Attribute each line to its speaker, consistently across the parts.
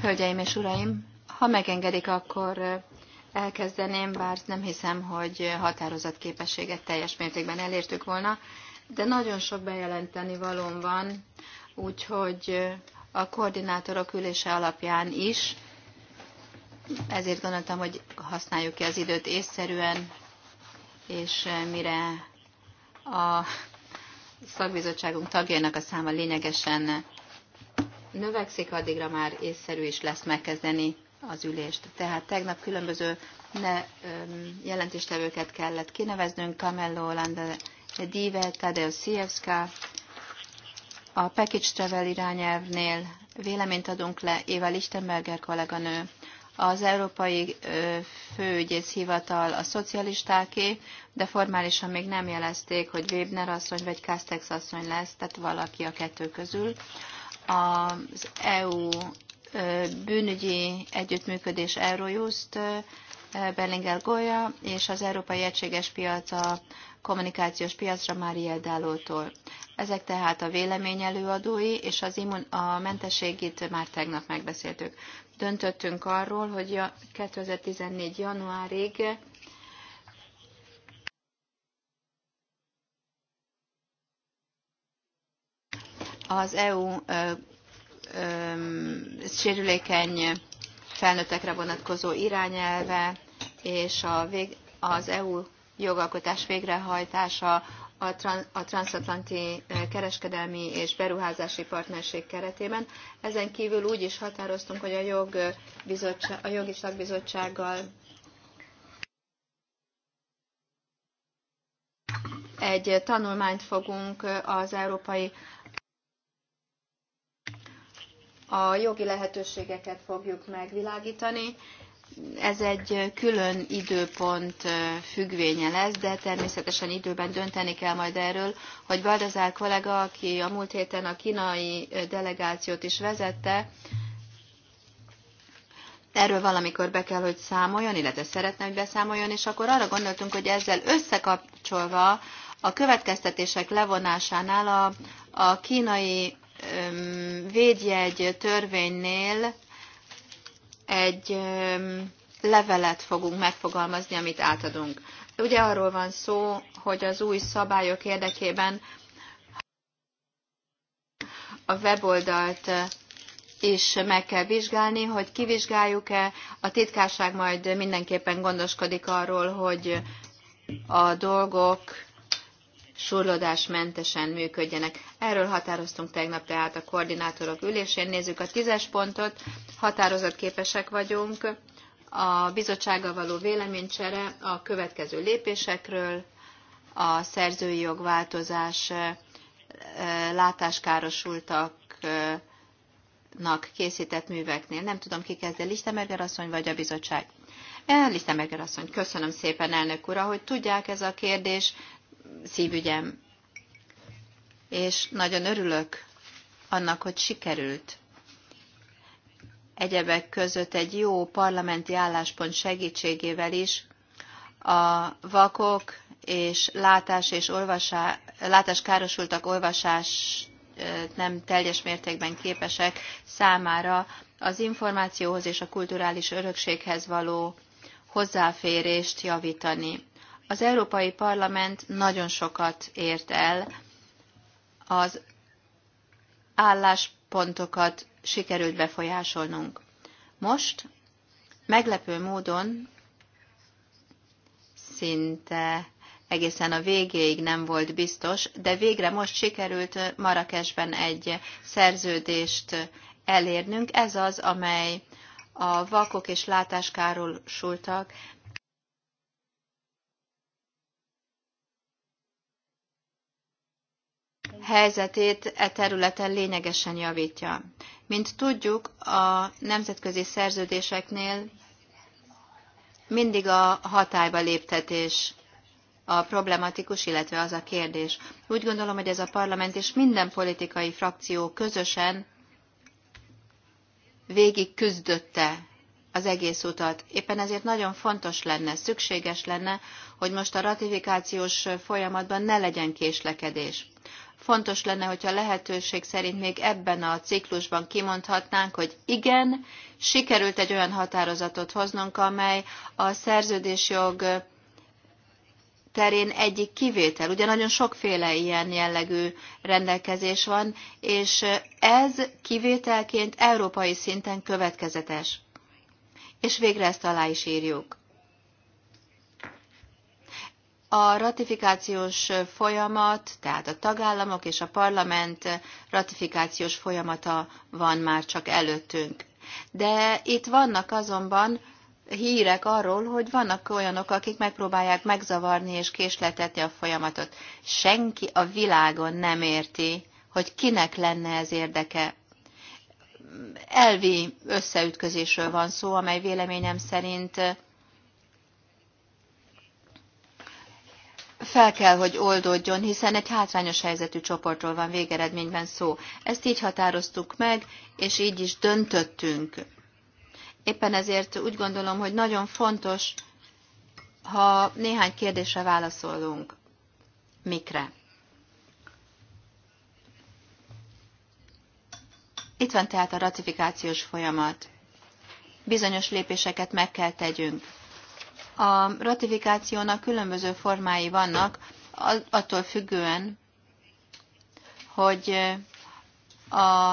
Speaker 1: Hölgyeim és Uraim, ha megengedik, akkor elkezdeném, bár nem hiszem, hogy határozatképességet teljes mértékben elértük volna, de nagyon sok bejelenteni valóm van, úgyhogy a koordinátorok ülése alapján is, ezért gondoltam, hogy használjuk ki az időt észszerűen, és mire a szakbizottságunk tagjainak a száma lényegesen növekszik, addigra már észszerű is lesz megkezdeni az ülést. Tehát tegnap különböző ne, jelentéstevőket kellett kineveznünk, Camello, Landa, Dive, Tadeo Sievska, a Package Travel irányelvnél véleményt adunk le, Éva Lichtenberger kolléganő, az Európai Főügyész Hivatal a szocialistáké, de formálisan még nem jelezték, hogy Webner asszony vagy Castex asszony lesz, tehát valaki a kettő közül. Az EU bűnügyi együttműködés Eurojust, Berlinger Goya és az Európai Egységes Piac a kommunikációs piacra Mariel Dálótól. Ezek tehát a vélemény előadói, és az immun, a mentességét már tegnap megbeszéltük. Döntöttünk arról, hogy 2014. januárig az EU ö, ö, sérülékeny felnőttekre vonatkozó irányelve és a vég, az EU jogalkotás végrehajtása a, a transatlanti kereskedelmi és beruházási partnerség keretében. Ezen kívül úgy is határoztunk, hogy a, a jogi szakbizottsággal egy tanulmányt fogunk az európai a jogi lehetőségeket fogjuk megvilágítani, ez egy külön időpont függvénye lesz, de természetesen időben dönteni kell majd erről, hogy Baldazár kollega, aki a múlt héten a kínai delegációt is vezette, erről valamikor be kell, hogy számoljon, illetve szeretne, hogy beszámoljon, és akkor arra gondoltunk, hogy ezzel összekapcsolva a következtetések levonásánál a, a kínai öm, védjegy törvénynél egy levelet fogunk megfogalmazni, amit átadunk. Ugye arról van szó, hogy az új szabályok érdekében a weboldalt is meg kell vizsgálni, hogy kivizsgáljuk-e. A titkárság majd mindenképpen gondoskodik arról, hogy a dolgok surlódásmentesen működjenek. Erről határoztunk tegnap tehát a koordinátorok ülésén. Nézzük a tízes pontot, határozatképesek vagyunk. A bizottsággal való véleménycsere a következő lépésekről, a szerzői jogváltozás látáskárosultaknak készített műveknél. Nem tudom, ki kezdje, Lichtenberger asszony vagy a bizottság? Eh, Lisztemeger asszony, köszönöm szépen, elnök ura, hogy tudják ez a kérdés szívügyem. És nagyon örülök annak, hogy sikerült egyebek között egy jó parlamenti álláspont segítségével is a vakok és látás és olvasá, látás károsultak olvasás nem teljes mértékben képesek számára az információhoz és a kulturális örökséghez való hozzáférést javítani. Az Európai Parlament nagyon sokat ért el, az álláspontokat sikerült befolyásolnunk. Most meglepő módon szinte egészen a végéig nem volt biztos, de végre most sikerült Marrakesben egy szerződést elérnünk. Ez az, amely a vakok és látáskárosultak helyzetét e területen lényegesen javítja. Mint tudjuk, a nemzetközi szerződéseknél mindig a hatályba léptetés a problematikus, illetve az a kérdés. Úgy gondolom, hogy ez a parlament és minden politikai frakció közösen végig küzdötte az egész utat. Éppen ezért nagyon fontos lenne, szükséges lenne, hogy most a ratifikációs folyamatban ne legyen késlekedés. Fontos lenne, hogyha lehetőség szerint még ebben a ciklusban kimondhatnánk, hogy igen, sikerült egy olyan határozatot hoznunk, amely a szerződésjog terén egyik kivétel. Ugye nagyon sokféle ilyen jellegű rendelkezés van, és ez kivételként európai szinten következetes. És végre ezt alá is írjuk. A ratifikációs folyamat, tehát a tagállamok és a parlament ratifikációs folyamata van már csak előttünk. De itt vannak azonban hírek arról, hogy vannak olyanok, akik megpróbálják megzavarni és késletetni a folyamatot. Senki a világon nem érti, hogy kinek lenne ez érdeke. Elvi összeütközésről van szó, amely véleményem szerint fel kell, hogy oldódjon, hiszen egy hátrányos helyzetű csoportról van végeredményben szó. Ezt így határoztuk meg, és így is döntöttünk. Éppen ezért úgy gondolom, hogy nagyon fontos, ha néhány kérdésre válaszolunk. Mikre? Itt van tehát a ratifikációs folyamat. Bizonyos lépéseket meg kell tegyünk a ratifikációnak különböző formái vannak, attól függően, hogy a,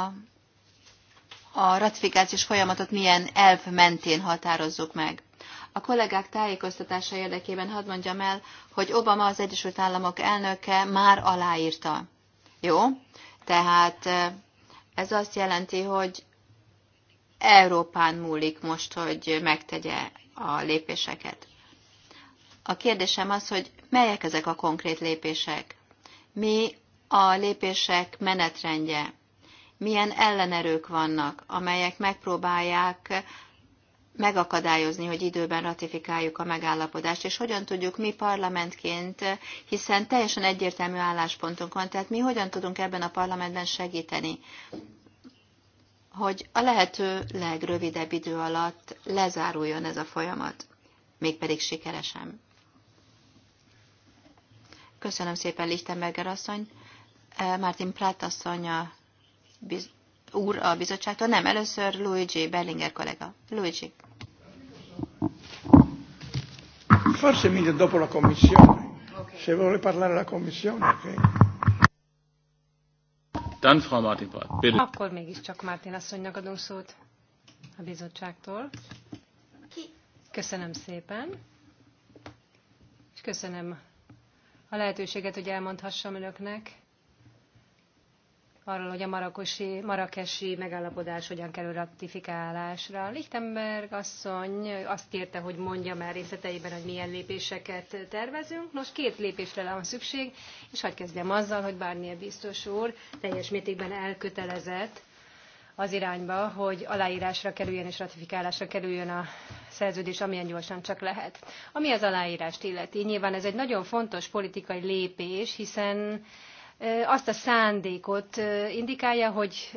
Speaker 1: a ratifikációs folyamatot milyen elv mentén határozzuk meg. A kollégák tájékoztatása érdekében hadd mondjam el, hogy Obama az Egyesült Államok elnöke már aláírta. Jó? Tehát ez azt jelenti, hogy Európán múlik most, hogy megtegye a lépéseket. A kérdésem az, hogy melyek ezek a konkrét lépések? Mi a lépések menetrendje? Milyen ellenerők vannak, amelyek megpróbálják megakadályozni, hogy időben ratifikáljuk a megállapodást, és hogyan tudjuk mi parlamentként, hiszen teljesen egyértelmű álláspontunk van, tehát mi hogyan tudunk ebben a parlamentben segíteni, hogy a lehető legrövidebb idő alatt lezáruljon ez a folyamat, mégpedig sikeresen. Köszönöm szépen Lichtenberger asszony. Eh, Martin Pratt asszony a biz, úr a bizottságtól. Nem, először Luigi Bellinger kollega. Luigi. Forse mi dopo la commissione. Se vuole parlare la commissione. ok.
Speaker 2: Dann Frau Martin Pratt, bitte.
Speaker 3: Akkor mégiscsak Martin asszonynak adunk szót a bizottságtól. Köszönöm szépen. És köszönöm a lehetőséget, hogy elmondhassam önöknek arról, hogy a marakosi, marakesi megállapodás hogyan kerül ratifikálásra. Lichtenberg asszony azt kérte, hogy mondja már részleteiben, hogy milyen lépéseket tervezünk. Nos, két lépésre van szükség, és hagyd kezdjem azzal, hogy bármilyen biztos úr teljes mértékben elkötelezett az irányba, hogy aláírásra kerüljön és ratifikálásra kerüljön a szerződés, amilyen gyorsan csak lehet. Ami az aláírást illeti, nyilván ez egy nagyon fontos politikai lépés, hiszen azt a szándékot indikálja, hogy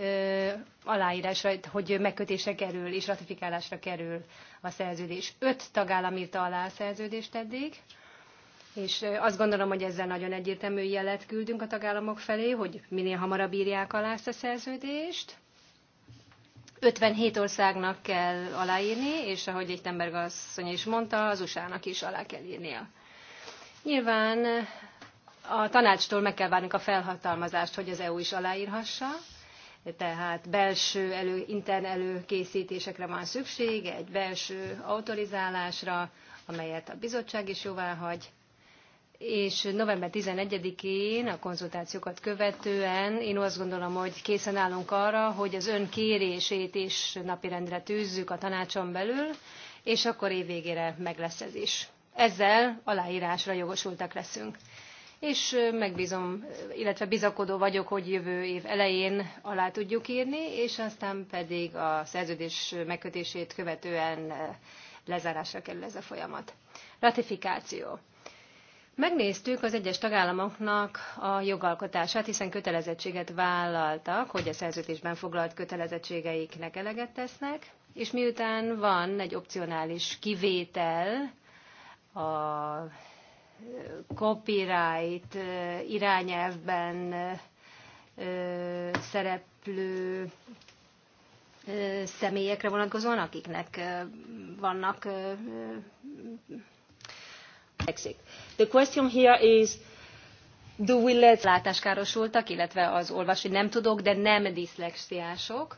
Speaker 3: aláírásra, hogy megkötésre kerül és ratifikálásra kerül a szerződés. Öt tagállam írta alá a szerződést eddig, és azt gondolom, hogy ezzel nagyon egyértelmű jelet küldünk a tagállamok felé, hogy minél hamarabb írják alá ezt a szerződést. 57 országnak kell aláírni, és ahogy Lichtenberg asszony is mondta, az USA-nak is alá kell írnia. Nyilván a tanácstól meg kell várnunk a felhatalmazást, hogy az EU is aláírhassa, tehát belső elő, intern előkészítésekre van szükség, egy belső autorizálásra, amelyet a bizottság is jóvá hagy, és november 11-én a konzultációkat követően én azt gondolom, hogy készen állunk arra, hogy az ön kérését is napirendre tűzzük a tanácson belül, és akkor évvégére meg lesz ez is. Ezzel aláírásra jogosultak leszünk. És megbízom, illetve bizakodó vagyok, hogy jövő év elején alá tudjuk írni, és aztán pedig a szerződés megkötését követően lezárásra kerül ez a folyamat. Ratifikáció. Megnéztük az egyes tagállamoknak a jogalkotását, hiszen kötelezettséget vállaltak, hogy a szerződésben foglalt kötelezettségeiknek eleget tesznek, és miután van egy opcionális kivétel a copyright irányelvben szereplő személyekre vonatkozóan, akiknek vannak Brexit. The question here is, do we let... Látáskárosultak, illetve az olvasni nem tudok, de nem diszlexiások.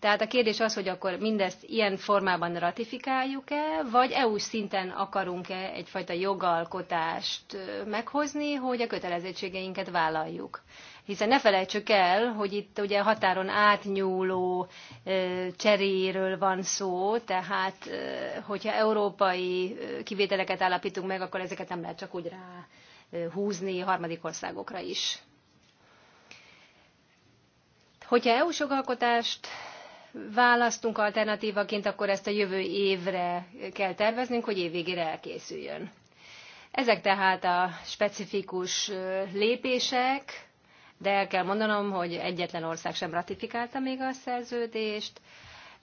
Speaker 3: Tehát a kérdés az, hogy akkor mindezt ilyen formában ratifikáljuk-e, vagy EU szinten akarunk-e egyfajta jogalkotást meghozni, hogy a kötelezettségeinket vállaljuk hiszen ne felejtsük el, hogy itt ugye határon átnyúló cseréről van szó, tehát hogyha európai kivételeket állapítunk meg, akkor ezeket nem lehet csak úgy rá húzni harmadik országokra is. Hogyha EU-s jogalkotást választunk alternatívaként, akkor ezt a jövő évre kell terveznünk, hogy évvégére elkészüljön. Ezek tehát a specifikus lépések, de el kell mondanom, hogy egyetlen ország sem ratifikálta még a szerződést.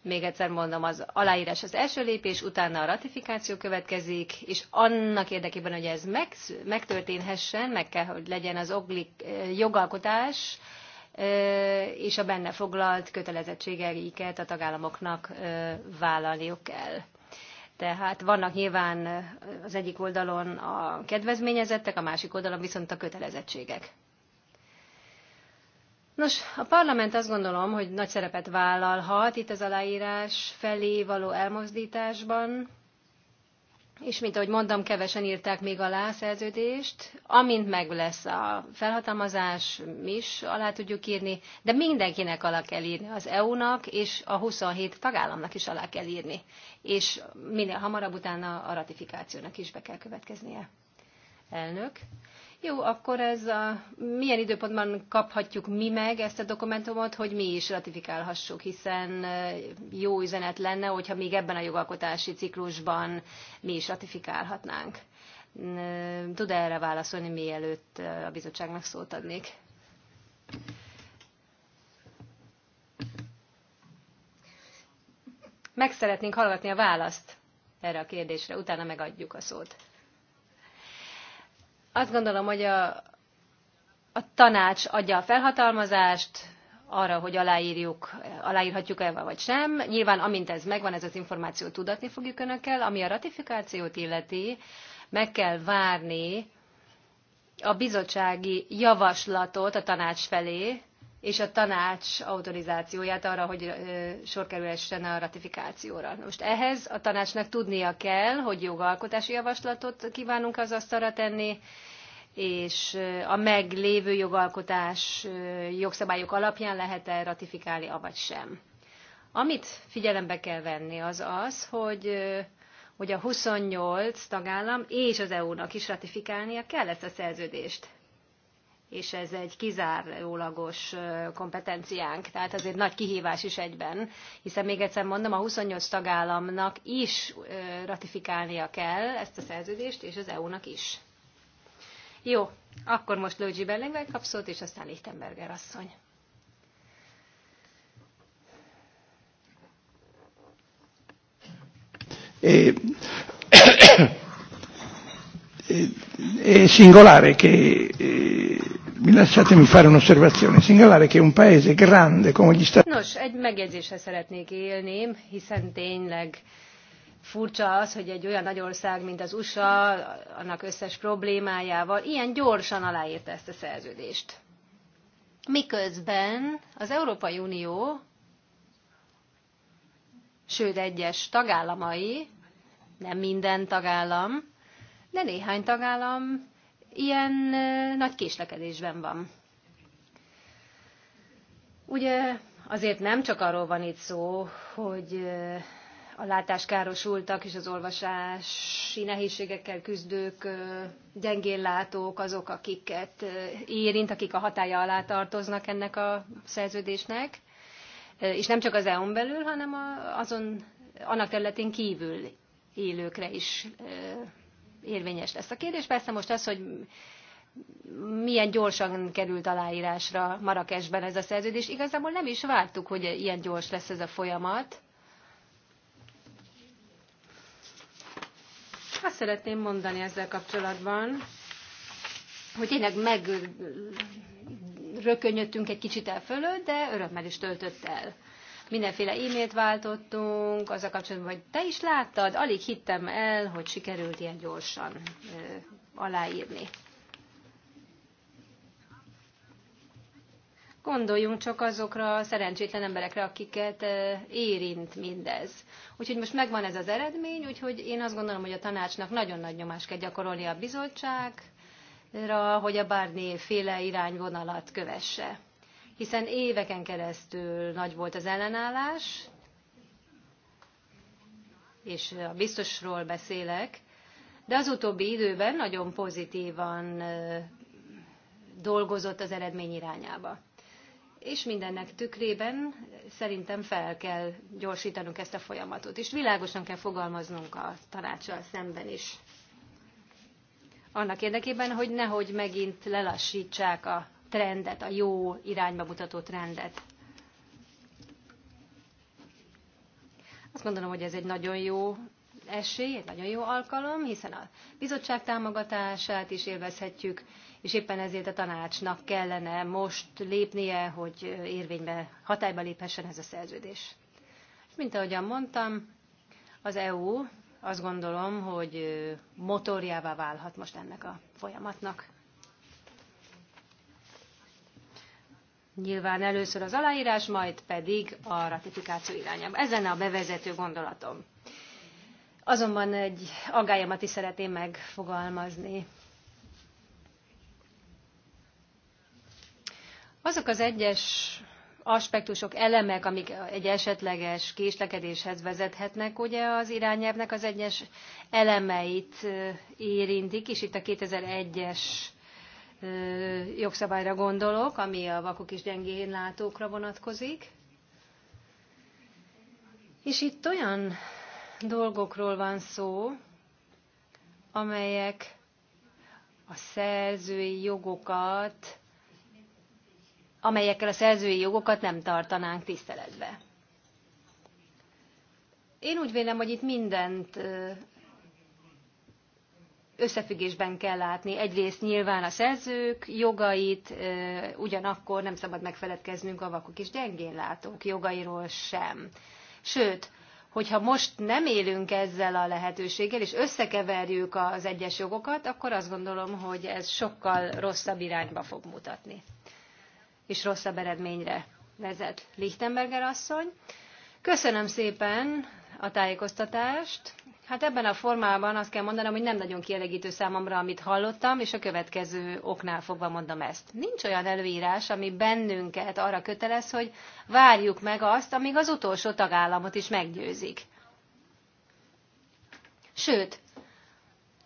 Speaker 3: Még egyszer mondom, az aláírás az első lépés, utána a ratifikáció következik, és annak érdekében, hogy ez meg, megtörténhessen, meg kell, hogy legyen az oglik, jogalkotás, és a benne foglalt kötelezettségeiket a tagállamoknak vállalniuk kell. Tehát vannak nyilván az egyik oldalon a kedvezményezettek, a másik oldalon viszont a kötelezettségek. Nos, a parlament azt gondolom, hogy nagy szerepet vállalhat itt az aláírás felé való elmozdításban, és mint ahogy mondtam, kevesen írták még alá a szerződést. Amint meg lesz a felhatalmazás, mi is alá tudjuk írni, de mindenkinek alá kell írni, az EU-nak és a 27 tagállamnak is alá kell írni, és minél hamarabb utána a ratifikációnak is be kell következnie. Elnök, jó, akkor ez a, milyen időpontban kaphatjuk mi meg ezt a dokumentumot, hogy mi is ratifikálhassuk, hiszen jó üzenet lenne, hogyha még ebben a jogalkotási ciklusban mi is ratifikálhatnánk. Tud -e erre válaszolni, mielőtt a bizottságnak szót adnék? Meg szeretnénk hallgatni a választ erre a kérdésre, utána megadjuk a szót. Azt gondolom, hogy a, a tanács adja a felhatalmazást arra, hogy aláírjuk, aláírhatjuk-e vagy sem. Nyilván, amint ez megvan, ez az információ tudatni fogjuk önökkel. Ami a ratifikációt illeti, meg kell várni a bizottsági javaslatot a tanács felé, és a tanács autorizációját arra, hogy sor kerülhessen a ratifikációra. Most ehhez a tanácsnak tudnia kell, hogy jogalkotási javaslatot kívánunk az asztalra tenni, és a meglévő jogalkotás jogszabályok alapján lehet-e ratifikálni, avagy sem. Amit figyelembe kell venni az az, hogy hogy a 28 tagállam és az EU-nak is ratifikálnia kell ezt a szerződést és ez egy kizárólagos kompetenciánk, tehát azért nagy kihívás is egyben, hiszen még egyszer mondom, a 28 tagállamnak is ratifikálnia kell ezt a szerződést, és az EU-nak is. Jó, akkor most Luigi Bellingvel kap szót, és aztán Lichtenberger asszony.
Speaker 4: Eh, eh, eh, singolare che eh, Lasciatemi fare un'osservazione, segnalare che un paese grande come gli Stati
Speaker 3: Nos, egy megjegyzéssel szeretnék élni, hiszen tényleg furcsa az, hogy egy olyan nagy ország, mint az USA, annak összes problémájával ilyen gyorsan aláírta ezt a szerződést. Miközben az Európai Unió, sőt egyes tagállamai, nem minden tagállam, de néhány tagállam ilyen nagy késlekedésben van. Ugye azért nem csak arról van itt szó, hogy a látáskárosultak és az olvasási nehézségekkel küzdők, gyengén látók, azok, akiket érint, akik a hatája alá tartoznak ennek a szerződésnek, és nem csak az EU-n belül, hanem azon, annak területén kívül élőkre is érvényes lesz. A kérdés persze most az, hogy milyen gyorsan került aláírásra Marrakesben ez a szerződés. Igazából nem is vártuk, hogy ilyen gyors lesz ez a folyamat. Azt szeretném mondani ezzel kapcsolatban, hogy tényleg megrökönyödtünk egy kicsit el fölött, de örömmel is töltött el mindenféle e-mailt váltottunk, az a kapcsolatban, hogy te is láttad, alig hittem el, hogy sikerült ilyen gyorsan ö, aláírni. Gondoljunk csak azokra a szerencsétlen emberekre, akiket érint mindez. Úgyhogy most megvan ez az eredmény, úgyhogy én azt gondolom, hogy a tanácsnak nagyon nagy nyomást kell gyakorolni a bizottságra, hogy a Barnier féle irányvonalat kövesse hiszen éveken keresztül nagy volt az ellenállás, és a biztosról beszélek, de az utóbbi időben nagyon pozitívan dolgozott az eredmény irányába. És mindennek tükrében szerintem fel kell gyorsítanunk ezt a folyamatot, és világosan kell fogalmaznunk a tanácssal szemben is. Annak érdekében, hogy nehogy megint lelassítsák a trendet, a jó irányba mutató trendet. Azt gondolom, hogy ez egy nagyon jó esély, egy nagyon jó alkalom, hiszen a bizottság támogatását is élvezhetjük, és éppen ezért a tanácsnak kellene most lépnie, hogy érvénybe, hatályba léphessen ez a szerződés. Mint ahogyan mondtam, az EU azt gondolom, hogy motorjává válhat most ennek a folyamatnak. Nyilván először az aláírás, majd pedig a ratifikáció irányába. Ez lenne a bevezető gondolatom. Azonban egy agályamat is szeretném megfogalmazni. Azok az egyes aspektusok, elemek, amik egy esetleges késlekedéshez vezethetnek, ugye az irányelvnek az egyes elemeit érintik, és itt a 2001-es jogszabályra gondolok, ami a vakok és gyengén látókra vonatkozik. És itt olyan dolgokról van szó, amelyek a szerzői jogokat, amelyekkel a szerzői jogokat nem tartanánk tiszteletbe. Én úgy vélem, hogy itt mindent összefüggésben kell látni. Egyrészt nyilván a szerzők jogait, ugyanakkor nem szabad megfeledkeznünk a vakok és gyengén látók jogairól sem. Sőt, hogyha most nem élünk ezzel a lehetőséggel, és összekeverjük az egyes jogokat, akkor azt gondolom, hogy ez sokkal rosszabb irányba fog mutatni, és rosszabb eredményre vezet. Lichtenberger asszony, köszönöm szépen a tájékoztatást, Hát ebben a formában azt kell mondanom, hogy nem nagyon kielégítő számomra, amit hallottam, és a következő oknál fogva mondom ezt. Nincs olyan előírás, ami bennünket arra kötelez, hogy várjuk meg azt, amíg az utolsó tagállamot is meggyőzik. Sőt,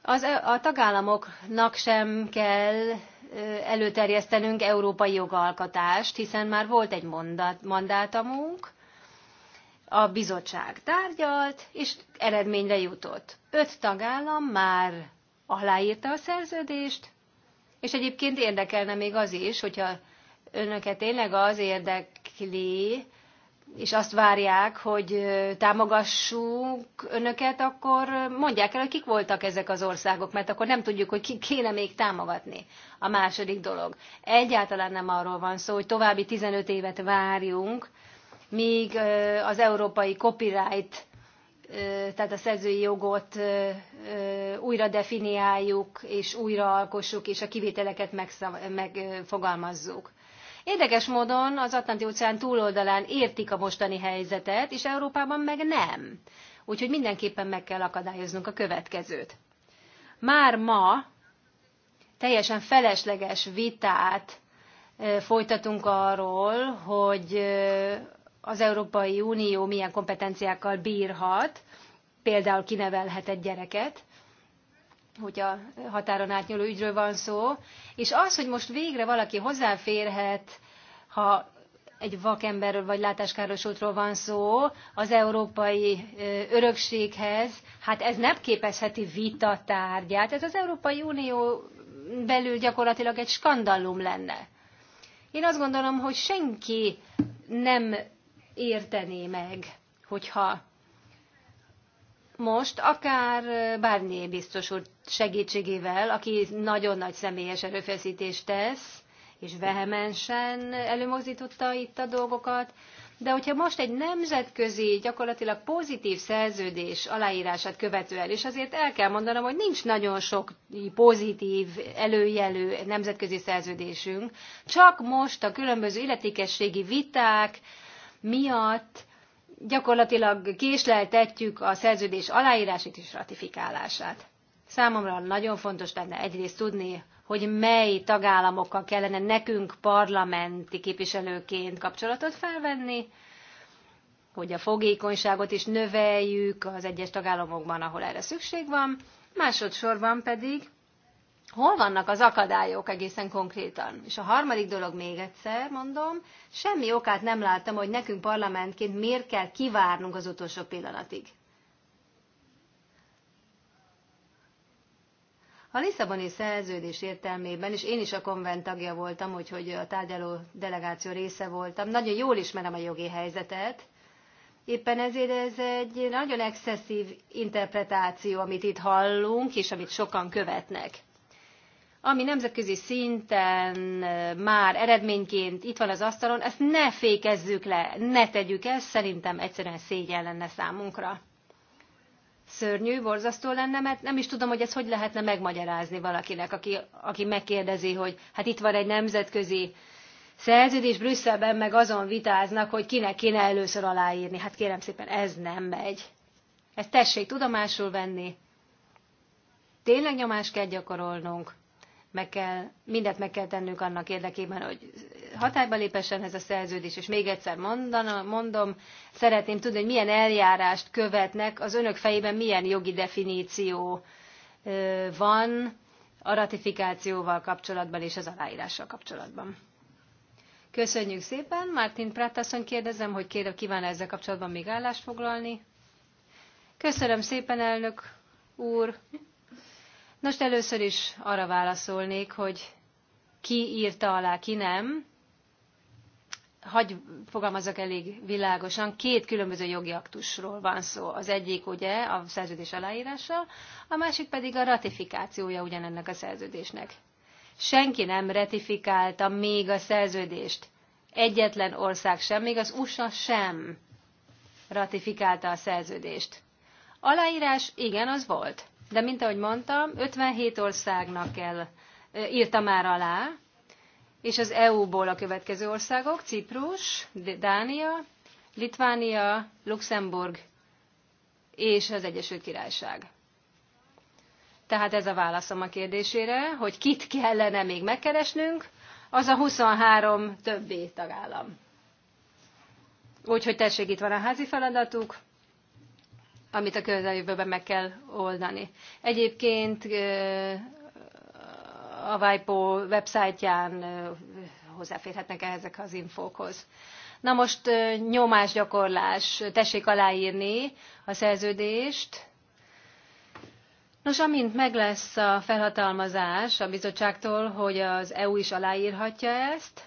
Speaker 3: az, a tagállamoknak sem kell előterjesztenünk európai jogalkatást, hiszen már volt egy mandátumunk, a bizottság tárgyalt, és eredményre jutott. Öt tagállam már aláírta a szerződést, és egyébként érdekelne még az is, hogyha önöket tényleg az érdekli, és azt várják, hogy támogassuk önöket, akkor mondják el, hogy kik voltak ezek az országok, mert akkor nem tudjuk, hogy ki kéne még támogatni. A második dolog. Egyáltalán nem arról van szó, hogy további 15 évet várjunk, míg az európai copyright, tehát a szerzői jogot újra definiáljuk, és újra alkossuk, és a kivételeket megfogalmazzuk. Érdekes módon az Atlanti-óceán túloldalán értik a mostani helyzetet, és Európában meg nem. Úgyhogy mindenképpen meg kell akadályoznunk a következőt. Már ma teljesen felesleges vitát folytatunk arról, hogy az Európai Unió milyen kompetenciákkal bírhat, például kinevelhet egy gyereket, hogyha határon átnyúló ügyről van szó, és az, hogy most végre valaki hozzáférhet, ha egy vakemberről vagy látáskárosultról van szó, az európai örökséghez, hát ez nem képezheti vita tárgyát. Ez az Európai Unió belül gyakorlatilag egy skandallum lenne. Én azt gondolom, hogy senki nem értené meg, hogyha most akár Barnier biztos úr segítségével, aki nagyon nagy személyes erőfeszítést tesz, és vehemensen előmozdította itt a dolgokat, de hogyha most egy nemzetközi, gyakorlatilag pozitív szerződés aláírását követően, és azért el kell mondanom, hogy nincs nagyon sok pozitív előjelő nemzetközi szerződésünk, csak most a különböző illetékességi viták, miatt gyakorlatilag késleltetjük a szerződés aláírását és ratifikálását. Számomra nagyon fontos lenne egyrészt tudni, hogy mely tagállamokkal kellene nekünk parlamenti képviselőként kapcsolatot felvenni, hogy a fogékonyságot is növeljük az egyes tagállamokban, ahol erre szükség van, másodszorban pedig hol vannak az akadályok egészen konkrétan. És a harmadik dolog még egyszer mondom, semmi okát nem láttam, hogy nekünk parlamentként miért kell kivárnunk az utolsó pillanatig. A Lisszaboni szerződés értelmében, és én is a konvent tagja voltam, úgyhogy a tárgyaló delegáció része voltam, nagyon jól ismerem a jogi helyzetet, Éppen ezért ez egy nagyon excesszív interpretáció, amit itt hallunk, és amit sokan követnek ami nemzetközi szinten már eredményként itt van az asztalon, ezt ne fékezzük le, ne tegyük el, szerintem egyszerűen szégyen lenne számunkra. Szörnyű, borzasztó lenne, mert nem is tudom, hogy ez hogy lehetne megmagyarázni valakinek, aki, aki megkérdezi, hogy hát itt van egy nemzetközi szerződés Brüsszelben meg azon vitáznak, hogy kinek kéne először aláírni. Hát kérem szépen, ez nem megy. Ezt tessék tudomásul venni. Tényleg nyomást kell gyakorolnunk, meg kell, mindent meg kell tennünk annak érdekében, hogy hatályba lépessen ez a szerződés, és még egyszer mondom, szeretném tudni, hogy milyen eljárást követnek, az önök fejében milyen jogi definíció van a ratifikációval kapcsolatban és az aláírással kapcsolatban. Köszönjük szépen. Martin Prattason kérdezem, hogy kér, kíván -e ezzel kapcsolatban még állást foglalni. Köszönöm szépen, elnök úr. Nos, először is arra válaszolnék, hogy ki írta alá, ki nem. Hagy fogalmazok elég világosan, két különböző jogi aktusról van szó. Az egyik ugye a szerződés aláírása, a másik pedig a ratifikációja ugyanennek a szerződésnek. Senki nem ratifikálta még a szerződést. Egyetlen ország sem, még az USA sem ratifikálta a szerződést. Aláírás, igen, az volt de mint ahogy mondtam, 57 országnak kell, írta már alá, és az EU-ból a következő országok, Ciprus, Dánia, Litvánia, Luxemburg és az Egyesült Királyság. Tehát ez a válaszom a kérdésére, hogy kit kellene még megkeresnünk, az a 23 többi tagállam. Úgyhogy tessék, itt van a házi feladatuk, amit a közeljövőben meg kell oldani. Egyébként a WIPO websájtján hozzáférhetnek ezek az infókhoz. Na most nyomásgyakorlás, tessék aláírni a szerződést. Nos, amint meg lesz a felhatalmazás a bizottságtól, hogy az EU is aláírhatja ezt,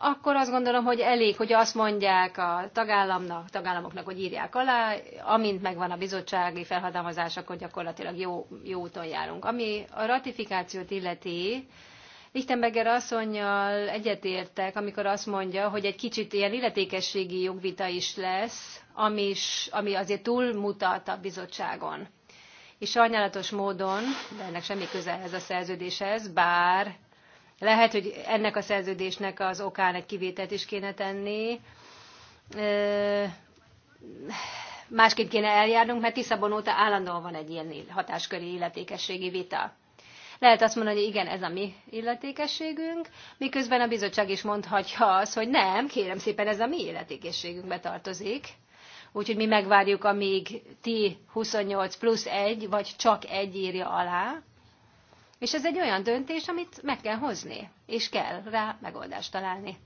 Speaker 3: akkor azt gondolom, hogy elég, hogy azt mondják a tagállamnak, tagállamoknak, hogy írják alá, amint megvan a bizottsági felhatalmazás, akkor gyakorlatilag jó, jó úton járunk. Ami a ratifikációt illeti, Lichtenberger asszonynal egyetértek, amikor azt mondja, hogy egy kicsit ilyen illetékességi jogvita is lesz, ami, is, ami azért túlmutat a bizottságon. És sajnálatos módon, de ennek semmi köze ez a szerződéshez, bár lehet, hogy ennek a szerződésnek az okán egy kivételt is kéne tenni. Másként kéne eljárnunk, mert Tiszabon óta állandóan van egy ilyen hatásköri illetékességi vita. Lehet azt mondani, hogy igen, ez a mi illetékességünk, miközben a bizottság is mondhatja azt, hogy nem, kérem szépen, ez a mi illetékességünkbe tartozik. Úgyhogy mi megvárjuk, amíg ti 28 plusz 1, vagy csak egy írja alá, és ez egy olyan döntés, amit meg kell hozni, és kell rá megoldást találni.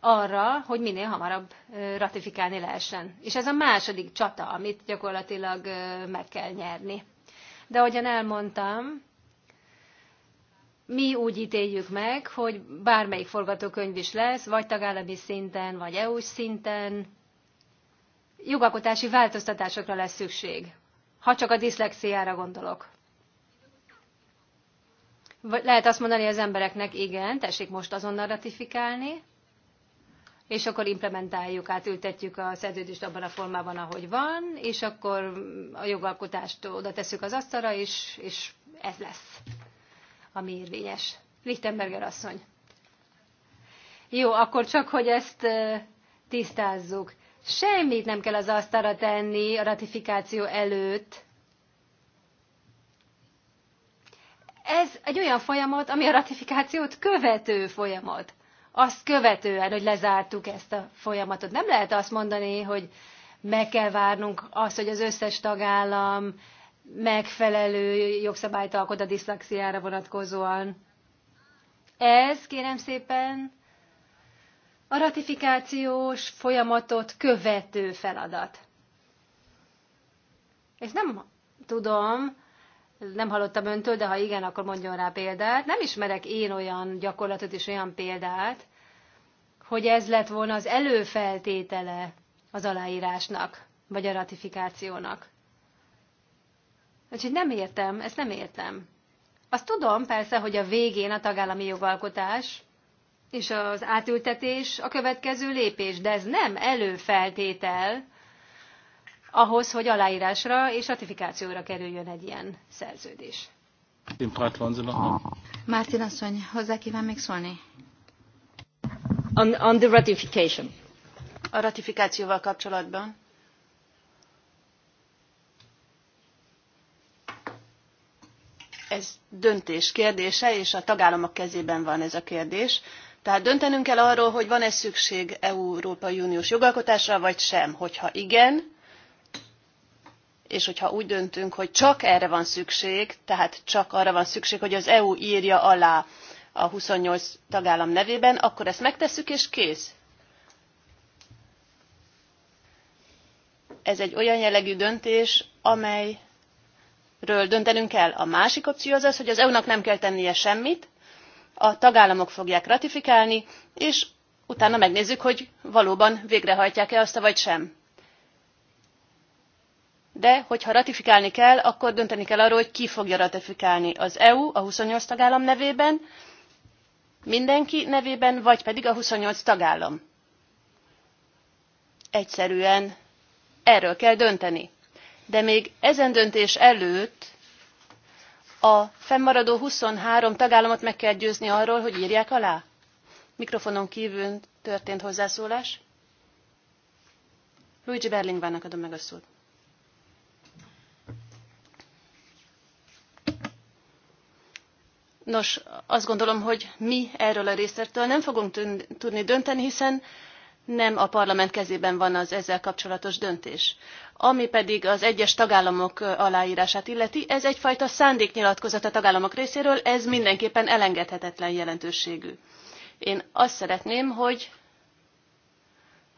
Speaker 3: Arra, hogy minél hamarabb ratifikálni lehessen. És ez a második csata, amit gyakorlatilag meg kell nyerni. De ahogyan elmondtam, mi úgy ítéljük meg, hogy bármelyik forgatókönyv is lesz, vagy tagállami szinten, vagy eu szinten, jogalkotási változtatásokra lesz szükség. Ha csak a diszlexiára gondolok. Vagy lehet azt mondani az embereknek, igen, tessék most azonnal ratifikálni, és akkor implementáljuk, átültetjük a szerződést abban a formában, ahogy van, és akkor a jogalkotást oda tesszük az asztalra, és, és ez lesz, ami érvényes. Lichtenberger asszony. Jó, akkor csak, hogy ezt tisztázzuk. Semmit nem kell az asztalra tenni a ratifikáció előtt, ez egy olyan folyamat, ami a ratifikációt követő folyamat. Azt követően, hogy lezártuk ezt a folyamatot. Nem lehet azt mondani, hogy meg kell várnunk azt, hogy az összes tagállam megfelelő jogszabályt alkot a diszlexiára vonatkozóan. Ez, kérem szépen, a ratifikációs folyamatot követő feladat. És nem tudom, nem hallottam öntől, de ha igen, akkor mondjon rá példát. Nem ismerek én olyan gyakorlatot és olyan példát, hogy ez lett volna az előfeltétele az aláírásnak, vagy a ratifikációnak. Úgyhogy nem értem, ezt nem értem. Azt tudom persze, hogy a végén a tagállami jogalkotás és az átültetés a következő lépés, de ez nem előfeltétel ahhoz, hogy aláírásra és ratifikációra kerüljön egy ilyen szerződés.
Speaker 1: Mártin asszony, hozzá kíván még szólni? On, on the ratification. A ratifikációval
Speaker 3: kapcsolatban.
Speaker 4: Ez döntés kérdése, és a tagállamok kezében van ez a kérdés. Tehát döntenünk kell arról, hogy van-e szükség Európai Uniós jogalkotásra, vagy sem. Hogyha igen, és hogyha úgy döntünk, hogy csak erre van szükség, tehát csak arra van szükség, hogy az EU írja alá a 28 tagállam nevében, akkor ezt megtesszük, és kész. Ez egy olyan jellegű döntés, amelyről döntenünk kell. A másik opció az az, hogy az EU-nak nem kell tennie semmit, a tagállamok fogják ratifikálni, és utána megnézzük, hogy valóban végrehajtják-e azt, vagy sem de hogyha ratifikálni kell, akkor dönteni kell arról, hogy ki fogja ratifikálni az EU a 28 tagállam nevében, mindenki nevében, vagy pedig a 28 tagállam. Egyszerűen erről kell dönteni. De még ezen döntés előtt a fennmaradó 23 tagállamot meg kell győzni arról, hogy írják alá. Mikrofonon kívül történt hozzászólás. Luigi Berlingvának adom meg a szót. Nos, azt gondolom, hogy mi erről a részletről nem fogunk tudni dönteni, hiszen nem a parlament kezében van az ezzel kapcsolatos döntés. Ami pedig az egyes tagállamok aláírását illeti, ez egyfajta szándéknyilatkozat a tagállamok részéről, ez mindenképpen elengedhetetlen jelentőségű. Én azt szeretném, hogy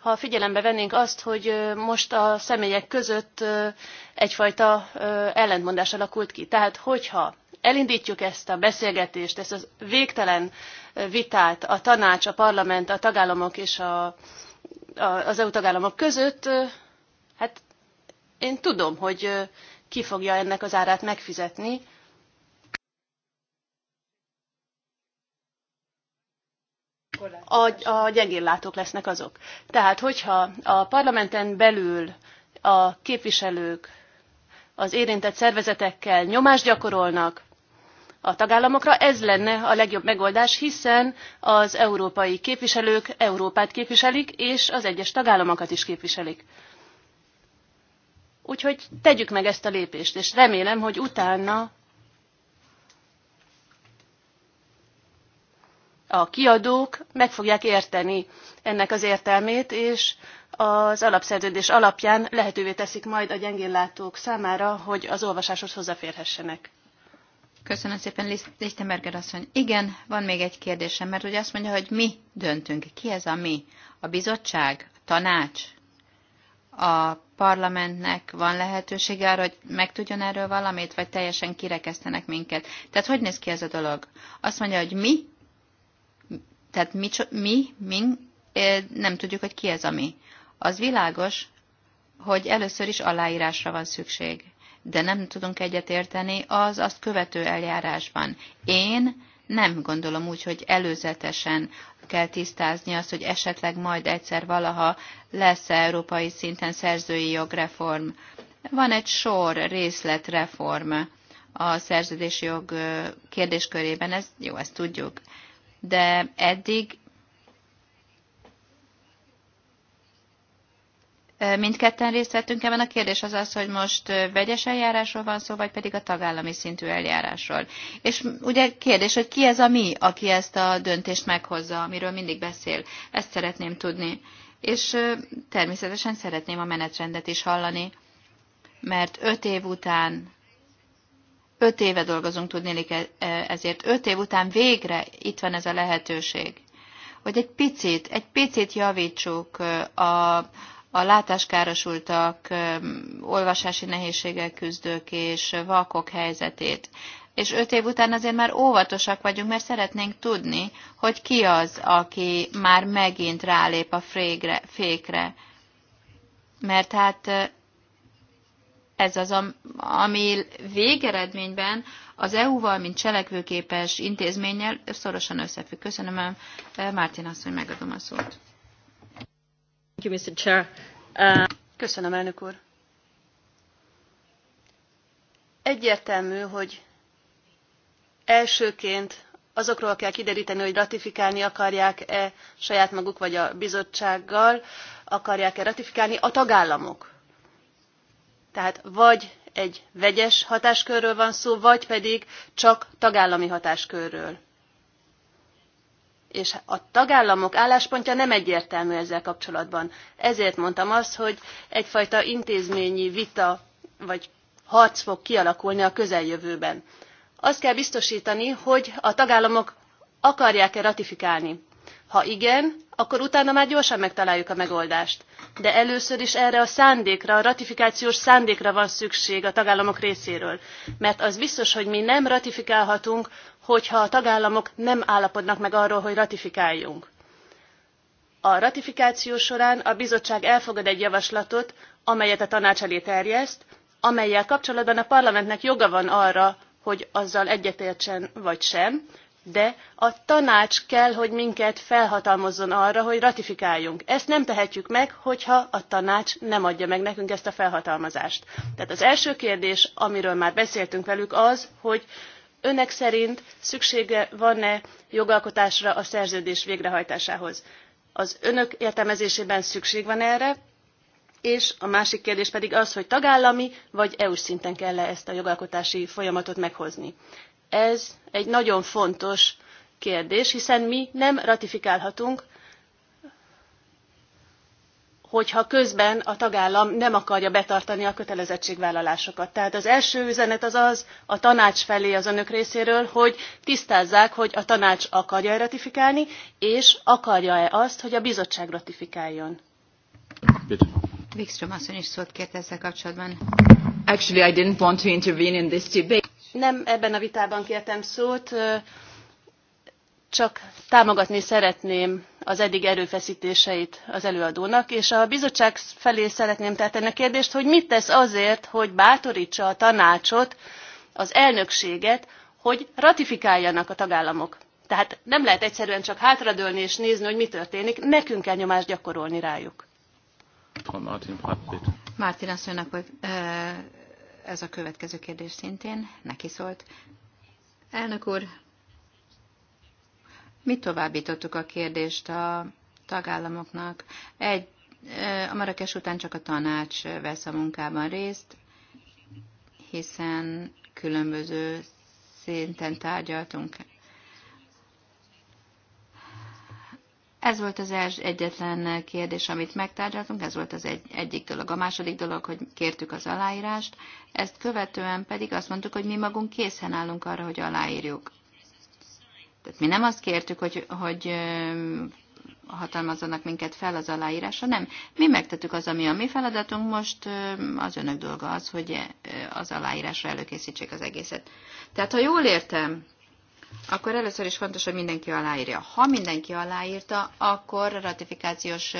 Speaker 4: ha figyelembe vennénk azt, hogy most a személyek között egyfajta ellentmondás alakult ki. Tehát hogyha elindítjuk ezt a beszélgetést, ezt az végtelen vitát a tanács, a parlament, a tagállamok és a, a, az EU tagállamok között, hát én tudom, hogy ki fogja ennek az árát megfizetni. A, a gyengéllátók lesznek azok. Tehát, hogyha a parlamenten belül a képviselők az érintett szervezetekkel nyomást gyakorolnak, a tagállamokra. Ez lenne a legjobb megoldás, hiszen az európai képviselők Európát képviselik, és az egyes tagállamokat is képviselik. Úgyhogy tegyük meg ezt a lépést, és remélem, hogy utána a kiadók meg fogják érteni ennek az értelmét, és az alapszerződés alapján lehetővé teszik majd a látók számára, hogy az olvasáshoz hozzáférhessenek.
Speaker 1: Köszönöm szépen, Lichtenberger asszony. Igen, van még egy kérdésem, mert ugye azt mondja, hogy mi döntünk. Ki ez a mi? A bizottság? A tanács? A parlamentnek van lehetősége arra, hogy megtudjon erről valamit, vagy teljesen kirekesztenek minket? Tehát hogy néz ki ez a dolog? Azt mondja, hogy mi, tehát mi, mi, mi nem tudjuk, hogy ki ez a mi. Az világos, hogy először is aláírásra van szükség de nem tudunk egyetérteni az azt követő eljárásban. Én nem gondolom úgy, hogy előzetesen kell tisztázni azt, hogy esetleg majd egyszer valaha lesz európai szinten szerzői jogreform. Van egy sor részletreform a szerződési jog kérdéskörében, ez jó, ezt tudjuk. De eddig Mindketten részt vettünk ebben. A kérdés az az, hogy most vegyes eljárásról van szó, vagy pedig a tagállami szintű eljárásról. És ugye kérdés, hogy ki ez a mi, aki ezt a döntést meghozza, amiről mindig beszél. Ezt szeretném tudni. És természetesen szeretném a menetrendet is hallani, mert öt év után Öt éve dolgozunk tudni ezért. Öt év után végre itt van ez a lehetőség, hogy egy picit, egy picit javítsuk a, a látáskárosultak, olvasási nehézségek küzdők és vakok helyzetét. És öt év után azért már óvatosak vagyunk, mert szeretnénk tudni, hogy ki az, aki már megint rálép a frégre, fékre. Mert hát ez az, ami végeredményben az EU-val, mint cselekvőképes intézménnyel szorosan összefügg. Köszönöm, Mártin asszony, megadom a szót. Uh, Köszönöm, elnök úr.
Speaker 4: Egyértelmű, hogy elsőként azokról kell kideríteni, hogy ratifikálni akarják-e saját maguk vagy a bizottsággal, akarják-e ratifikálni a tagállamok. Tehát vagy egy vegyes hatáskörről van szó, vagy pedig csak tagállami hatáskörről és a tagállamok álláspontja nem egyértelmű ezzel kapcsolatban. Ezért mondtam azt, hogy egyfajta intézményi vita vagy harc fog kialakulni a közeljövőben. Azt kell biztosítani, hogy a tagállamok akarják-e ratifikálni ha igen, akkor utána már gyorsan megtaláljuk a megoldást. De először is erre a szándékra, a ratifikációs szándékra van szükség a tagállamok részéről. Mert az biztos, hogy mi nem ratifikálhatunk, hogyha a tagállamok nem állapodnak meg arról, hogy ratifikáljunk. A ratifikáció során a bizottság elfogad egy javaslatot, amelyet a tanács elé terjeszt, amelyel kapcsolatban a parlamentnek joga van arra, hogy azzal egyetértsen vagy sem, de a tanács kell, hogy minket felhatalmazzon arra, hogy ratifikáljunk. Ezt nem tehetjük meg, hogyha a tanács nem adja meg nekünk ezt a felhatalmazást. Tehát az első kérdés, amiről már beszéltünk velük, az, hogy önök szerint szüksége van-e jogalkotásra a szerződés végrehajtásához. Az önök értelmezésében szükség van erre, és a másik kérdés pedig az, hogy tagállami vagy EU-s szinten kell -e ezt a jogalkotási folyamatot meghozni. Ez egy nagyon fontos kérdés, hiszen mi nem ratifikálhatunk, hogyha közben a tagállam nem akarja betartani a kötelezettségvállalásokat. Tehát az első üzenet az az a tanács felé az önök részéről, hogy tisztázzák, hogy a tanács akarja-e ratifikálni, és akarja-e azt, hogy a bizottság ratifikáljon.
Speaker 1: Wikström asszony is szót kért
Speaker 4: ezzel kapcsolatban. Actually, I didn't want to intervene in this debate nem ebben a vitában kértem szót, csak támogatni szeretném az eddig erőfeszítéseit az előadónak, és a bizottság felé szeretném tenni a kérdést, hogy mit tesz azért, hogy bátorítsa a tanácsot, az elnökséget, hogy ratifikáljanak a tagállamok. Tehát nem lehet egyszerűen csak hátradőlni és nézni, hogy mi
Speaker 1: történik, nekünk kell nyomást gyakorolni rájuk. Martin, Martin hogy ez a következő kérdés szintén neki szólt. Elnök úr, mi továbbítottuk a kérdést a tagállamoknak. Egy, a Marrakes után csak a tanács vesz a munkában részt, hiszen különböző szinten tárgyaltunk Ez volt az első egyetlen kérdés, amit megtárgyaltunk, ez volt az egy, egyik dolog. A második dolog, hogy kértük az aláírást, ezt követően pedig azt mondtuk, hogy mi magunk készen állunk arra, hogy aláírjuk. Tehát mi nem azt kértük, hogy, hogy hatalmazzanak minket fel az aláírásra, nem. Mi megtettük az, ami a mi feladatunk, most az önök dolga az, hogy az aláírásra előkészítsék az egészet. Tehát, ha jól értem, akkor először is fontos, hogy mindenki aláírja. Ha mindenki aláírta, akkor a ratifikációs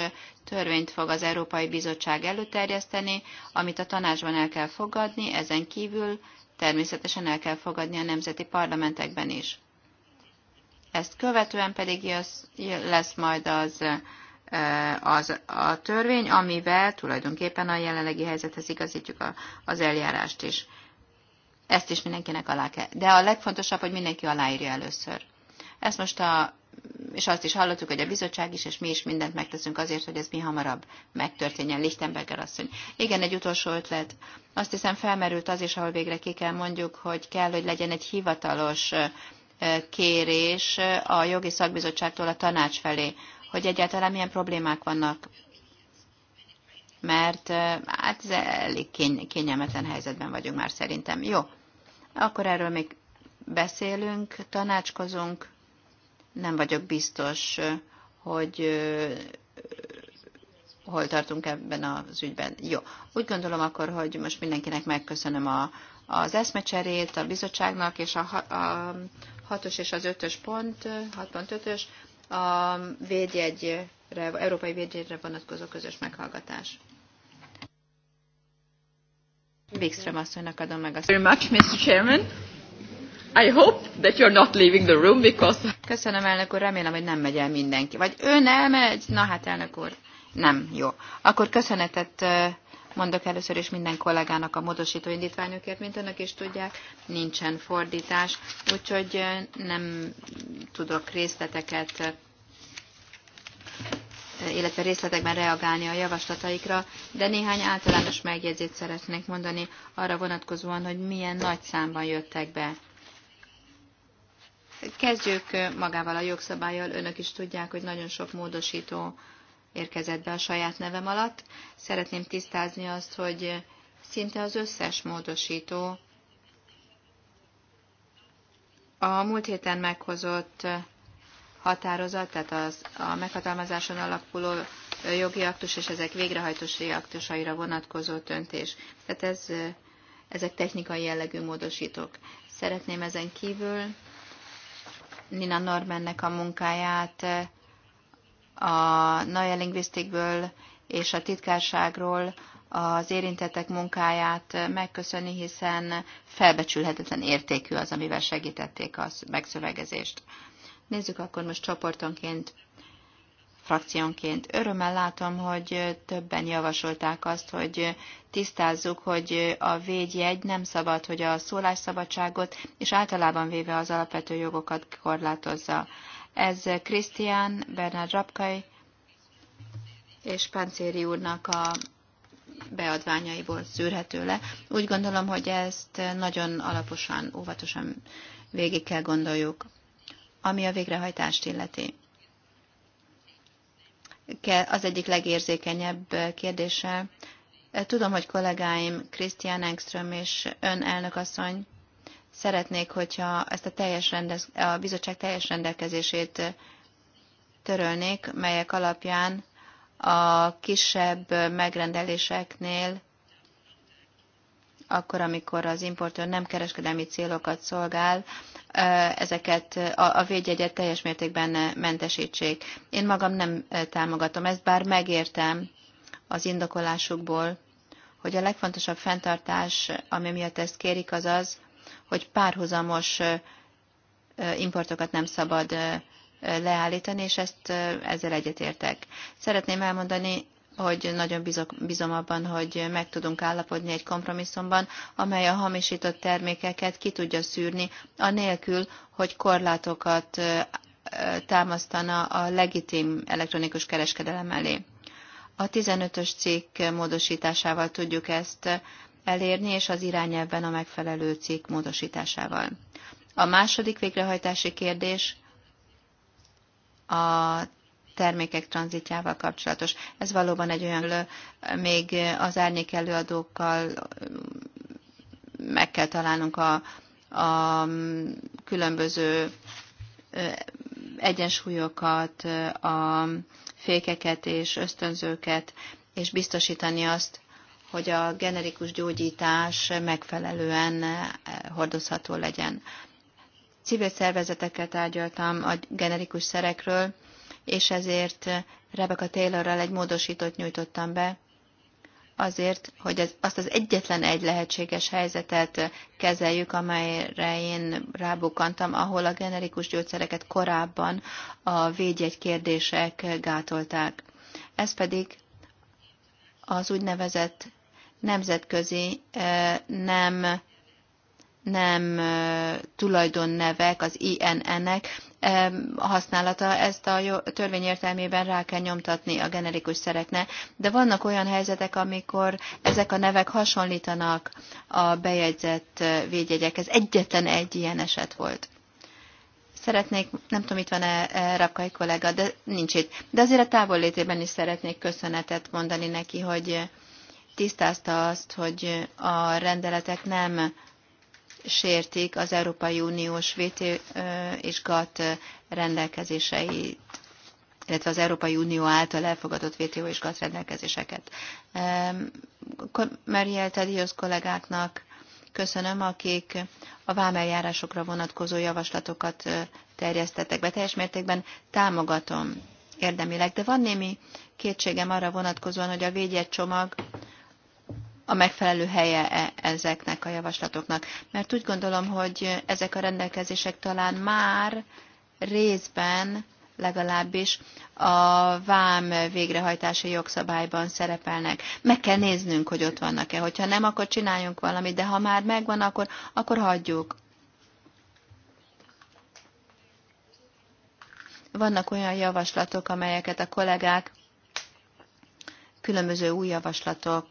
Speaker 1: törvényt fog az Európai Bizottság előterjeszteni, amit a tanácsban el kell fogadni, ezen kívül természetesen el kell fogadni a nemzeti parlamentekben is. Ezt követően pedig lesz majd az, az a törvény, amivel tulajdonképpen a jelenlegi helyzethez igazítjuk az eljárást is. Ezt is mindenkinek alá kell. De a legfontosabb, hogy mindenki aláírja először. Ezt most a, és azt is hallottuk, hogy a bizottság is, és mi is mindent megteszünk azért, hogy ez mi hamarabb megtörténjen. Lichtenberger asszony. Igen, egy utolsó ötlet. Azt hiszem felmerült az is, ahol végre ki kell mondjuk, hogy kell, hogy legyen egy hivatalos kérés a jogi szakbizottságtól a tanács felé, hogy egyáltalán milyen problémák vannak mert hát elég kény- kényelmetlen helyzetben vagyunk már szerintem. Jó, akkor erről még beszélünk, tanácskozunk. Nem vagyok biztos, hogy eh, hol tartunk ebben az ügyben. Jó, úgy gondolom akkor, hogy most mindenkinek megköszönöm a, az eszmecserét a bizottságnak, és a, a hatos és az pont, hat pont, 6.5-ös, a védjegyre, európai védjegyre vonatkozó közös meghallgatás. Wikström asszonynak adom meg a Very much, Mr. Chairman. I hope that you're not leaving the room because... Köszönöm, elnök úr, remélem, hogy nem megy el mindenki. Vagy ön elmegy? Na hát, elnök úr, nem, jó. Akkor köszönetet mondok először is minden kollégának a módosító indítványokért, mint önök is tudják, nincsen fordítás, úgyhogy nem tudok részleteket illetve részletekben reagálni a javaslataikra, de néhány általános megjegyzést szeretnék mondani arra vonatkozóan, hogy milyen nagy számban jöttek be. Kezdjük magával a jogszabályjal. Önök is tudják, hogy nagyon sok módosító érkezett be a saját nevem alatt. Szeretném tisztázni azt, hogy szinte az összes módosító a múlt héten meghozott határozat, tehát az, a meghatalmazáson alapuló jogi aktus és ezek végrehajtósi aktusaira vonatkozó döntés. Tehát ez, ezek technikai jellegű módosítók. Szeretném ezen kívül Nina Normannek a munkáját a NAJA Linguistikből és a titkárságról az érintettek munkáját megköszönni, hiszen felbecsülhetetlen értékű az, amivel segítették a megszövegezést. Nézzük akkor most csoportonként, frakciónként. Örömmel látom, hogy többen javasolták azt, hogy tisztázzuk, hogy a védjegy nem szabad, hogy a szólásszabadságot és általában véve az alapvető jogokat korlátozza. Ez Krisztián, Bernard Rapkai és Páncéri úrnak a beadványaiból szűrhető le. Úgy gondolom, hogy ezt nagyon alaposan, óvatosan végig kell gondoljuk ami a végrehajtást illeti. Az egyik legérzékenyebb kérdése. Tudom, hogy kollégáim Krisztián Engström és ön elnökasszony szeretnék, hogyha ezt a, teljes rendez, a bizottság teljes rendelkezését törölnék, melyek alapján a kisebb megrendeléseknél akkor, amikor az importőr nem kereskedelmi célokat szolgál, ezeket a, védjegyet teljes mértékben mentesítsék. Én magam nem támogatom ezt, bár megértem az indokolásukból, hogy a legfontosabb fenntartás, ami miatt ezt kérik, az az, hogy párhuzamos importokat nem szabad leállítani, és ezt ezzel egyetértek. Szeretném elmondani, hogy nagyon bizok, bizom abban, hogy meg tudunk állapodni egy kompromisszumban, amely a hamisított termékeket ki tudja szűrni, anélkül, hogy korlátokat támasztana a legitim elektronikus kereskedelem elé. A 15-ös cikk módosításával tudjuk ezt elérni, és az irányelvben a megfelelő cikk módosításával. A második végrehajtási kérdés a termékek tranzitjával kapcsolatos. Ez valóban egy olyan, még az árnyék előadókkal mm, meg kell találnunk a, a különböző egyensúlyokat, a fékeket és ösztönzőket, és biztosítani azt, hogy a generikus gyógyítás megfelelően hordozható legyen. Civil szervezetekkel tárgyaltam a generikus szerekről, és ezért eh, Rebecca Taylorral egy módosítót nyújtottam be, azért, hogy ez, azt az egyetlen egy lehetséges helyzetet eh, kezeljük, amelyre én rábukantam, ahol a generikus gyógyszereket korábban a védjegy kérdések eh, gátolták. Ez pedig az úgynevezett nemzetközi nem nem tulajdonnevek, az INN-ek, használata, ezt a törvény értelmében rá kell nyomtatni a generikus szerekne. De vannak olyan helyzetek, amikor ezek a nevek hasonlítanak a bejegyzett eh, védjegyekhez. Egyetlen egy ilyen eset volt. Szeretnék, nem tudom, itt van-e eh, Rakai kollega, de nincs itt. De azért a létében is szeretnék köszönetet mondani neki, hogy eh, tisztázta azt, hogy a rendeletek nem sértik az Európai Uniós VT és GATT rendelkezéseit illetve az Európai Unió által elfogadott VTO és GATT rendelkezéseket. Mariel Tedios kollégáknak köszönöm, akik a vámeljárásokra vonatkozó javaslatokat terjesztettek be. Teljes mértékben támogatom érdemileg, de van némi kétségem arra vonatkozóan, hogy a védjegy csomag a megfelelő helye -e ezeknek a javaslatoknak. Mert úgy gondolom, hogy ezek a rendelkezések talán már részben legalábbis a vám végrehajtási jogszabályban szerepelnek. Meg kell néznünk, hogy ott vannak-e. Hogyha nem, akkor csináljunk valamit, de ha már megvan, akkor, akkor hagyjuk. Vannak olyan javaslatok, amelyeket a kollégák, különböző új javaslatok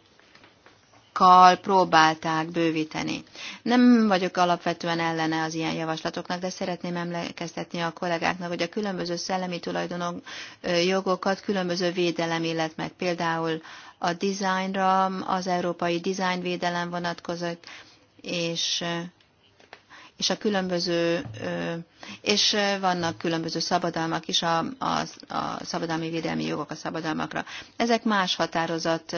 Speaker 1: javaslatokkal próbálták bővíteni. Nem vagyok alapvetően ellene az ilyen javaslatoknak, de szeretném emlékeztetni a kollégáknak, hogy a különböző szellemi tulajdonok jogokat különböző védelem illet meg. Például a dizájnra az európai dizájnvédelem vonatkozik, és és a különböző, és vannak különböző szabadalmak is, a, a, a szabadalmi védelmi jogok a szabadalmakra. Ezek más határozat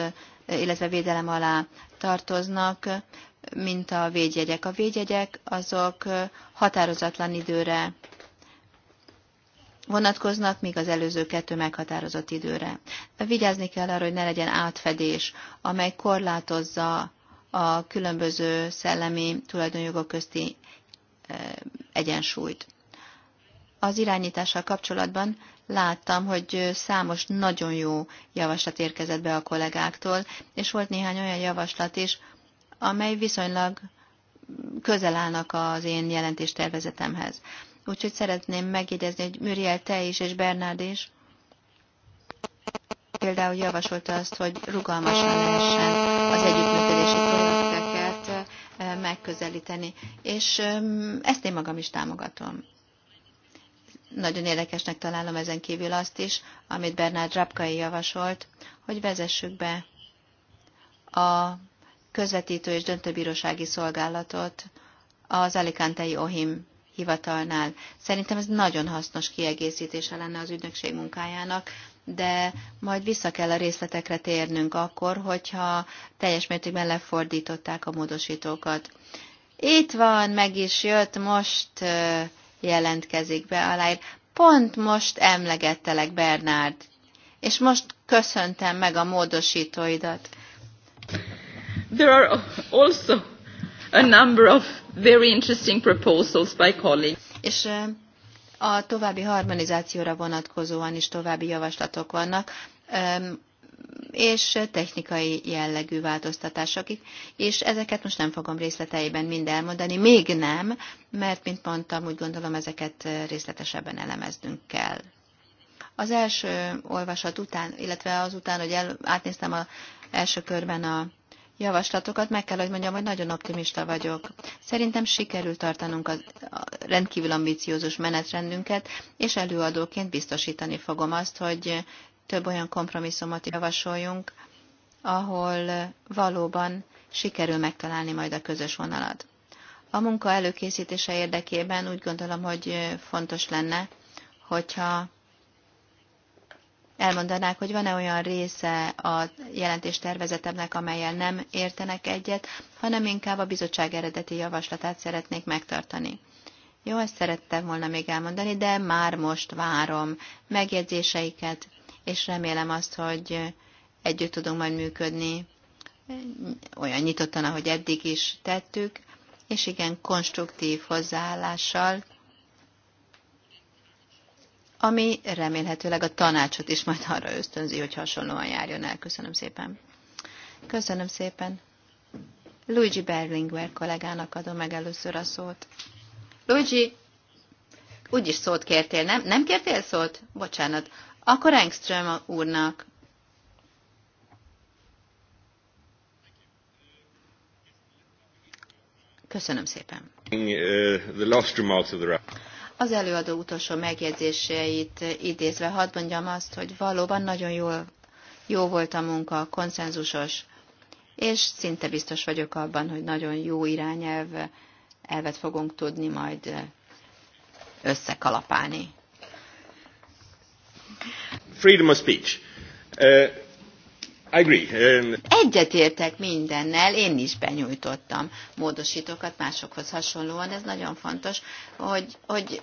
Speaker 1: illetve védelem alá tartoznak, mint a védjegyek. A védjegyek azok határozatlan időre vonatkoznak, míg az előző kettő meghatározott időre. Vigyázni kell arra, hogy ne legyen átfedés, amely korlátozza a különböző szellemi tulajdonjogok közti eh, egyensúlyt. Az irányítással kapcsolatban láttam, hogy számos nagyon jó javaslat érkezett be a kollégáktól, és volt néhány olyan javaslat is, amely viszonylag közel állnak az én jelentéstervezetemhez. Úgyhogy szeretném megjegyezni, hogy Muriel, te is, és Bernard is például javasolta azt, hogy rugalmasan lehessen az együttműködési projekteket megközelíteni, és ezt én magam is támogatom. Nagyon érdekesnek találom ezen kívül azt is, amit Bernard Rapkai javasolt, hogy vezessük be a közvetítő és döntőbírósági szolgálatot az Alicantei Ohim hivatalnál. Szerintem ez nagyon hasznos kiegészítése lenne az ügynökség munkájának, de majd vissza kell a részletekre térnünk akkor, hogyha teljes mértékben lefordították a módosítókat. Itt van, meg is jött most jelentkezik be, aláír. Pont most emlegettelek, Bernárd, és most köszöntem meg a módosítóidat. There are also a number of very interesting proposals by colleagues. És a további harmonizációra vonatkozóan is további javaslatok vannak és technikai jellegű változtatások, és ezeket most nem fogom részleteiben mind elmondani, még nem, mert, mint mondtam, úgy gondolom, ezeket részletesebben elemeznünk kell. Az első olvasat után, illetve azután, hogy el, átnéztem az első körben a javaslatokat, meg kell, hogy mondjam, hogy nagyon optimista vagyok. Szerintem sikerült tartanunk a rendkívül ambiciózus menetrendünket, és előadóként biztosítani fogom azt, hogy több olyan kompromisszumot javasoljunk, ahol valóban sikerül megtalálni majd a közös vonalat. A munka előkészítése érdekében úgy gondolom, hogy fontos lenne, hogyha elmondanák, hogy van-e olyan része a jelentéstervezetemnek, amelyel nem értenek egyet, hanem inkább a bizottság eredeti javaslatát szeretnék megtartani. Jó, ezt szerettem volna még elmondani, de már most várom megjegyzéseiket, és remélem azt, hogy együtt tudunk majd működni, olyan nyitottan, ahogy eddig is tettük, és igen, konstruktív hozzáállással, ami remélhetőleg a tanácsot is majd arra ösztönzi, hogy hasonlóan járjon el. Köszönöm szépen. Köszönöm szépen. Luigi Berlinguer kollégának adom meg először a szót. Luigi, úgyis szót kértél, nem? Nem kértél szót? Bocsánat. Akkor Engström úrnak. Köszönöm szépen. Az előadó utolsó megjegyzéseit idézve hadd mondjam azt, hogy valóban nagyon jó, jó volt a munka, konszenzusos, és szinte biztos vagyok abban, hogy nagyon jó irányelv elvet fogunk tudni majd összekalapálni. Freedom of
Speaker 2: speech. Uh, I agree. Um,
Speaker 1: Egyetértek mindennel, én is benyújtottam módosítókat másokhoz hasonlóan, ez nagyon fontos, hogy, hogy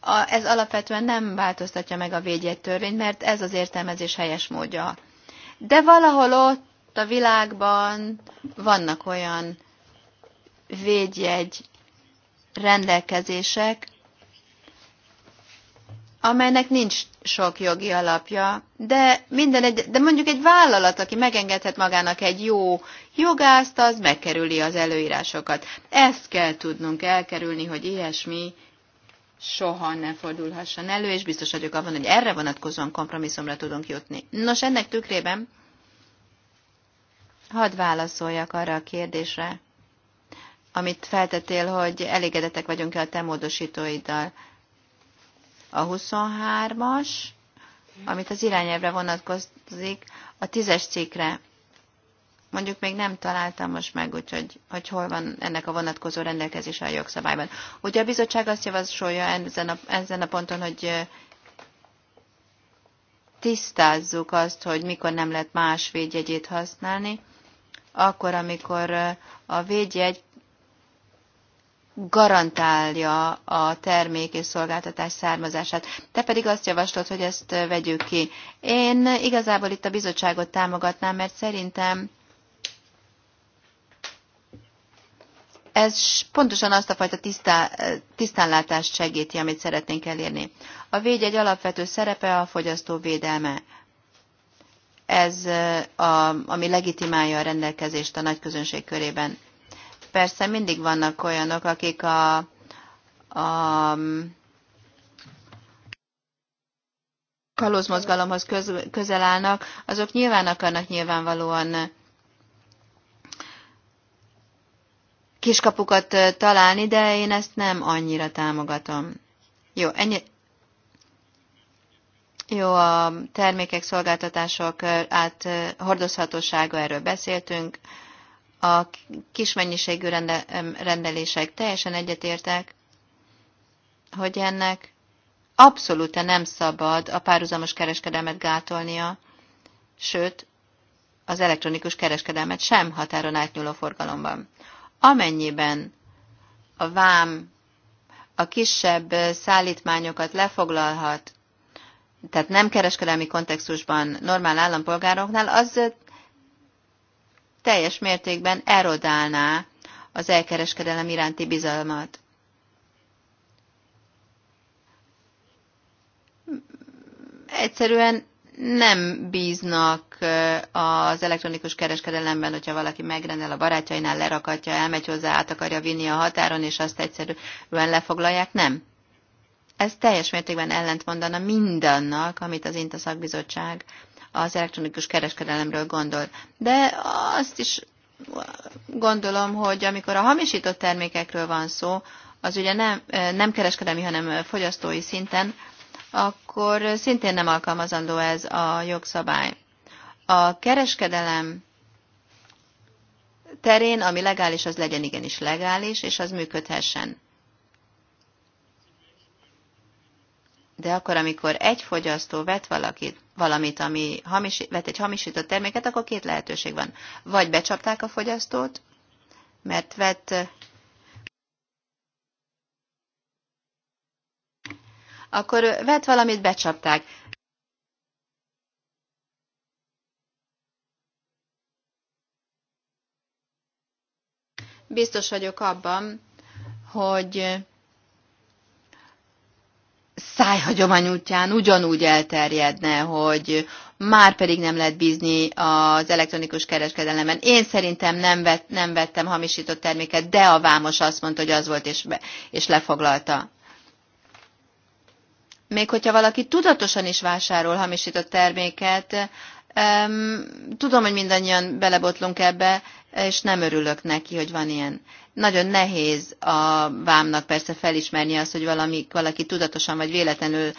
Speaker 1: a, ez alapvetően nem változtatja meg a védjegy törvényt, mert ez az értelmezés helyes módja. De valahol ott a világban vannak olyan védjegy rendelkezések, amelynek nincs sok jogi alapja, de, minden egy, de mondjuk egy vállalat, aki megengedhet magának egy jó jogászt, az megkerüli az előírásokat. Ezt kell tudnunk elkerülni, hogy ilyesmi soha ne fordulhasson elő, és biztos vagyok abban, hogy erre vonatkozóan kompromisszumra tudunk jutni. Nos, ennek tükrében hadd válaszoljak arra a kérdésre, amit feltettél, hogy elégedetek vagyunk-e a te módosítóiddal. A 23-as, amit az irányelvre vonatkozik, a 10-es cikkre. Mondjuk még nem találtam most meg, úgyhogy hogy hol van ennek a vonatkozó rendelkezés a jogszabályban. Ugye a bizottság azt javasolja ezen a, ezen a ponton, hogy tisztázzuk azt, hogy mikor nem lehet más védjegyét használni, akkor, amikor a védjegy garantálja a termék és szolgáltatás származását. Te pedig azt javaslod, hogy ezt vegyük ki. Én igazából itt a bizottságot támogatnám, mert szerintem ez pontosan azt a fajta tisztá, tisztánlátást segíti, amit szeretnénk elérni. A védj egy alapvető szerepe a fogyasztó védelme. Ez, a, ami legitimálja a rendelkezést a nagyközönség körében. Persze mindig vannak olyanok, akik a, a kalózmozgalomhoz köz, közel állnak, azok nyilván akarnak nyilvánvalóan kiskapukat találni, de én ezt nem annyira támogatom. Jó, ennyi. Jó, a termékek, szolgáltatások át hordozhatósága, erről beszéltünk a kis mennyiségű rendelések. Teljesen egyetértek, hogy ennek abszolút nem szabad a párhuzamos kereskedelmet gátolnia, sőt, az elektronikus kereskedelmet sem határon átnyúló forgalomban. Amennyiben a vám a kisebb szállítmányokat lefoglalhat, tehát nem kereskedelmi kontextusban normál állampolgároknál, az teljes mértékben erodálná az elkereskedelem iránti bizalmat. Egyszerűen nem bíznak az elektronikus kereskedelemben, hogyha valaki megrendel a barátjainál, lerakatja, elmegy hozzá, át akarja vinni a határon, és azt egyszerűen lefoglalják. Nem. Ez teljes mértékben ellentmondana mindannak, amit az Inta szakbizottság az elektronikus kereskedelemről gondol. De azt is gondolom, hogy amikor a hamisított termékekről van szó, az ugye nem, nem kereskedelmi, hanem fogyasztói szinten, akkor szintén nem alkalmazandó ez a jogszabály. A kereskedelem terén, ami legális, az legyen igenis legális, és az működhessen. De akkor, amikor egy fogyasztó vet valakit, valamit, ami hamis, vett egy hamisított terméket, akkor két lehetőség van. Vagy becsapták a fogyasztót, mert vett akkor vett valamit, becsapták. Biztos vagyok abban, hogy szájhagyomány útján ugyanúgy elterjedne, hogy már pedig nem lehet bízni az elektronikus kereskedelemben. Én szerintem nem, vett, nem vettem hamisított terméket, de a vámos azt mondta, hogy az volt, és, be, és lefoglalta. Még hogyha valaki tudatosan is vásárol hamisított terméket, Tudom, hogy mindannyian belebotlunk ebbe, és nem örülök neki, hogy van ilyen. Nagyon nehéz a vámnak persze felismerni azt, hogy valami, valaki tudatosan vagy véletlenül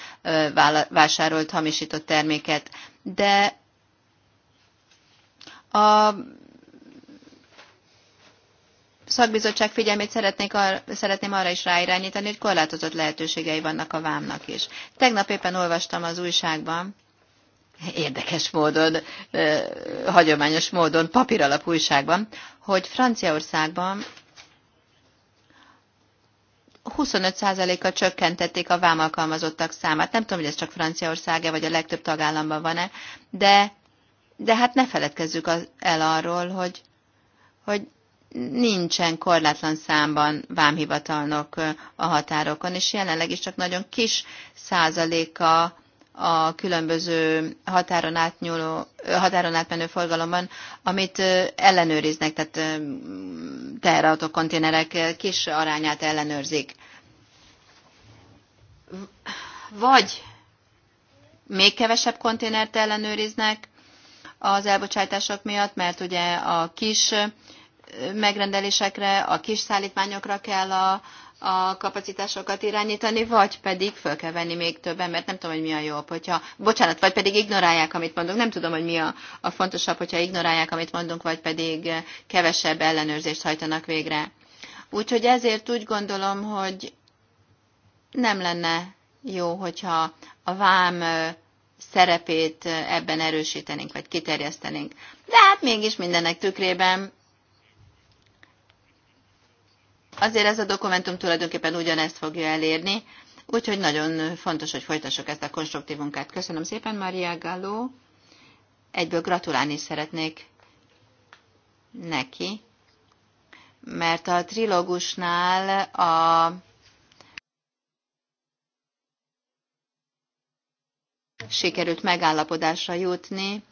Speaker 1: vásárolt hamisított terméket, de a szakbizottság figyelmét szeretnék ar- szeretném arra is ráirányítani, hogy korlátozott lehetőségei vannak a vámnak is. Tegnap éppen olvastam az újságban, érdekes módon, hagyományos módon, papíralap újságban, hogy Franciaországban 25%-kal csökkentették a vámalkalmazottak számát. Nem tudom, hogy ez csak Franciaország-e, vagy a legtöbb tagállamban van-e, de, de hát ne feledkezzük el arról, hogy, hogy nincsen korlátlan számban vámhivatalnok a határokon, és jelenleg is csak nagyon kis százaléka a különböző határon, átnyúló, határon átmenő forgalomban, amit ellenőriznek, tehát teherautók, konténerek kis arányát ellenőrzik. Vagy még kevesebb konténert ellenőriznek az elbocsátások miatt, mert ugye a kis megrendelésekre, a kis szállítmányokra kell a, a kapacitásokat irányítani, vagy pedig föl kell venni még több embert, nem tudom, hogy mi a jobb, hogyha, bocsánat, vagy pedig ignorálják, amit mondunk, nem tudom, hogy mi a, a fontosabb, hogyha ignorálják, amit mondunk, vagy pedig eh, kevesebb ellenőrzést hajtanak végre. Úgyhogy ezért úgy gondolom, hogy nem lenne jó, hogyha a vám eh, szerepét eh, ebben erősítenénk, vagy kiterjesztenénk. De hát mégis mindennek tükrében Azért ez a dokumentum tulajdonképpen ugyanezt fogja elérni, úgyhogy nagyon fontos, hogy folytassuk ezt a konstruktív munkát. Köszönöm szépen, Maria Galló. Egyből gratulálni szeretnék neki, mert a trilógusnál a sikerült megállapodásra jutni,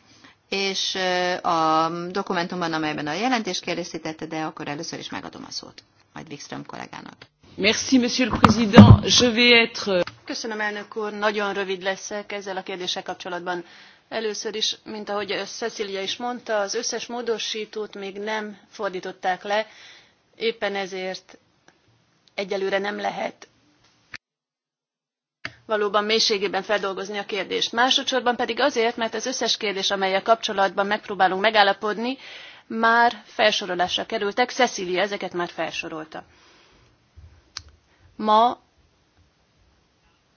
Speaker 1: és a dokumentumban, amelyben a jelentést készítette, de akkor először is megadom a szót majd Wikström kollégának.
Speaker 4: Merci, monsieur le président. Je vais être... Euh, Köszönöm, elnök úr. Nagyon rövid leszek ezzel a kérdéssel kapcsolatban. Először is, mint ahogy Cecilia is mondta, az összes módosítót még nem fordították le, éppen ezért egyelőre nem lehet valóban mélységében feldolgozni a kérdést. Másodszorban pedig azért, mert az összes kérdés, amelyel kapcsolatban megpróbálunk megállapodni, már felsorolásra kerültek, Cecilia ezeket már felsorolta. Ma,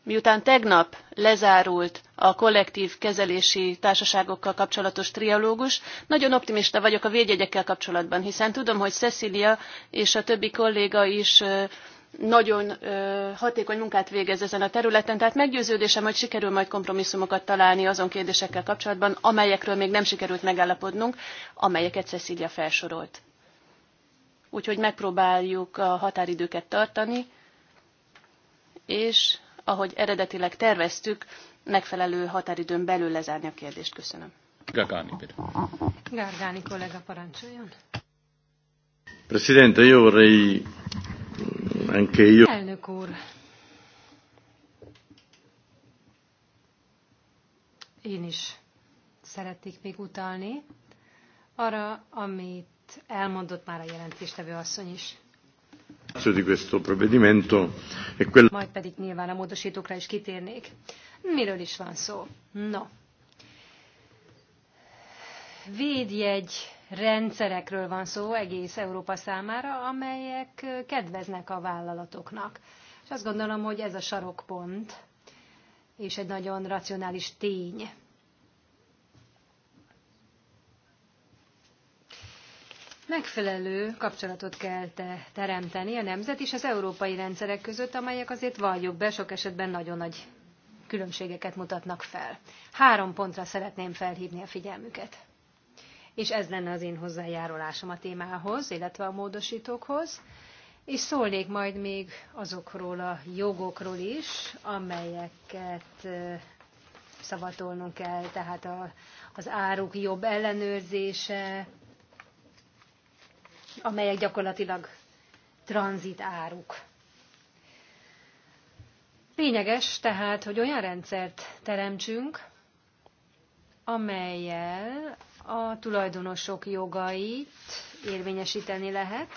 Speaker 4: miután tegnap lezárult a kollektív kezelési társaságokkal kapcsolatos trialógus, nagyon optimista vagyok a védjegyekkel kapcsolatban, hiszen tudom, hogy Cecilia és a többi kolléga is nagyon hatékony munkát végez ezen a területen, tehát meggyőződésem, hogy sikerül majd kompromisszumokat találni azon kérdésekkel kapcsolatban, amelyekről még nem sikerült megállapodnunk, amelyeket Cecilia felsorolt. Úgyhogy megpróbáljuk a határidőket tartani, és ahogy eredetileg terveztük, megfelelő határidőn belül lezárni a kérdést. Köszönöm.
Speaker 2: Gargáni,
Speaker 3: Gargáni kollega parancsoljon.
Speaker 2: Presidente, io vorrei anche io.
Speaker 3: Elnök úr, én is szeretnék még utalni arra, amit elmondott már a jelentéstevő asszony is. Majd pedig nyilván a módosítókra is kitérnék. Miről is van szó? No. Védjegy rendszerekről van szó egész Európa számára, amelyek kedveznek a vállalatoknak. És azt gondolom, hogy ez a sarokpont, és egy nagyon racionális tény. Megfelelő kapcsolatot kell te teremteni a nemzet és az európai rendszerek között, amelyek azért valljuk be, sok esetben nagyon nagy különbségeket mutatnak fel. Három pontra szeretném felhívni a figyelmüket és ez lenne az én hozzájárulásom a témához, illetve a módosítókhoz, és szólnék majd még azokról a jogokról is, amelyeket szavatolnunk kell, tehát a, az áruk jobb ellenőrzése, amelyek gyakorlatilag tranzit áruk. Lényeges tehát, hogy olyan rendszert teremtsünk, amelyel a tulajdonosok jogait érvényesíteni lehet,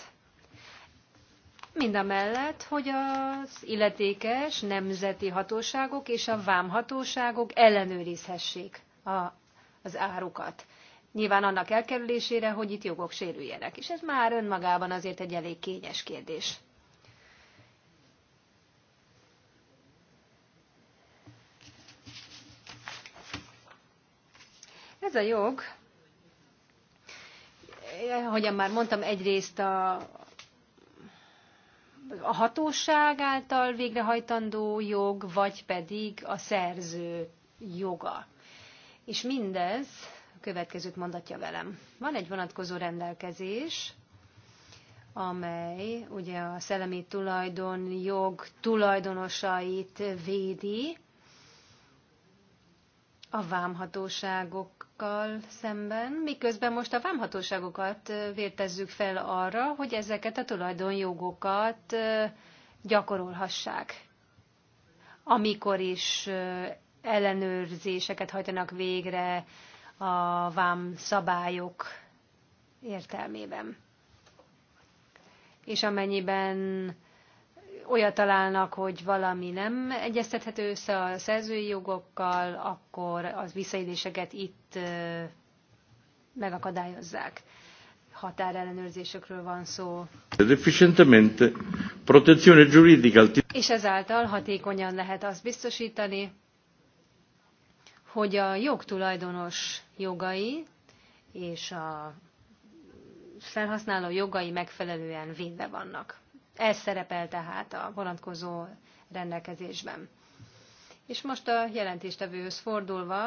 Speaker 3: mellett, hogy az illetékes nemzeti hatóságok és a vámhatóságok ellenőrizhessék a, az árukat. Nyilván annak elkerülésére, hogy itt jogok sérüljenek, és ez már önmagában azért egy elég kényes kérdés. Ez a jog ahogyan már mondtam, egyrészt a, a hatóság által végrehajtandó jog, vagy pedig a szerző joga. És mindez a következőt mondatja velem. Van egy vonatkozó rendelkezés, amely ugye a szellemi tulajdon jog tulajdonosait védi, a vámhatóságokkal szemben, miközben most a vámhatóságokat vértezzük fel arra, hogy ezeket a tulajdonjogokat gyakorolhassák, amikor is ellenőrzéseket hajtanak végre a vám szabályok értelmében. És amennyiben olyat találnak, hogy valami nem egyeztethető össze a szerzői jogokkal, akkor az visszaéléseket itt megakadályozzák. Határellenőrzésekről van szó.
Speaker 2: protezione giuridica.
Speaker 3: És ezáltal hatékonyan lehet azt biztosítani, hogy a jogtulajdonos jogai és a felhasználó jogai megfelelően védve vannak. Ez szerepel tehát a vonatkozó rendelkezésben. És most a jelentéstevőhöz fordulva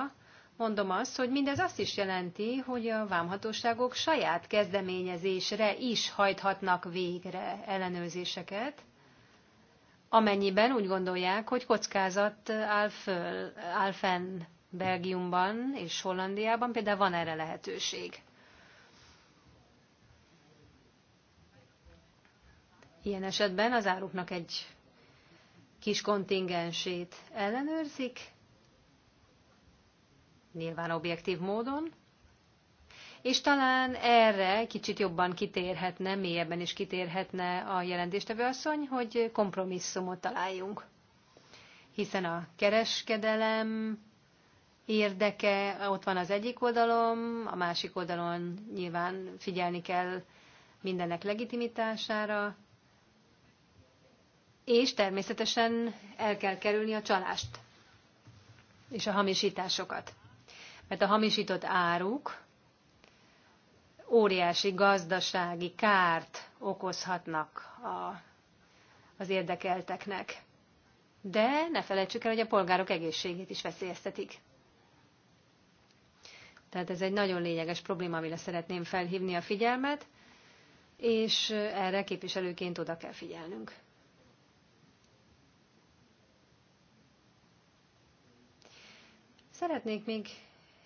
Speaker 3: mondom azt, hogy mindez azt is jelenti, hogy a vámhatóságok saját kezdeményezésre is hajthatnak végre ellenőrzéseket, amennyiben úgy gondolják, hogy kockázat áll, föl, áll fenn Belgiumban és Hollandiában, például van erre lehetőség. Ilyen esetben az áruknak egy kis kontingensét ellenőrzik, nyilván objektív módon, és talán erre kicsit jobban kitérhetne, mélyebben is kitérhetne a jelentéstevő asszony, hogy kompromisszumot találjunk. Hiszen a kereskedelem érdeke ott van az egyik oldalon, a másik oldalon nyilván figyelni kell mindennek legitimitására, és természetesen el kell kerülni a csalást és a hamisításokat. Mert a hamisított áruk óriási gazdasági kárt okozhatnak a, az érdekelteknek. De ne felejtsük el, hogy a polgárok egészségét is veszélyeztetik. Tehát ez egy nagyon lényeges probléma, amire szeretném felhívni a figyelmet, és erre képviselőként oda kell figyelnünk. Szeretnék még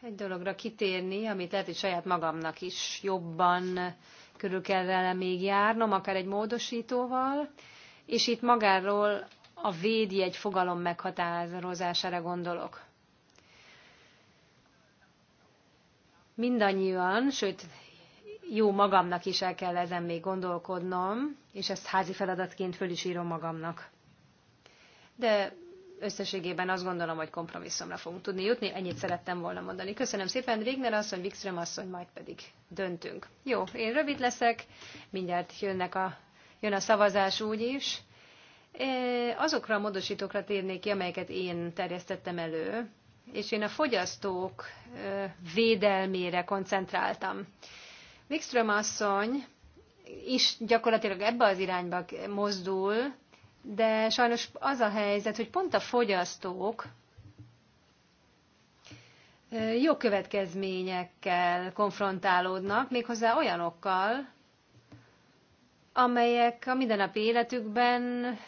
Speaker 3: egy dologra kitérni, amit lehet, hogy saját magamnak is jobban körül kell vele még járnom, akár egy módosítóval, és itt magáról a védi egy fogalom meghatározására gondolok. Mindannyian, sőt, jó magamnak is el kell ezen még gondolkodnom, és ezt házi feladatként föl is írom magamnak. De összességében azt gondolom, hogy kompromisszumra fogunk tudni jutni. Ennyit szerettem volna mondani. Köszönöm szépen, Régner asszony, Wikström asszony, majd pedig döntünk. Jó, én rövid leszek, mindjárt jönnek a, jön a szavazás úgy is. E, azokra a módosítókra térnék ki, amelyeket én terjesztettem elő, és én a fogyasztók e, védelmére koncentráltam. Wikström asszony is gyakorlatilag ebbe az irányba mozdul, de sajnos az a helyzet, hogy pont a fogyasztók jó következményekkel konfrontálódnak, méghozzá olyanokkal, amelyek a mindennapi életükben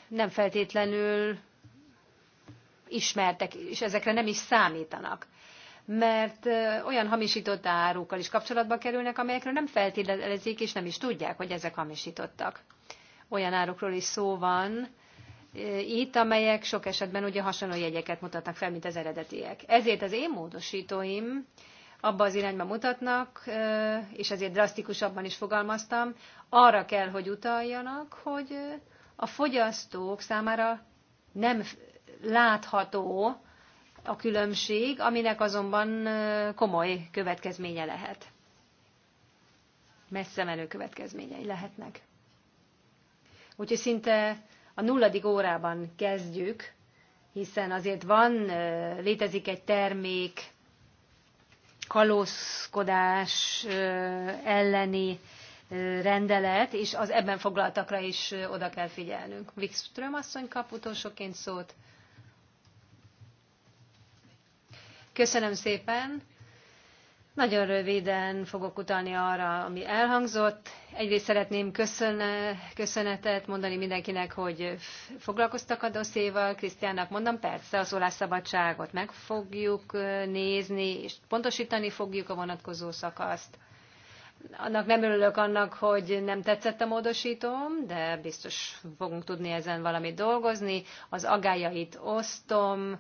Speaker 3: nem feltétlenül ismertek, és ezekre nem is számítanak. Mert olyan hamisított árukkal is kapcsolatba kerülnek, amelyekről nem feltételezik, és nem is tudják, hogy ezek hamisítottak. Olyan árukról is szó van, itt, amelyek sok esetben ugye hasonló jegyeket mutatnak fel, mint az eredetiek. Ezért az én módosítóim abba az irányba mutatnak, és ezért drasztikusabban is fogalmaztam, arra kell, hogy utaljanak, hogy a fogyasztók számára nem látható a különbség, aminek azonban komoly következménye lehet. Messze menő következményei lehetnek. Úgyhogy szinte a nulladik órában kezdjük, hiszen azért van, létezik egy termék, kalózkodás elleni rendelet, és az ebben foglaltakra is oda kell figyelnünk. Wikström asszony kap utolsóként szót. Köszönöm szépen. Nagyon röviden fogok utalni arra, ami elhangzott. Egyrészt szeretném köszönetet mondani mindenkinek, hogy foglalkoztak a dosszéval. Krisztiának mondom, persze a szólásszabadságot meg fogjuk nézni, és pontosítani fogjuk a vonatkozó szakaszt. Annak nem örülök annak, hogy nem tetszett a módosítóm, de biztos fogunk tudni ezen valamit dolgozni. Az agájait osztom,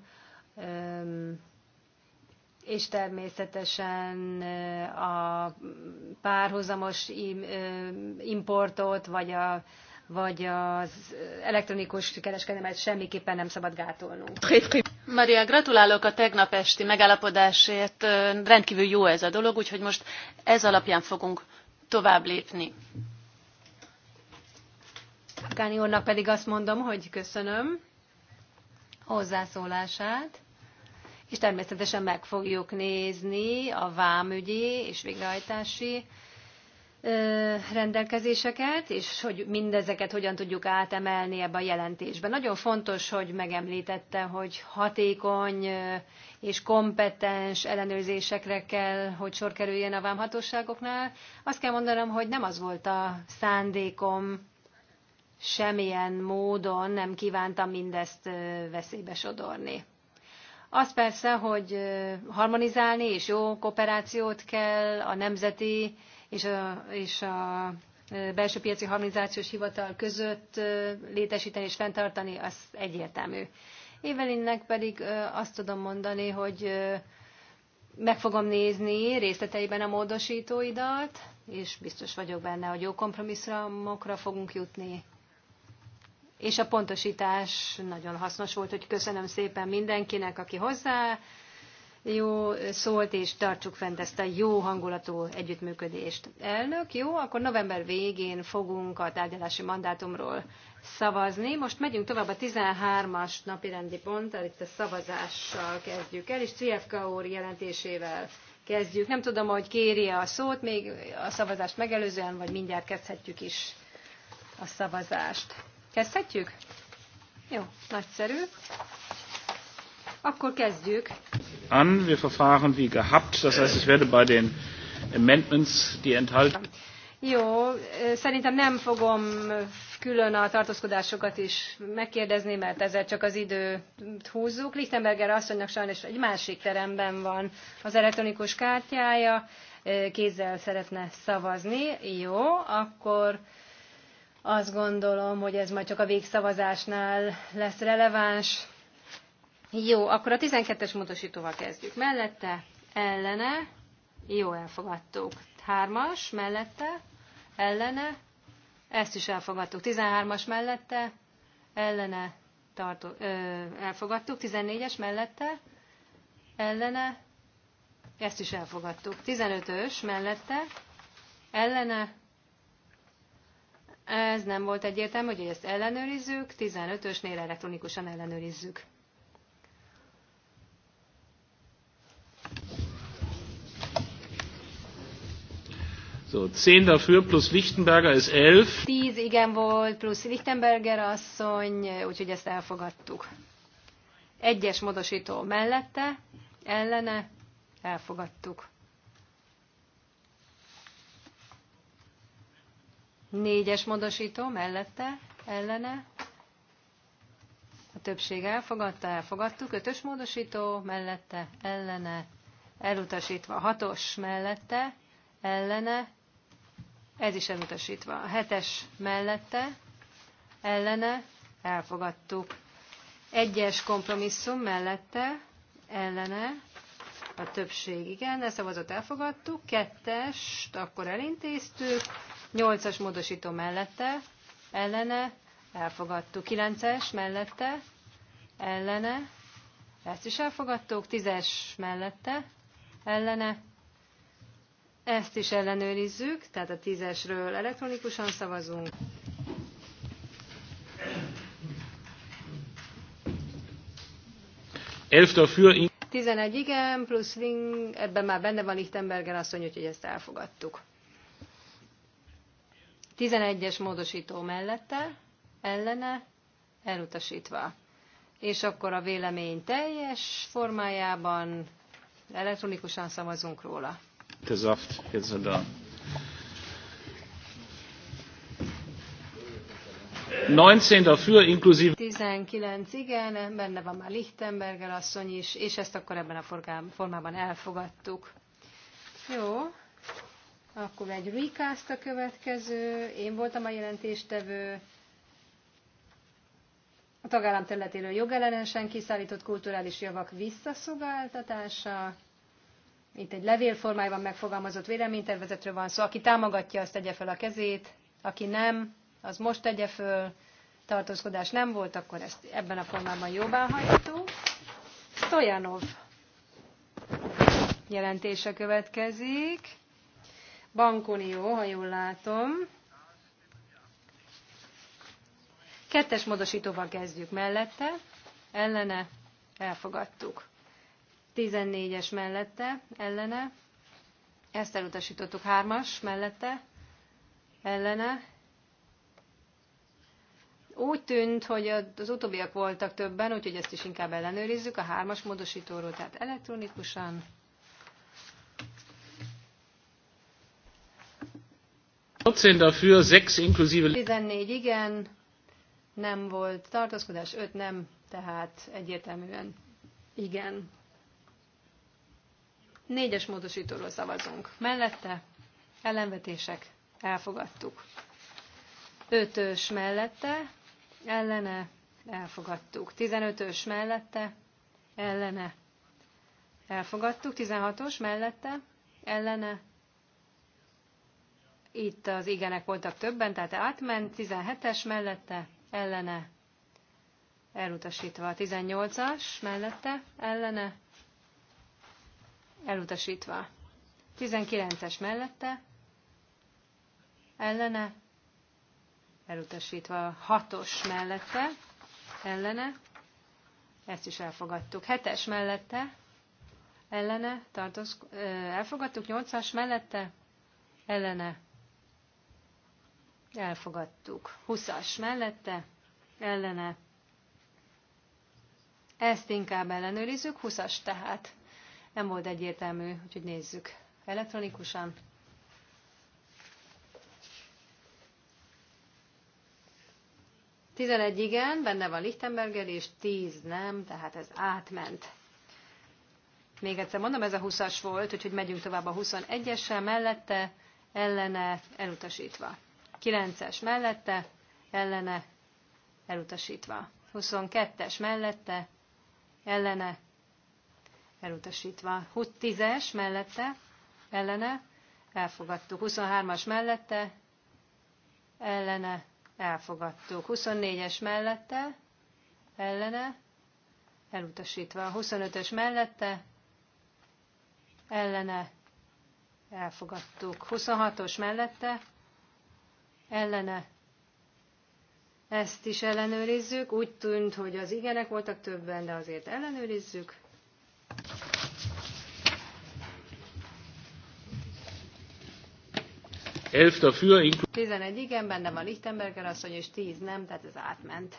Speaker 3: és természetesen a párhuzamos importot, vagy, a, vagy az elektronikus kereskedelmet semmiképpen nem szabad gátolnunk.
Speaker 4: Maria, gratulálok a tegnap esti megállapodásért. Rendkívül jó ez a dolog, úgyhogy most ez alapján fogunk tovább lépni.
Speaker 3: Káni úrnak pedig azt mondom, hogy köszönöm hozzászólását és természetesen meg fogjuk nézni a vámügyi és végrehajtási rendelkezéseket, és hogy mindezeket hogyan tudjuk átemelni ebbe a jelentésbe. Nagyon fontos, hogy megemlítette, hogy hatékony és kompetens ellenőrzésekre kell, hogy sor kerüljen a vámhatóságoknál. Azt kell mondanom, hogy nem az volt a szándékom, semmilyen módon nem kívántam mindezt veszélybe sodorni. Az persze, hogy harmonizálni és jó kooperációt kell a nemzeti és a, és a belső piaci harmonizációs hivatal között létesíteni és fenntartani, az egyértelmű. Évelinnek pedig azt tudom mondani, hogy meg fogom nézni részleteiben a módosítóidat, és biztos vagyok benne, hogy jó kompromisszumokra fogunk jutni, és a pontosítás nagyon hasznos volt, hogy köszönöm szépen mindenkinek, aki hozzá jó szólt, és tartsuk fent ezt a jó hangulatú együttműködést. Elnök, jó, akkor november végén fogunk a tárgyalási mandátumról szavazni. Most megyünk tovább a 13-as napirendi ponttal, itt a szavazással kezdjük el, és Triefka úr jelentésével kezdjük. Nem tudom, hogy kérje a szót még a szavazást megelőzően, vagy mindjárt kezdhetjük is a szavazást. Kezdhetjük? Jó, nagyszerű. Akkor kezdjük.
Speaker 2: An, wir verfahren wie gehabt, das heißt, ich werde bei den Amendments, die enthalten.
Speaker 3: Jó, szerintem nem fogom külön a tartózkodásokat is megkérdezni, mert ezzel csak az időt húzzuk. Lichtenberger asszonynak sajnos egy másik teremben van az elektronikus kártyája, kézzel szeretne szavazni. Jó, akkor azt gondolom, hogy ez majd csak a végszavazásnál lesz releváns. Jó, akkor a 12-es módosítóval kezdjük. Mellette, ellene, jó, elfogadtuk. Hármas, mellette, ellene, ezt is elfogadtuk. 13-as mellette, ellene, tartó, ö, elfogadtuk. 14-es mellette, ellene, ezt is elfogadtuk. 15-ös mellette, ellene, ez nem volt egyértelmű, hogy ezt ellenőrizzük, 15-ösnél elektronikusan ellenőrizzük.
Speaker 2: So, 10 dafür plus Lichtenberger ist 11.
Speaker 3: 10 igen volt, plusz Lichtenberger asszony, úgyhogy ezt elfogadtuk. Egyes módosító mellette, ellene, elfogadtuk. Négyes módosító mellette, ellene. A többség elfogadta, elfogadtuk. Ötös módosító mellette, ellene. Elutasítva. Hatos mellette, ellene. Ez is elutasítva. Hetes mellette, ellene. Elfogadtuk. Egyes kompromisszum mellette, ellene a többség igen, szavazott elfogadtuk, kettest akkor elintéztük, 8-as módosító mellette, ellene, elfogadtuk. 9-es mellette, ellene, ezt is elfogadtuk. 10-es mellette, ellene, ezt is ellenőrizzük, tehát a 10-esről elektronikusan szavazunk. Dafür 11 igen, plusz Ring, ebben már benne van Lichtenberger asszony, úgyhogy ezt elfogadtuk. 11-es módosító mellette, ellene, elutasítva. És akkor a vélemény teljes formájában elektronikusan szavazunk róla.
Speaker 2: Gesagt, dafür, inkluzív.
Speaker 3: 19 igen, benne van már Lichtenberger asszony is, és ezt akkor ebben a formában elfogadtuk. Jó, akkor egy recast a következő, én voltam a jelentéstevő, a tagállam területéről jogellenesen kiszállított kulturális javak visszaszolgáltatása, itt egy levélformájban megfogalmazott véleménytervezetről van szó, aki támogatja, azt tegye fel a kezét, aki nem, az most tegye föl, tartózkodás nem volt, akkor ezt ebben a formában hajtó. Stojanov jelentése következik bankunió, ha jól látom. Kettes módosítóval kezdjük mellette, ellene, elfogadtuk. 14-es mellette, ellene, ezt elutasítottuk hármas mellette, ellene. Úgy tűnt, hogy az utóbbiak voltak többen, úgyhogy ezt is inkább ellenőrizzük a hármas módosítóról, tehát elektronikusan.
Speaker 2: 14 dafür, 6 inklusive...
Speaker 3: 14 igen, nem volt tartózkodás, 5 nem, tehát egyértelműen igen. Négyes módosítóról szavazunk. Mellette ellenvetések, elfogadtuk. Ötös mellette, ellene, elfogadtuk. 15-ös mellette, ellene, elfogadtuk. 16-os mellette, ellene, itt az igenek voltak többen, tehát átment 17-es mellette, ellene, elutasítva. 18-as mellette, ellene, elutasítva. 19-es mellette, ellene, elutasítva. 6-os mellette, ellene, ezt is elfogadtuk. 7-es mellette, ellene, tartoz, elfogadtuk. 8-as mellette, ellene, Elfogadtuk. 20-as mellette, ellene. Ezt inkább ellenőrizzük, 20-as tehát. Nem volt egyértelmű, úgyhogy nézzük elektronikusan. Tizenegy igen, benne van Lichtenberger, és tíz nem, tehát ez átment. Még egyszer mondom, ez a 20-as volt, úgyhogy megyünk tovább a 21-essel, mellette, ellene, elutasítva. 9-es mellette, ellene, elutasítva. 22-es mellette, ellene, elutasítva. 10-es mellette, ellene, elfogadtuk. 23-as mellette, ellene, elfogadtuk. 24-es mellette, ellene, elutasítva. 25-ös mellette, ellene, elfogadtuk. 26-os mellette, ellene. Ezt is ellenőrizzük. Úgy tűnt, hogy az igenek voltak többen, de azért ellenőrizzük.
Speaker 2: Elf dafür,
Speaker 3: 11 igen, benne van Lichtenberger asszony, és 10 nem, tehát ez átment.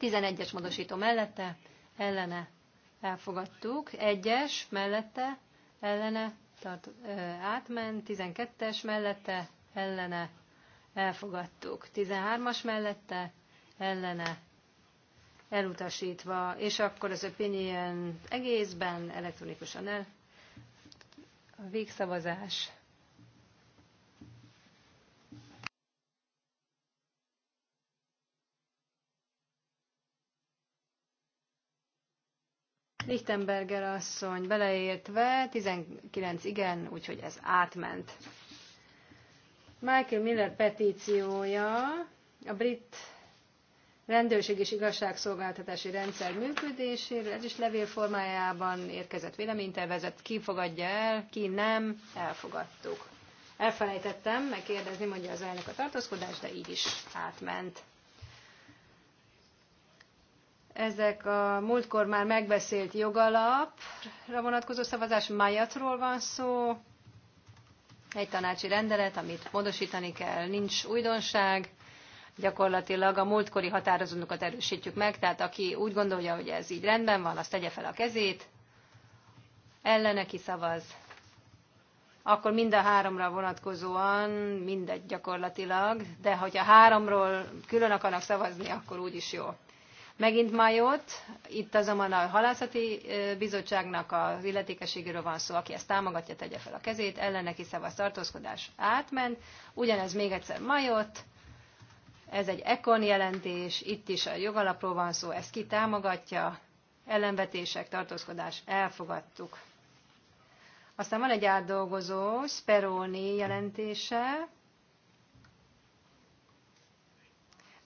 Speaker 3: 11-es módosító mellette, ellene elfogadtuk, 1-es mellette, ellene tart, ö, átment, 12-es mellette, ellene elfogadtuk. 13-as mellette ellene elutasítva, és akkor az opinion egészben elektronikusan el. A végszavazás. Lichtenberger asszony beleértve, 19 igen, úgyhogy ez átment. Michael Miller petíciója a brit rendőrség és igazságszolgáltatási rendszer működéséről, ez is levél formájában érkezett véleménytervezet, ki fogadja el, ki nem, elfogadtuk. Elfelejtettem megkérdezni, mondja az elnök a tartózkodás, de így is átment. Ezek a múltkor már megbeszélt jogalapra vonatkozó szavazás, májatról van szó, egy tanácsi rendelet, amit módosítani kell, nincs újdonság, gyakorlatilag a múltkori határozónokat erősítjük meg, tehát aki úgy gondolja, hogy ez így rendben van, azt tegye fel a kezét, ellene kiszavaz. Akkor mind a háromra vonatkozóan mindegy gyakorlatilag, de hogyha háromról külön akarnak szavazni, akkor úgy is jó megint majót, Itt azonban a halászati bizottságnak az illetékeségéről van szó, aki ezt támogatja, tegye fel a kezét, ellene kiszavaz tartózkodás átment. Ugyanez még egyszer majót, Ez egy ekon jelentés, itt is a jogalapról van szó, ezt ki támogatja, ellenvetések, tartózkodás, elfogadtuk. Aztán van egy átdolgozó, Speroni jelentése,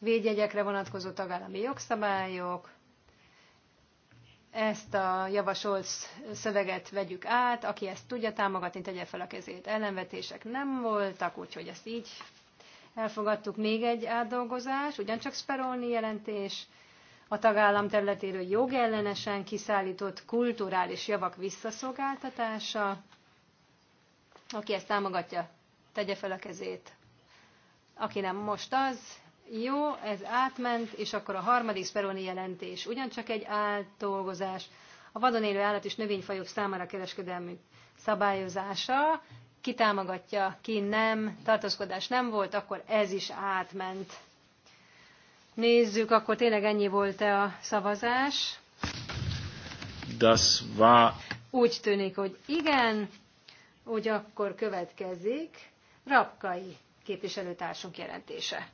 Speaker 3: védjegyekre vonatkozó tagállami jogszabályok. Ezt a javasolt szöveget vegyük át, aki ezt tudja támogatni, tegye fel a kezét. Ellenvetések nem voltak, úgyhogy ezt így elfogadtuk. Még egy átdolgozás, ugyancsak Sperolni jelentés a tagállam területéről jogellenesen kiszállított kulturális javak visszaszolgáltatása. Aki ezt támogatja, tegye fel a kezét. Aki nem most az, jó, ez átment, és akkor a harmadik Speroni jelentés. Ugyancsak egy áldolgozás. A vadon élő állat és növényfajok számára kereskedelmi szabályozása. Ki támogatja, ki nem, tartózkodás nem volt, akkor ez is átment. Nézzük, akkor tényleg ennyi volt-e a szavazás?
Speaker 2: Das war...
Speaker 3: Úgy tűnik, hogy igen, úgy akkor következik Rapkai képviselőtársunk jelentése.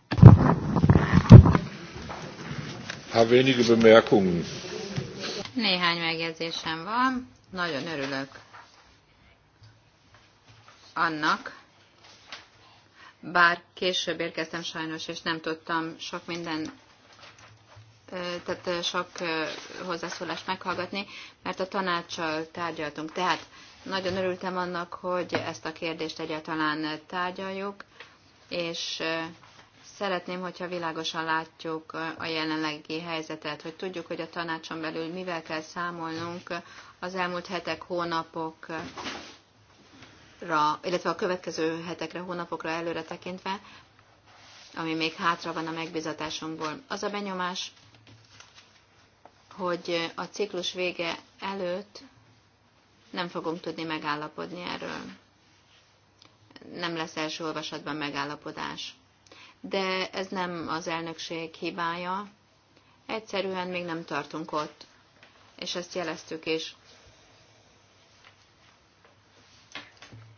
Speaker 2: habe wenige Bemerkungen.
Speaker 1: Néhány megjegyzésem van. Nagyon örülök annak, bár később érkeztem sajnos, és nem tudtam sok minden, tehát sok hozzászólást meghallgatni, mert a tanácssal tárgyaltunk. Tehát nagyon örültem annak, hogy ezt a kérdést egyáltalán tárgyaljuk, és Szeretném, hogyha világosan látjuk a jelenlegi helyzetet, hogy tudjuk, hogy a tanácson belül mivel kell számolnunk az elmúlt hetek, hónapokra, illetve a következő hetekre, hónapokra előre tekintve, ami még hátra van a megbizatásunkból. Az a benyomás, hogy a ciklus vége előtt nem fogunk tudni megállapodni erről. Nem lesz első olvasatban megállapodás de ez nem az elnökség hibája. Egyszerűen még nem tartunk ott, és ezt jeleztük is.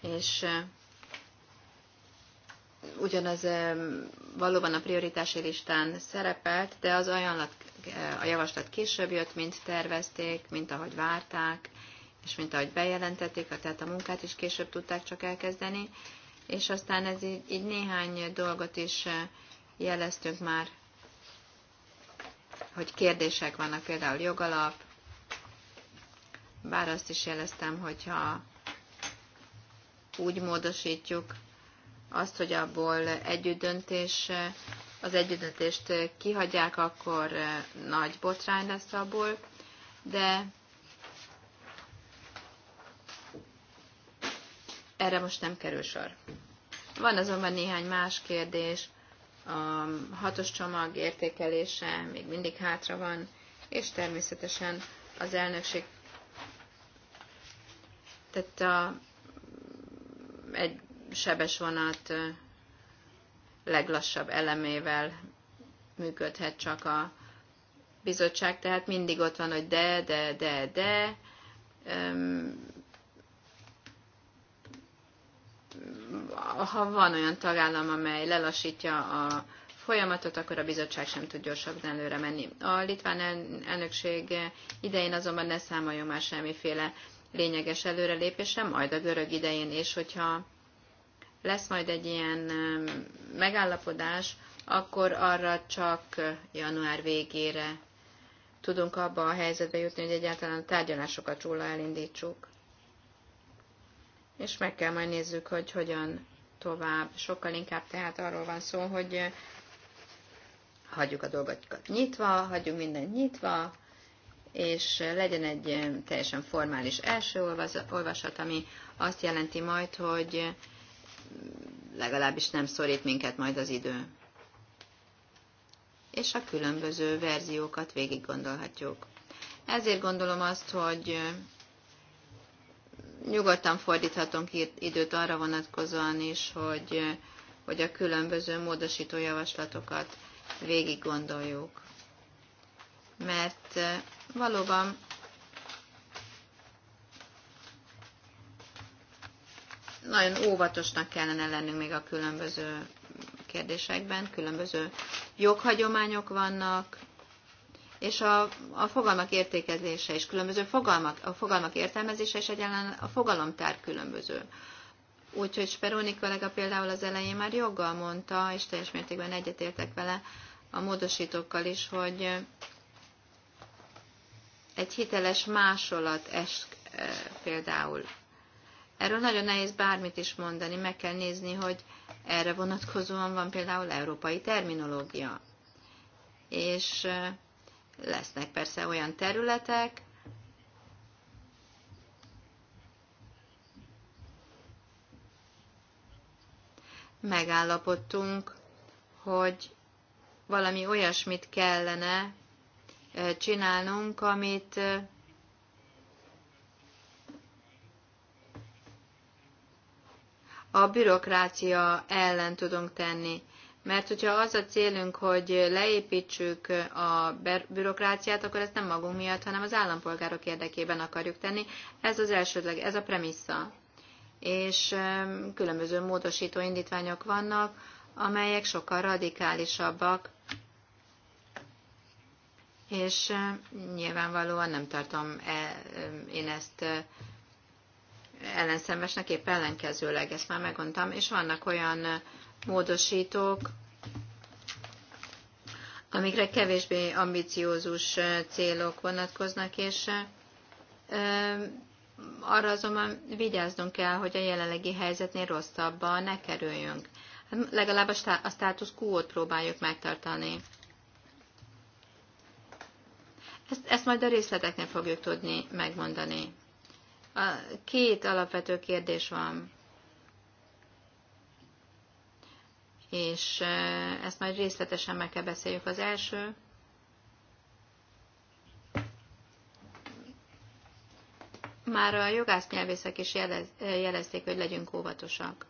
Speaker 1: És eh, ugyanaz eh, valóban a prioritási listán szerepelt, de az ajánlat, eh, a javaslat később jött, mint tervezték, mint ahogy várták, és mint ahogy bejelentették, tehát a munkát is később tudták csak elkezdeni, és aztán ez így, így néhány dolgot is jeleztünk már, hogy kérdések vannak, például jogalap, bár azt is jeleztem, hogyha úgy módosítjuk azt, hogy abból együttdöntés, az együttdöntést kihagyják, akkor nagy botrány lesz abból, de erre most nem kerül sor. Van azonban néhány más kérdés, a hatos csomag értékelése még mindig hátra van, és természetesen az elnökség tehát a, egy sebes vonat leglassabb elemével működhet csak a bizottság, tehát mindig ott van, hogy de, de, de, de, ha van olyan tagállam, amely lelassítja a folyamatot, akkor a bizottság sem tud gyorsabban előre menni. A litván elnökség idején azonban ne számoljon már semmiféle lényeges előrelépése, majd a görög idején, és hogyha lesz majd egy ilyen megállapodás, akkor arra csak január végére tudunk abba a helyzetbe jutni, hogy egyáltalán a tárgyalásokat róla elindítsuk. És meg kell majd nézzük, hogy hogyan tovább. Sokkal inkább tehát arról van szó, hogy hagyjuk a dolgokat nyitva, hagyjuk mindent nyitva, és legyen egy teljesen formális első olvasat, ami azt jelenti majd, hogy legalábbis nem szorít minket majd az idő. És a különböző verziókat végig gondolhatjuk. Ezért gondolom azt, hogy nyugodtan fordíthatunk időt arra vonatkozóan is, hogy, hogy a különböző módosító javaslatokat végig gondoljuk. Mert eh, valóban nagyon óvatosnak kellene lennünk még a különböző kérdésekben, különböző joghagyományok vannak, és a, a fogalmak értékezése is különböző, fogalmak, a fogalmak értelmezése és egyáltalán a fogalomtár különböző. Úgyhogy Speroni kollega például az elején már joggal mondta, és teljes mértékben egyetértek vele a módosítókkal is, hogy egy hiteles másolat es e, például. Erről nagyon nehéz bármit is mondani, meg kell nézni, hogy erre vonatkozóan van például európai terminológia. És e, Lesznek persze olyan területek, megállapodtunk, hogy valami olyasmit kellene csinálnunk, amit a bürokrácia ellen tudunk tenni. Mert hogyha az a célunk, hogy leépítsük a bürokráciát, akkor ezt nem magunk miatt, hanem az állampolgárok érdekében akarjuk tenni. Ez az elsődleg, ez a premissza. És különböző módosító indítványok vannak, amelyek sokkal radikálisabbak, és nyilvánvalóan nem tartom el, én ezt e, ellenszenvesnek, épp ellenkezőleg, ezt már megmondtam, és vannak olyan módosítók, amikre kevésbé ambiciózus célok vonatkoznak, és arra azonban vigyáznunk kell, hogy a jelenlegi helyzetnél rosszabban ne kerüljünk. legalább a status quo-t próbáljuk megtartani. Ezt, ezt majd a részleteknél fogjuk tudni megmondani. A két alapvető kérdés van. és e, ezt majd részletesen meg kell beszéljük. Az első már a jogásznyelvészek is e, jelezték, hogy legyünk óvatosak.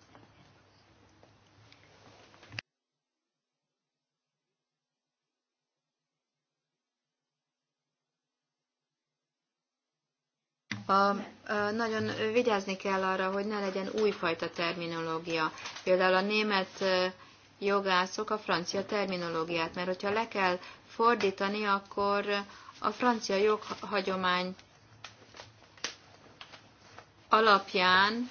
Speaker 1: A, a, e, nagyon vigyázni kell arra, hogy ne legyen újfajta terminológia. Például a német jogászok a francia terminológiát, mert hogyha le kell fordítani, akkor a francia joghagyomány alapján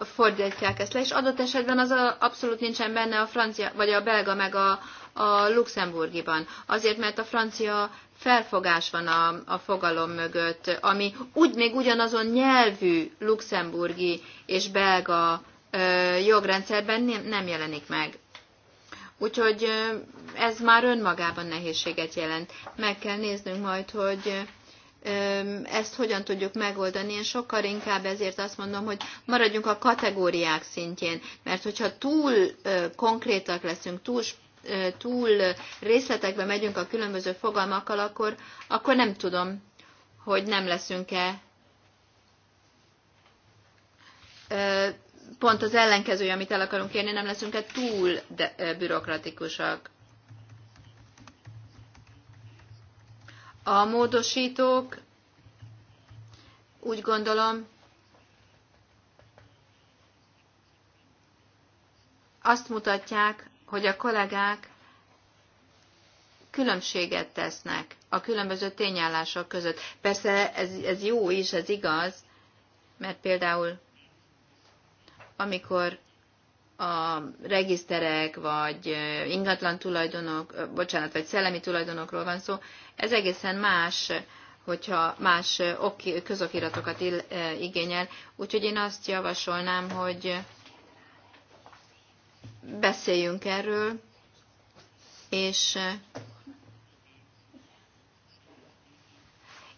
Speaker 1: fordítják ezt le, és adott esetben az a, abszolút nincsen benne a francia, vagy a belga, meg a, a luxemburgiban. Azért, mert a francia felfogás van a, a fogalom mögött, ami úgy még ugyanazon nyelvű luxemburgi és belga jogrendszerben nem jelenik meg. Úgyhogy ez már önmagában nehézséget jelent. Meg kell néznünk majd, hogy ezt hogyan tudjuk megoldani. Én sokkal inkább ezért azt mondom, hogy maradjunk a kategóriák szintjén, mert hogyha túl konkrétak leszünk, túl túl részletekbe megyünk a különböző fogalmakkal, akkor, akkor nem tudom, hogy nem leszünk-e pont az ellenkezője, amit el akarunk érni, nem leszünk-e túl de, bürokratikusak. A módosítók úgy gondolom, azt mutatják, hogy a kollégák különbséget tesznek a különböző tényállások között. Persze ez, ez jó is, ez igaz, mert például amikor a regiszterek, vagy ingatlan tulajdonok, bocsánat, vagy szellemi tulajdonokról van szó, ez egészen más, hogyha más közokiratokat igényel. Úgyhogy én azt javasolnám, hogy beszéljünk erről, és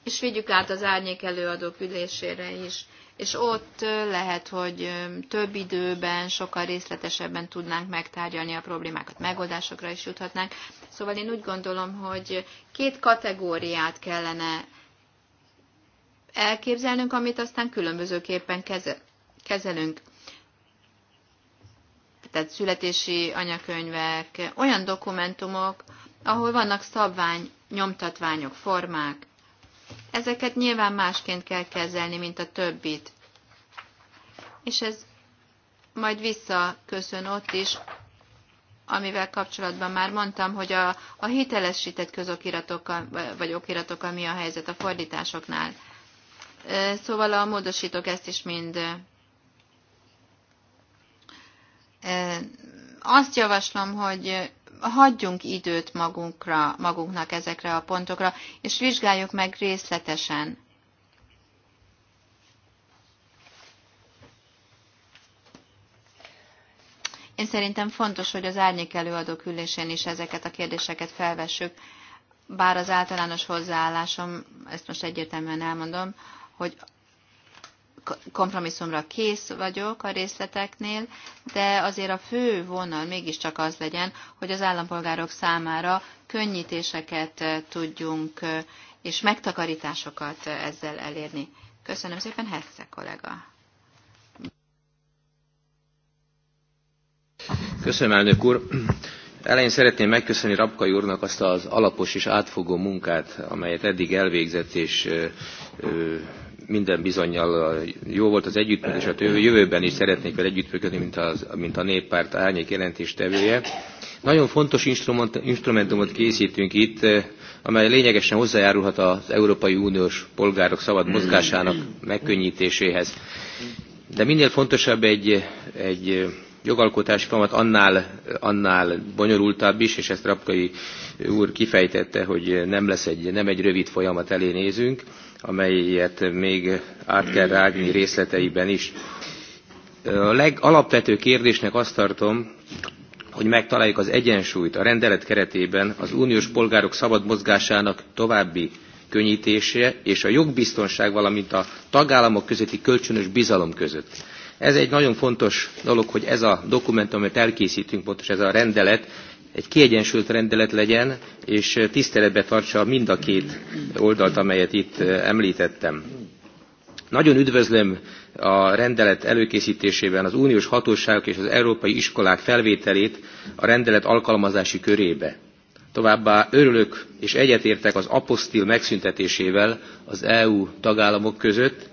Speaker 1: és vigyük át az árnyék előadók ülésére is, és ott lehet, hogy több időben, sokkal részletesebben tudnánk megtárgyalni a problémákat, megoldásokra is juthatnánk. Szóval én úgy gondolom, hogy két kategóriát kellene elképzelnünk, amit aztán különbözőképpen kezelünk. Tehát születési anyakönyvek, olyan dokumentumok, ahol vannak szabvány, nyomtatványok, formák, Ezeket nyilván másként kell kezelni, mint a többit. És ez majd visszaköszön ott is, amivel kapcsolatban már mondtam, hogy a, a hitelesített közokiratokkal, vagy okiratokkal mi a helyzet a fordításoknál. Szóval a módosítók ezt is mind azt javaslom, hogy hagyjunk időt magunkra, magunknak ezekre a pontokra, és vizsgáljuk meg részletesen. Én szerintem fontos, hogy az árnyék előadók ülésén is ezeket a kérdéseket felvessük, bár az általános hozzáállásom, ezt most egyértelműen elmondom, hogy kompromisszumra kész vagyok a részleteknél, de azért a fő vonal mégiscsak az legyen, hogy az állampolgárok számára könnyítéseket eh, tudjunk eh, és megtakarításokat eh, ezzel elérni. Köszönöm szépen, Hesse kollega.
Speaker 2: Köszönöm, elnök úr. Elején szeretném megköszönni Rapkai úrnak azt az alapos és átfogó munkát, amelyet eddig elvégzett, és minden bizonyal jó volt az együttműködés, a hát jövőben is szeretnék vele együttműködni, mint, az, mint a néppárt árnyék jelentéstevője. Nagyon fontos instrument, instrumentumot készítünk itt, eh, amely lényegesen hozzájárulhat az Európai Uniós polgárok szabad mozgásának megkönnyítéséhez. De minél fontosabb egy, egy eh, jogalkotási folyamat annál, annál bonyolultabb is, és ezt Rapkai úr kifejtette, hogy nem, lesz egy, nem egy rövid folyamat elé nézünk, amelyet még át kell rágni részleteiben is. A legalapvető kérdésnek azt tartom, hogy megtaláljuk az egyensúlyt a rendelet keretében az uniós polgárok szabad mozgásának további könnyítése és a jogbiztonság, valamint a tagállamok közötti kölcsönös bizalom között. Ez egy nagyon fontos dolog, hogy ez a dokumentum, amit elkészítünk, pontosan ez a rendelet, egy kiegyensúlyozott rendelet legyen, és tiszteletbe tartsa mind a két oldalt, amelyet itt említettem. Nagyon üdvözlöm a rendelet előkészítésében az uniós hatóságok és az európai iskolák felvételét a rendelet alkalmazási körébe. Továbbá örülök és egyetértek az apostil megszüntetésével az EU tagállamok között,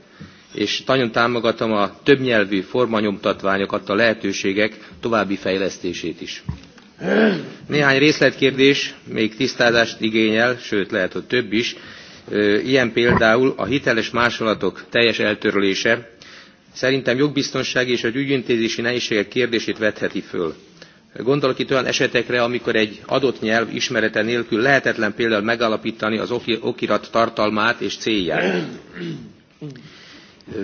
Speaker 2: és nagyon támogatom a többnyelvű formanyomtatványokat, a lehetőségek további fejlesztését is. Néhány részletkérdés még tisztázást igényel, sőt lehet, hogy több is. Ilyen például a hiteles másolatok teljes eltörlése. Szerintem jogbiztonsági és a ügyintézési nehézségek kérdését vetheti föl. Gondolok itt olyan esetekre, amikor egy adott nyelv ismerete nélkül lehetetlen például megalapítani az okirat tartalmát és célját.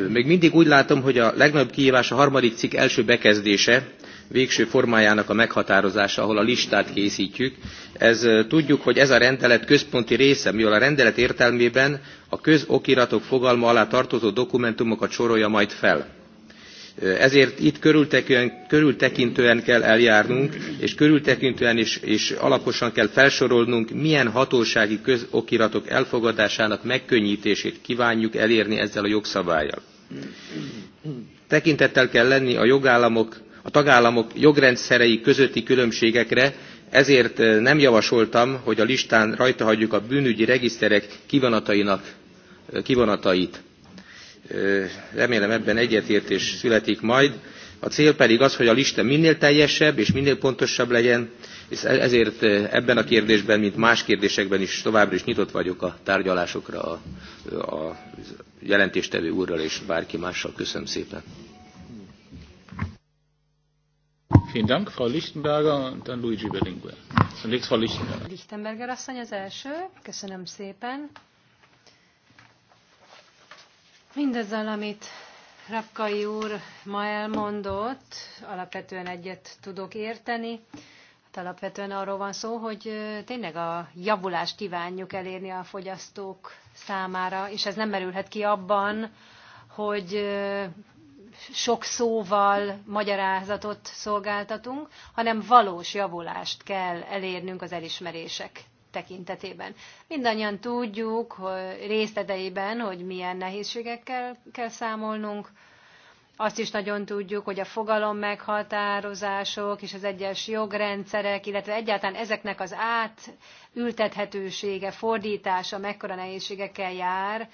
Speaker 2: Még mindig úgy látom, hogy a legnagyobb kihívás a harmadik cikk első bekezdése, végső formájának a meghatározása, ahol a listát készítjük. Ez tudjuk, hogy ez a rendelet központi része, mivel a rendelet értelmében a közokiratok fogalma alá tartozó dokumentumokat sorolja majd fel. Ezért itt körültekintően, körültekintően kell eljárnunk, és körültekintően is, is alaposan kell felsorolnunk, milyen hatósági közokiratok elfogadásának megkönnyítését kívánjuk elérni ezzel a jogszabályjal. Tekintettel kell lenni a, jogállamok, a tagállamok jogrendszerei közötti különbségekre, ezért eh, nem javasoltam, hogy a listán rajta hagyjuk a bűnügyi regiszterek kivonatainak, eh, kivonatait remélem ebben egyetértés születik majd. A cél pedig az, hogy a lista minél teljesebb és minél pontosabb legyen, és e- ezért ebben a kérdésben, mint más kérdésekben is továbbra is nyitott vagyok a tárgyalásokra a, a jelentéstevő úrral és bárki mással. Köszönöm szépen. Vielen Dank, Frau Lichtenberger, und dann Luigi Berlinguer. Zunächst Frau Lichtenberger.
Speaker 3: Lichtenberger asszony az első. Köszönöm szépen. Mindezzel, amit Rapkai úr ma elmondott, alapvetően egyet tudok érteni. Hát alapvetően arról van szó, hogy tényleg a javulást kívánjuk elérni a fogyasztók számára, és ez nem merülhet ki abban, hogy sok szóval magyarázatot szolgáltatunk, hanem valós javulást kell elérnünk az elismerések tekintetében. Mindannyian tudjuk hogy részleteiben, hogy milyen nehézségekkel kell számolnunk. Azt is nagyon tudjuk, hogy a fogalom meghatározások és az egyes jogrendszerek, illetve egyáltalán ezeknek az átültethetősége, fordítása mekkora nehézségekkel jár,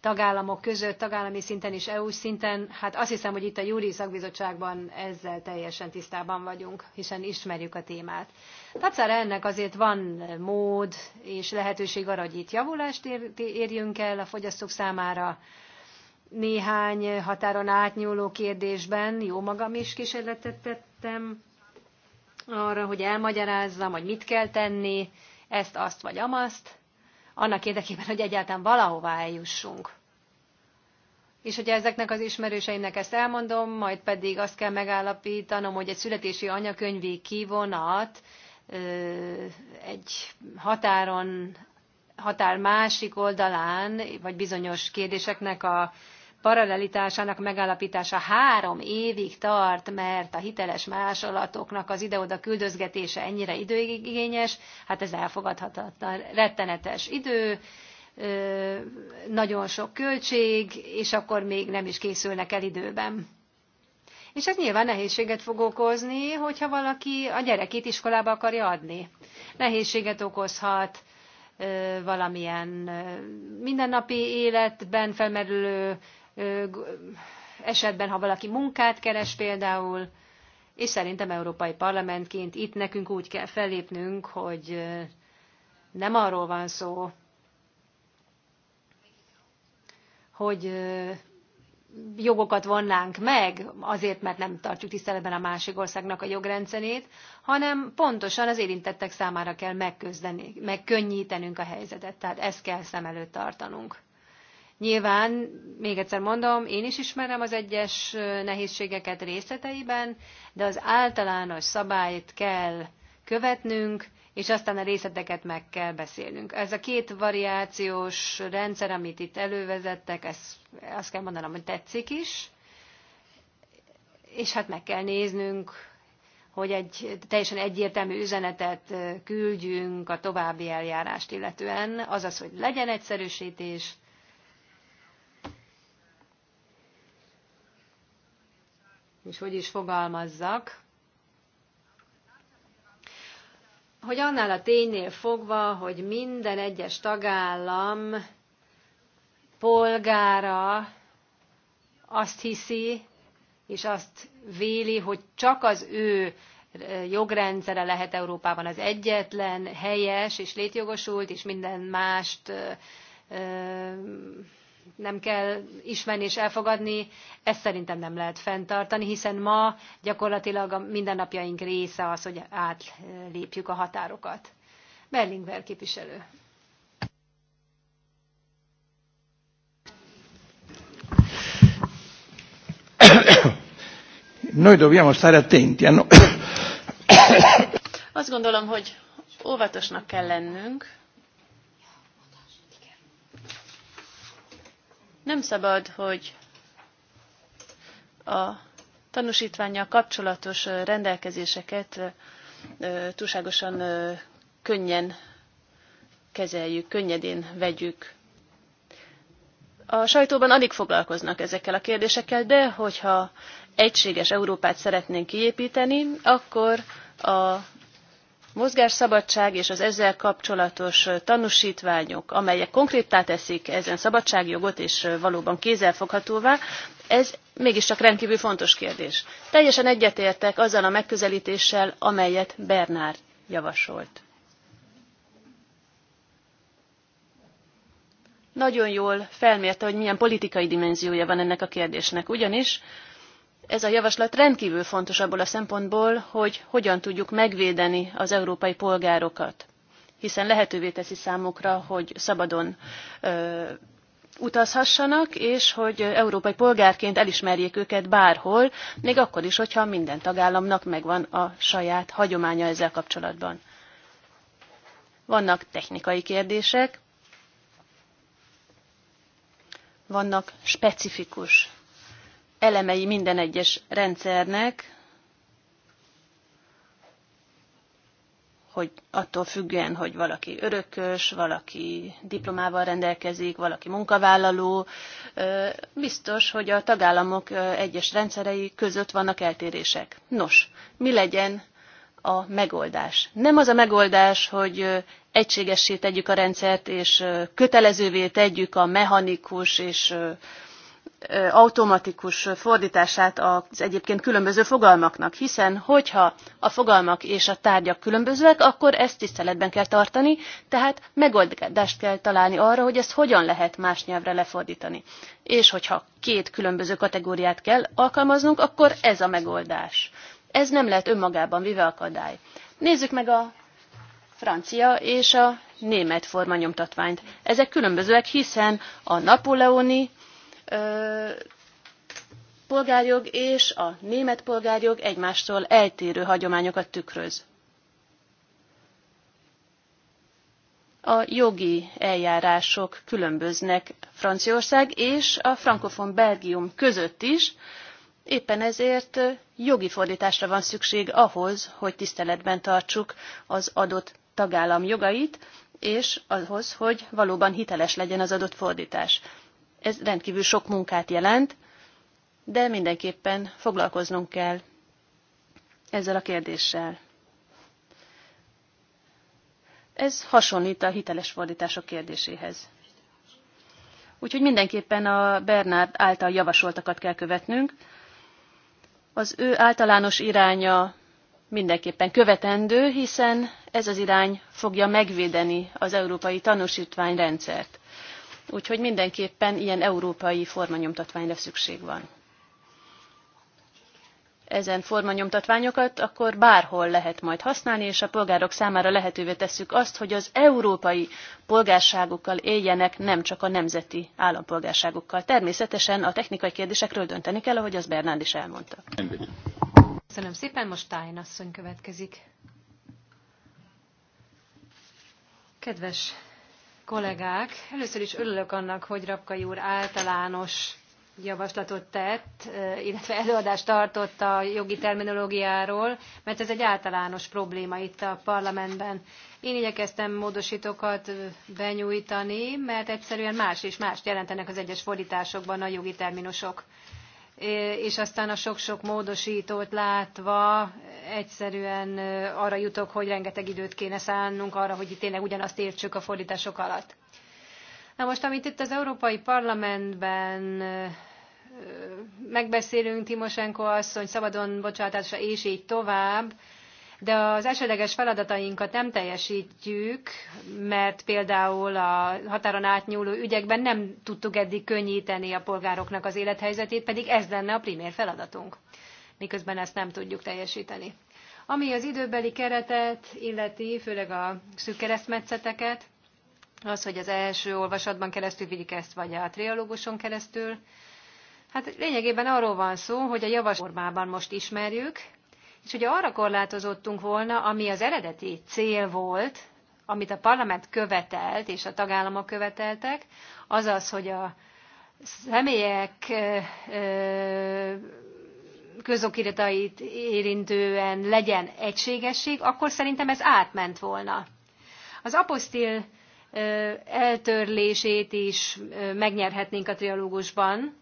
Speaker 3: tagállamok között, tagállami szinten és EU szinten. Hát azt hiszem, hogy itt a Júri Szakbizottságban ezzel teljesen tisztában vagyunk, hiszen ismerjük a témát. Tacára ennek azért van mód és lehetőség arra, hogy itt javulást érjünk el a fogyasztók számára, néhány határon átnyúló kérdésben, jó magam is kísérletet tettem arra, hogy elmagyarázzam, hogy mit kell tenni, ezt, azt vagy amazt annak érdekében, hogy egyáltalán valahová eljussunk. És hogyha ezeknek az ismerőseimnek ezt elmondom, majd pedig azt kell megállapítanom, hogy egy születési anyakönyvi kivonat egy határon, határ másik oldalán, vagy bizonyos kérdéseknek a paralelitásának megállapítása három évig tart, mert a hiteles másolatoknak az ide-oda küldözgetése ennyire időigényes, hát ez elfogadhatatlan, rettenetes idő, nagyon sok költség, és akkor még nem is készülnek el időben. És ez nyilván nehézséget fog okozni, hogyha valaki a gyerekét iskolába akarja adni. Nehézséget okozhat valamilyen mindennapi életben felmerülő esetben, ha valaki munkát keres például, és szerintem Európai Parlamentként itt nekünk úgy kell fellépnünk, hogy nem arról van szó, hogy jogokat vonnánk meg, azért, mert nem tartjuk tiszteletben a másik országnak a jogrendszerét, hanem pontosan az érintettek számára kell megközdeni, megkönnyítenünk a helyzetet. Tehát ezt kell szem előtt tartanunk. Nyilván, még egyszer mondom, én is ismerem az egyes nehézségeket részleteiben, de az általános szabályt kell követnünk, és aztán a részleteket meg kell beszélnünk. Ez a két variációs rendszer, amit itt elővezettek, ez, azt kell mondanom, hogy tetszik is, és hát meg kell néznünk, hogy egy teljesen egyértelmű üzenetet küldjünk a további eljárást illetően, azaz, hogy legyen egyszerűsítés, és hogy is fogalmazzak, hogy annál a ténynél fogva, hogy minden egyes tagállam polgára azt hiszi, és azt véli, hogy csak az ő e, jogrendszere lehet Európában az egyetlen helyes és létjogosult, és minden mást e, e, nem kell ismerni és elfogadni, ezt szerintem nem lehet fenntartani, hiszen ma gyakorlatilag a mindennapjaink része az, hogy átlépjük a határokat. Berlingver képviselő.
Speaker 4: Noi dobbiamo stare attenti. Hanno... Azt gondolom, hogy óvatosnak kell lennünk, Nem szabad, hogy a tanúsítványjal kapcsolatos rendelkezéseket túlságosan könnyen kezeljük, könnyedén vegyük. A sajtóban alig foglalkoznak ezekkel a kérdésekkel, de hogyha egységes Európát szeretnénk kiépíteni, akkor a mozgásszabadság és az ezzel kapcsolatos tanúsítványok, amelyek konkrétá teszik ezen szabadságjogot és valóban kézzelfoghatóvá, ez mégiscsak rendkívül fontos kérdés. Teljesen egyetértek azzal a megközelítéssel, amelyet Bernard javasolt. Nagyon jól felmérte, hogy milyen politikai dimenziója van ennek a kérdésnek, ugyanis ez a javaslat rendkívül fontos abból a szempontból, hogy hogyan tudjuk megvédeni az európai polgárokat, hiszen lehetővé teszi számukra, hogy szabadon ö, utazhassanak, és hogy európai polgárként elismerjék őket bárhol, még akkor is, hogyha minden tagállamnak megvan a saját hagyománya ezzel kapcsolatban. Vannak technikai kérdések, vannak specifikus elemei minden egyes rendszernek, hogy attól függően, hogy valaki örökös, valaki diplomával rendelkezik, valaki munkavállaló, biztos, hogy a tagállamok egyes rendszerei között vannak eltérések. Nos, mi legyen a megoldás? Nem az a megoldás, hogy egységessé tegyük a rendszert, és kötelezővé tegyük a mechanikus és automatikus fordítását az egyébként különböző fogalmaknak, hiszen hogyha a fogalmak és a tárgyak különbözőek, akkor ezt tiszteletben kell tartani, tehát megoldást kell találni arra, hogy ezt hogyan lehet más nyelvre lefordítani. És hogyha két különböző kategóriát kell alkalmaznunk, akkor ez a megoldás. Ez nem lehet önmagában vive akadály. Nézzük meg a francia és a német formanyomtatványt. Ezek különbözőek, hiszen a napóleoni polgárjog és a német polgárjog egymástól eltérő hagyományokat tükröz. A jogi eljárások különböznek Franciaország és a frankofon Belgium között is, éppen ezért jogi fordításra van szükség ahhoz, hogy tiszteletben tartsuk az adott tagállam jogait, és ahhoz, hogy valóban hiteles legyen az adott fordítás. Ez rendkívül sok munkát jelent, de mindenképpen foglalkoznunk kell ezzel a kérdéssel. Ez hasonlít a hiteles fordítások kérdéséhez. Úgyhogy mindenképpen a Bernard által javasoltakat kell követnünk. Az ő általános iránya mindenképpen követendő, hiszen ez az irány fogja megvédeni az európai tanúsítványrendszert. Úgyhogy mindenképpen ilyen európai formanyomtatványra szükség van. Ezen formanyomtatványokat akkor bárhol lehet majd használni, és a polgárok számára lehetővé tesszük azt, hogy az európai polgárságukkal éljenek, nem csak a nemzeti állampolgárságukkal. Természetesen a technikai
Speaker 3: kérdésekről dönteni
Speaker 4: kell, ahogy az Bernánd is elmondta.
Speaker 3: Köszönöm szépen, most Tájén asszony következik. Kedves kollégák! Először is örülök annak, hogy Rapkai úr általános javaslatot tett, eh, illetve előadást tartott a jogi terminológiáról, mert ez egy általános probléma itt a parlamentben. Én igyekeztem módosítókat eh, benyújtani, mert egyszerűen más és más jelentenek az egyes fordításokban a jogi terminusok és aztán a sok-sok módosítót látva egyszerűen arra jutok, hogy rengeteg időt kéne szánnunk arra, hogy tényleg ugyanazt értsük a fordítások alatt. Na most, amit itt az Európai Parlamentben megbeszélünk, Timosenko asszony szabadon bocsátásra, és így tovább, de az esetleges feladatainkat nem teljesítjük, mert például a határon átnyúló ügyekben nem tudtuk eddig könnyíteni a polgároknak az élethelyzetét, pedig ez lenne a primér feladatunk, miközben ezt nem tudjuk teljesíteni. Ami az időbeli keretet illeti, főleg a szűk keresztmetszeteket, az, hogy az első olvasatban keresztül vigyük ezt, vagy a triológuson keresztül. Hát lényegében arról van szó, hogy a javas formában most ismerjük, és ugye arra korlátozottunk volna, ami az eredeti cél volt, amit a parlament követelt, és a tagállamok követeltek, az az, hogy a személyek közokiratait érintően legyen egységesség, akkor szerintem ez átment volna. Az apostil eltörlését is megnyerhetnénk a trialógusban,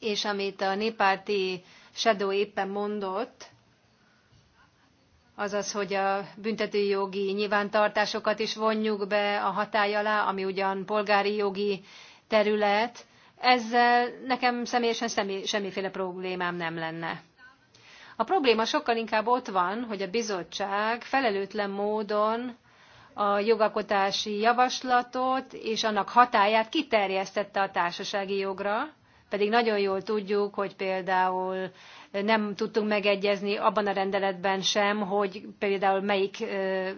Speaker 3: és amit a néppárti Shadow éppen mondott, azaz, hogy a büntetőjogi nyilvántartásokat is vonjuk be a hatály alá, ami ugyan polgári jogi terület, ezzel nekem személyesen személy, semmiféle problémám nem lenne. A probléma sokkal inkább ott van, hogy a bizottság felelőtlen módon a jogalkotási javaslatot és annak hatáját kiterjesztette a társasági jogra, pedig nagyon jól tudjuk, hogy például nem tudtunk megegyezni abban a rendeletben sem, hogy például melyik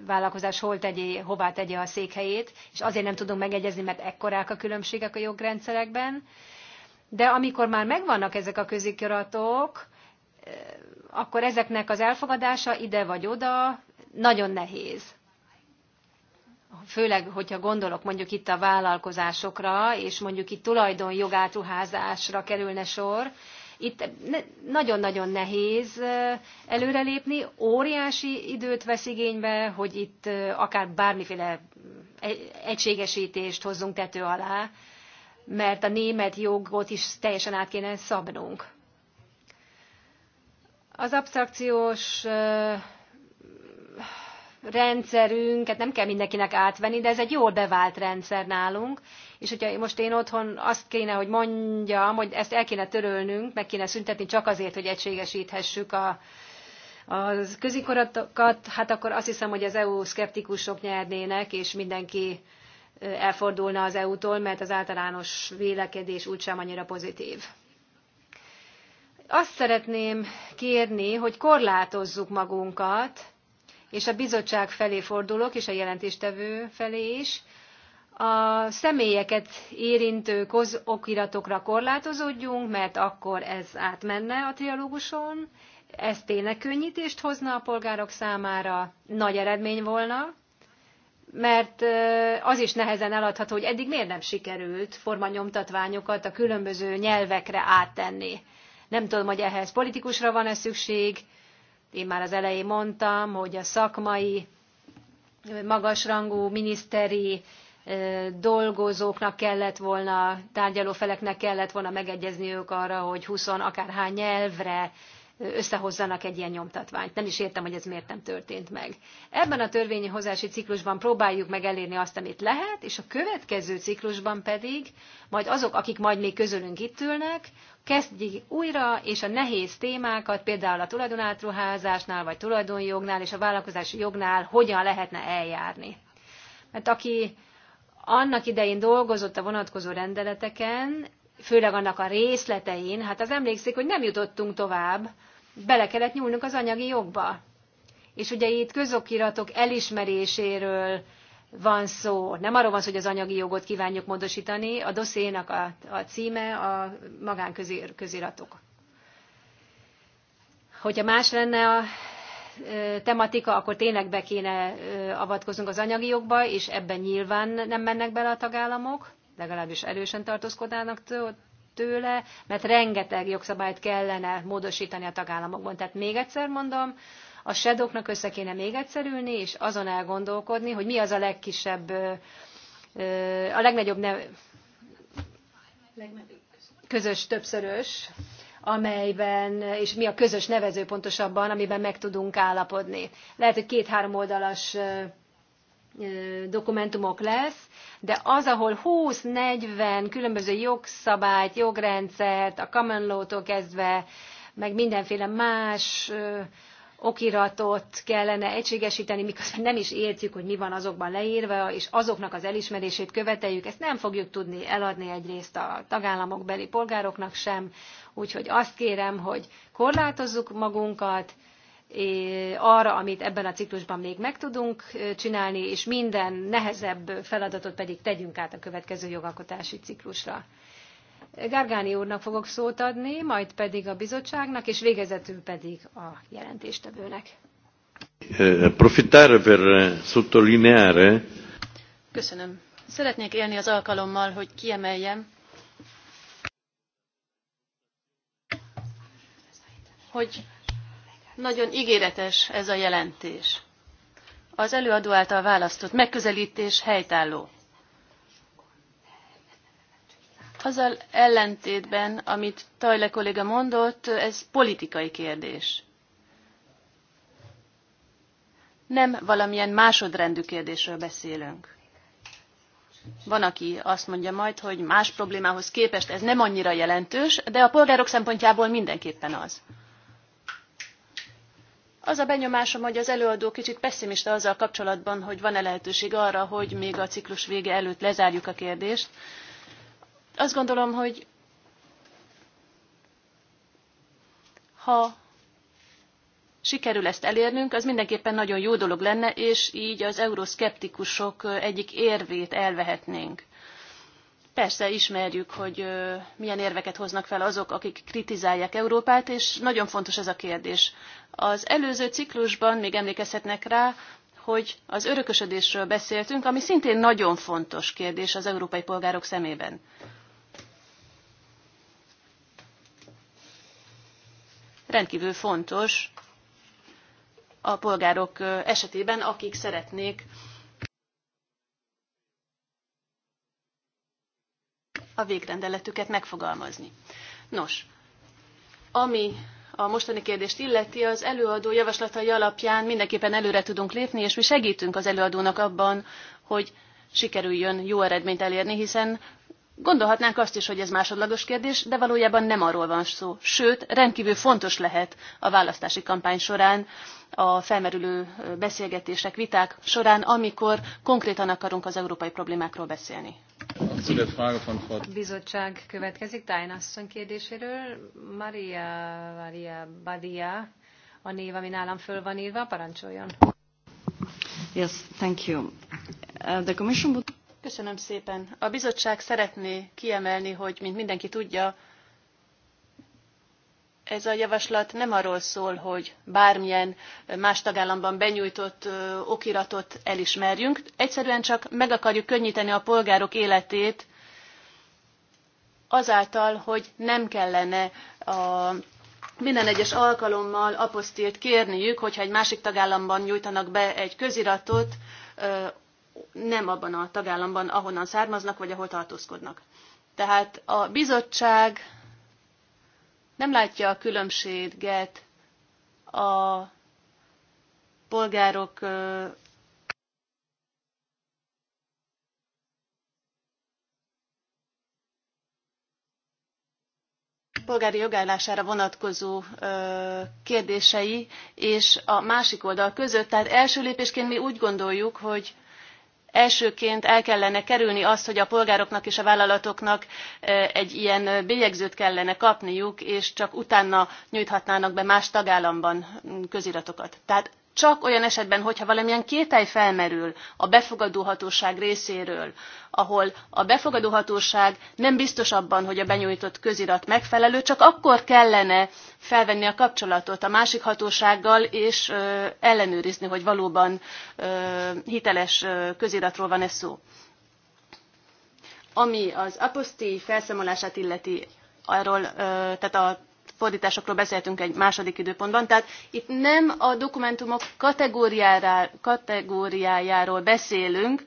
Speaker 3: vállalkozás hol tegye, hová tegye a székhelyét, és azért nem tudunk megegyezni, mert ekkorák a különbségek a jogrendszerekben. De amikor már megvannak ezek a közikiratok, akkor ezeknek az elfogadása ide vagy oda nagyon nehéz főleg, hogyha gondolok mondjuk itt a vállalkozásokra, és mondjuk itt tulajdonjogátruházásra kerülne sor, itt nagyon-nagyon nehéz előrelépni, óriási időt vesz igénybe, hogy itt akár bármiféle egységesítést hozzunk tető alá, mert a német jogot is teljesen át kéne szabnunk. Az absztrakciós rendszerünket nem kell mindenkinek átvenni, de ez egy jól bevált rendszer nálunk, és hogyha most én otthon azt kéne, hogy mondjam, hogy ezt el kéne törölnünk, meg kéne szüntetni csak azért, hogy egységesíthessük a, a közikoratokat, hát akkor azt hiszem, hogy az EU szkeptikusok nyernének, és mindenki elfordulna az EU-tól, mert az általános vélekedés úgysem annyira pozitív. Azt szeretném kérni, hogy korlátozzuk magunkat, és a bizottság felé fordulok, és a jelentéstevő felé is, a személyeket érintő okiratokra korlátozódjunk, mert akkor ez átmenne a trialóguson, ez tényleg könnyítést hozna a polgárok számára, nagy eredmény volna, mert az is nehezen eladható, hogy eddig miért nem sikerült formanyomtatványokat a különböző nyelvekre áttenni. Nem tudom, hogy ehhez politikusra van-e szükség, én már az elején mondtam, hogy a szakmai, magasrangú miniszteri dolgozóknak kellett volna, tárgyalófeleknek kellett volna megegyezniük arra, hogy 20 akárhány nyelvre összehozzanak egy ilyen nyomtatványt. Nem is értem, hogy ez miért nem történt meg. Ebben a törvényi hozási ciklusban próbáljuk meg elérni azt, amit lehet, és a következő ciklusban pedig majd azok, akik majd még közülünk itt ülnek, kezdjék újra, és a nehéz témákat, például a tulajdonátruházásnál, vagy tulajdonjognál, és a vállalkozási jognál hogyan lehetne eljárni. Mert aki annak idején dolgozott a vonatkozó rendeleteken, főleg annak a részletein, hát az emlékszik, hogy nem jutottunk tovább bele kellett nyúlnunk az anyagi jogba. És ugye itt közokiratok elismeréséről van szó. Nem arról van szó, hogy az anyagi jogot kívánjuk módosítani, a doszénak a, a címe a magánköziratok. Hogyha más lenne a tematika, akkor tényleg be kéne avatkoznunk az anyagi jogba, és ebben nyilván nem mennek bele a tagállamok, legalábbis erősen tartózkodnának tőle, mert rengeteg jogszabályt kellene módosítani a tagállamokban. Tehát még egyszer mondom, a sedoknak össze kéne még egyszer ülni, és azon elgondolkodni, hogy mi az a legkisebb, a legnagyobb nev... közös többszörös, amelyben, és mi a közös nevező pontosabban, amiben meg tudunk állapodni. Lehet, hogy két-három oldalas dokumentumok lesz, de az, ahol 20-40 különböző jogszabályt, jogrendszert, a common law-tól kezdve, meg mindenféle más okiratot kellene egységesíteni, miközben nem is értjük, hogy mi van azokban leírva, és azoknak az elismerését követeljük, ezt nem fogjuk tudni eladni egyrészt a tagállamok beli polgároknak sem, úgyhogy azt kérem, hogy korlátozzuk magunkat, arra, amit ebben a ciklusban még meg tudunk csinálni, és minden nehezebb feladatot pedig tegyünk át a következő jogalkotási ciklusra. Gárgáni úrnak fogok szót adni, majd pedig a bizottságnak, és végezetül pedig a jelentéstevőnek.
Speaker 2: Eh, Profitare per eh, sottolineare.
Speaker 3: Köszönöm.
Speaker 4: Szeretnék élni az alkalommal, hogy kiemeljem, hogy nagyon ígéretes ez a jelentés. Az előadó által választott megközelítés helytálló. Azzal ellentétben, amit Tajle kolléga mondott, ez politikai kérdés. Nem valamilyen másodrendű kérdésről beszélünk. Van, aki azt mondja majd, hogy más problémához képest ez nem annyira jelentős, de a polgárok szempontjából mindenképpen az. Az a benyomásom, hogy az előadó kicsit pesszimista azzal kapcsolatban, hogy van-e lehetőség arra, hogy még a ciklus vége előtt lezárjuk a kérdést. Azt gondolom, hogy ha sikerül ezt elérnünk, az mindenképpen nagyon jó dolog lenne, és így az euroszkeptikusok egyik érvét elvehetnénk. Persze ismerjük, hogy milyen érveket hoznak fel azok, akik kritizálják Európát, és nagyon fontos ez a kérdés. Az előző ciklusban még emlékezhetnek rá, hogy az örökösödésről beszéltünk, ami szintén nagyon fontos kérdés az európai polgárok szemében. Rendkívül fontos a polgárok esetében, akik szeretnék a végrendeletüket megfogalmazni. Nos, ami a mostani kérdést illeti, az előadó javaslatai alapján mindenképpen előre tudunk lépni, és mi segítünk az előadónak abban, hogy sikerüljön jó eredményt elérni, hiszen Gondolhatnánk azt is, hogy ez másodlagos kérdés, de valójában nem arról van szó. Sőt, rendkívül fontos lehet a választási kampány során, a felmerülő beszélgetések, viták során, amikor konkrétan akarunk az európai
Speaker 3: problémákról beszélni. Bizottság következik Tájn asszony kérdéséről. Maria, Maria Badia a név, ami nálam föl van írva, parancsoljon.
Speaker 4: Yes, thank you. Uh, the commission would... Köszönöm szépen. A bizottság szeretné kiemelni, hogy, mint mindenki tudja, ez a javaslat nem arról szól, hogy bármilyen más tagállamban benyújtott okiratot elismerjünk, egyszerűen csak meg akarjuk könnyíteni a polgárok életét azáltal, hogy nem kellene a minden egyes alkalommal apostilt kérniük, hogyha egy másik tagállamban nyújtanak be egy köziratot, nem abban a tagállamban, ahonnan származnak, vagy ahol tartózkodnak. Tehát a bizottság nem látja a különbséget a polgárok polgári jogállására vonatkozó ö, kérdései és a másik oldal között. Tehát első lépésként mi úgy gondoljuk, hogy elsőként el kellene kerülni azt, hogy a polgároknak és a vállalatoknak e, egy ilyen e, bélyegzőt kellene kapniuk, és csak utána nyújthatnának be más tagállamban köziratokat. Tehát csak olyan esetben, hogyha valamilyen kételj felmerül a befogadóhatóság részéről, ahol a befogadóhatóság nem biztos abban, hogy a benyújtott közirat megfelelő, csak akkor kellene felvenni a kapcsolatot a másik hatósággal, és ö, ellenőrizni, hogy valóban ö, hiteles ö, köziratról van-e szó. Ami az apostíj felszámolását illeti, arról, ö, tehát a fordításokról beszéltünk egy második időpontban, tehát itt nem a dokumentumok kategóriájáról beszélünk,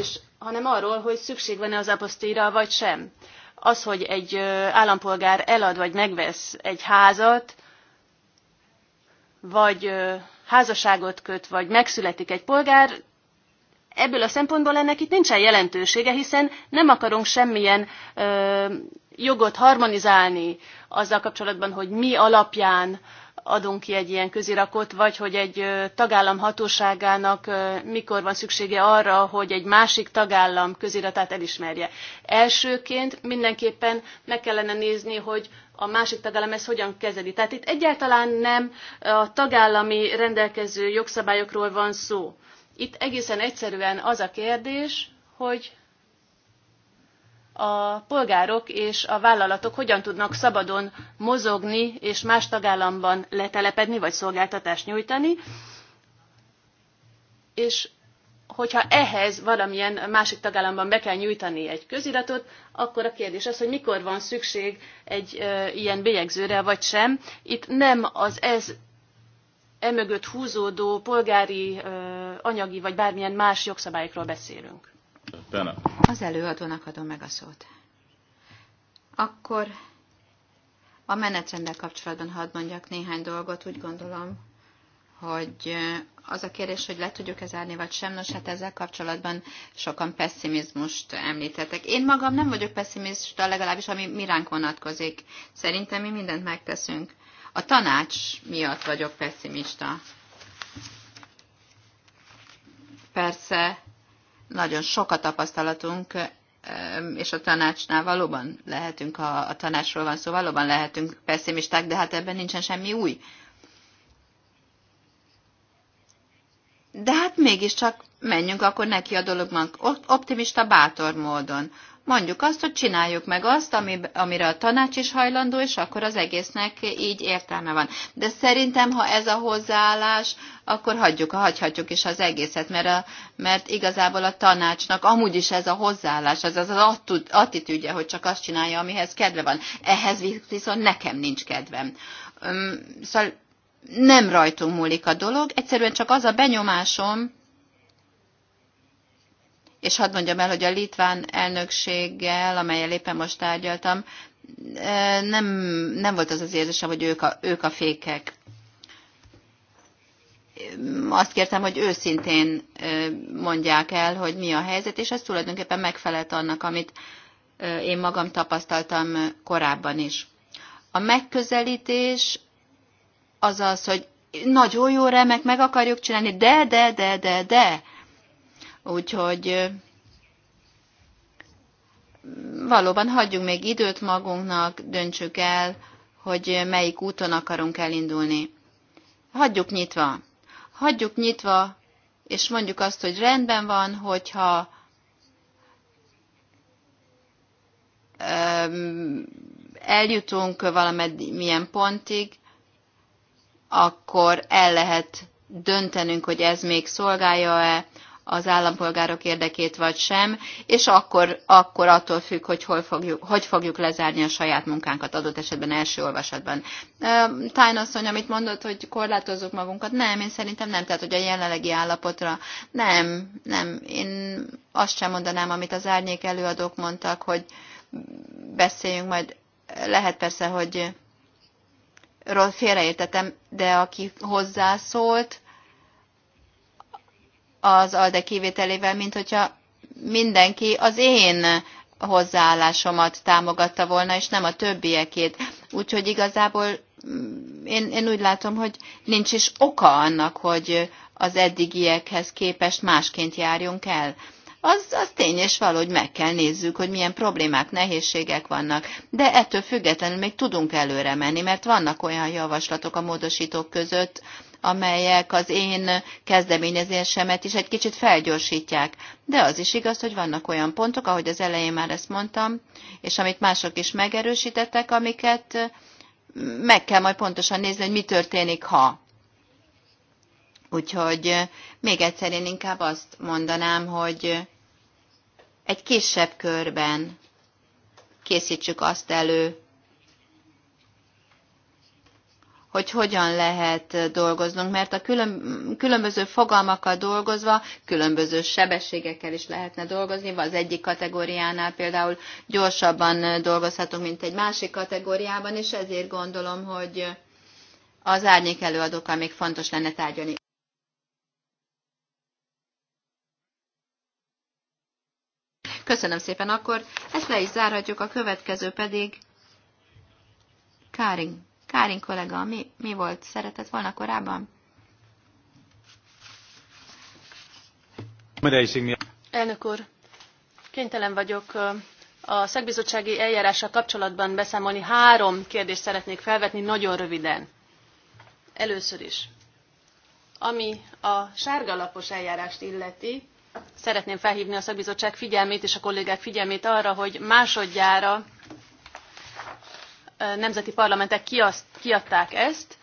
Speaker 4: és, hanem arról, hogy szükség van-e az apostíra, vagy sem. Az, hogy egy állampolgár elad vagy megvesz egy házat, vagy házasságot köt, vagy megszületik egy polgár, ebből a szempontból ennek itt nincsen jelentősége, hiszen nem akarunk semmilyen ö, jogot harmonizálni azzal kapcsolatban, hogy mi alapján adunk ki egy ilyen közirakot, vagy hogy egy tagállam hatóságának mikor van szüksége arra, hogy egy másik tagállam köziratát elismerje. Elsőként mindenképpen meg kellene nézni, hogy a másik tagállam ezt hogyan kezeli. Tehát itt egyáltalán nem a tagállami rendelkező jogszabályokról van szó. Itt egészen egyszerűen az a kérdés, hogy a polgárok és a vállalatok hogyan tudnak szabadon mozogni és más tagállamban letelepedni vagy szolgáltatást nyújtani, és hogyha ehhez valamilyen másik tagállamban be kell nyújtani egy köziratot, akkor a kérdés az, hogy mikor van szükség egy e, ilyen bélyegzőre, vagy sem. Itt nem az ez emögött húzódó polgári, e, anyagi, vagy bármilyen más jogszabályokról beszélünk.
Speaker 1: Az előadónak adom meg a szót. Akkor a menetrendel kapcsolatban hadd mondjak néhány dolgot, úgy gondolom, hogy az a kérdés, hogy le tudjuk e zárni, vagy sem, nos, hát ezzel kapcsolatban sokan pessimizmust említettek. Én magam nem vagyok pessimista, legalábbis ami mi ránk vonatkozik. Szerintem mi mindent megteszünk. A tanács miatt vagyok pessimista. Persze, nagyon sok a tapasztalatunk, és a tanácsnál valóban lehetünk, ha a tanácsról van szó, valóban lehetünk pessimisták, de hát ebben nincsen semmi új. De hát mégiscsak menjünk akkor neki a dolognak optimista, bátor módon. Mondjuk azt, hogy csináljuk meg azt, ami, amire a tanács is hajlandó, és akkor az egésznek így értelme van. De szerintem, ha ez a hozzáállás, akkor hagyjuk, hagyhatjuk is az egészet, mert, a, mert igazából a tanácsnak amúgy is ez a hozzáállás, ez az az attitűdje, hogy csak azt csinálja, amihez kedve van. Ehhez viszont nekem nincs kedvem. Öm, szóval nem rajtunk múlik a dolog, egyszerűen csak az a benyomásom, és hadd mondjam el, hogy a litván elnökséggel, amelyel éppen most tárgyaltam, eh, nem, nem volt az az érzésem, hogy ők a, ők a fékek. Azt kértem, hogy őszintén eh, mondják el, hogy mi a helyzet, és ez tulajdonképpen megfelelt annak, amit eh, én magam tapasztaltam korábban is. A megközelítés az az, hogy nagyon jó, remek, meg akarjuk csinálni, de, de, de, de, de. Úgyhogy valóban hagyjunk még időt magunknak, döntsük el, hogy melyik úton akarunk elindulni. Hagyjuk nyitva. Hagyjuk nyitva, és mondjuk azt, hogy rendben van, hogyha eljutunk valamilyen pontig, akkor el lehet döntenünk, hogy ez még szolgálja-e az állampolgárok érdekét vagy sem, és akkor, akkor attól függ, hogy hol fogjuk, hogy fogjuk lezárni a saját munkánkat adott esetben első olvasatban. Tájn amit mondott, hogy korlátozzuk magunkat, nem, én szerintem nem, tehát hogy a jelenlegi állapotra nem, nem, én azt sem mondanám, amit az árnyék előadók mondtak, hogy beszéljünk majd, lehet persze, hogy ról félreértettem, de aki hozzászólt, az ALDE kivételével, mint hogyha mindenki az én hozzáállásomat támogatta volna, és nem a többiekét. Úgyhogy igazából mm, én, én úgy látom, hogy nincs is oka annak, hogy az eddigiekhez képest másként járjunk el az, az tény és valahogy hogy meg kell nézzük, hogy milyen problémák, nehézségek vannak. De ettől függetlenül még tudunk előre menni, mert vannak olyan javaslatok a módosítók között, amelyek az én kezdeményezésemet is egy kicsit felgyorsítják. De az is igaz, hogy vannak olyan pontok, ahogy az elején már ezt mondtam, és amit mások is megerősítettek, amiket meg kell majd pontosan nézni, hogy mi történik, ha. Úgyhogy még egyszer én inkább azt mondanám, hogy egy kisebb körben készítsük azt elő, hogy hogyan lehet dolgoznunk, mert a külön, különböző fogalmakkal dolgozva különböző sebességekkel is lehetne dolgozni, vagy az egyik kategóriánál például gyorsabban dolgozhatunk, mint egy másik kategóriában, és ezért gondolom, hogy az árnyék előadókkal még fontos lenne tárgyalni. Köszönöm szépen, akkor ezt le is zárhatjuk, a következő pedig Kárin. Kárin kollega, mi, mi volt? Szeretett volna korábban? Elnök úr,
Speaker 4: kénytelen vagyok a szakbizottsági eljárással kapcsolatban beszámolni. Három kérdést szeretnék felvetni nagyon röviden. Először is. Ami a sárgalapos eljárást illeti, szeretném felhívni a szakbizottság figyelmét és a kollégák figyelmét arra, hogy másodjára nemzeti parlamentek kiadták ezt.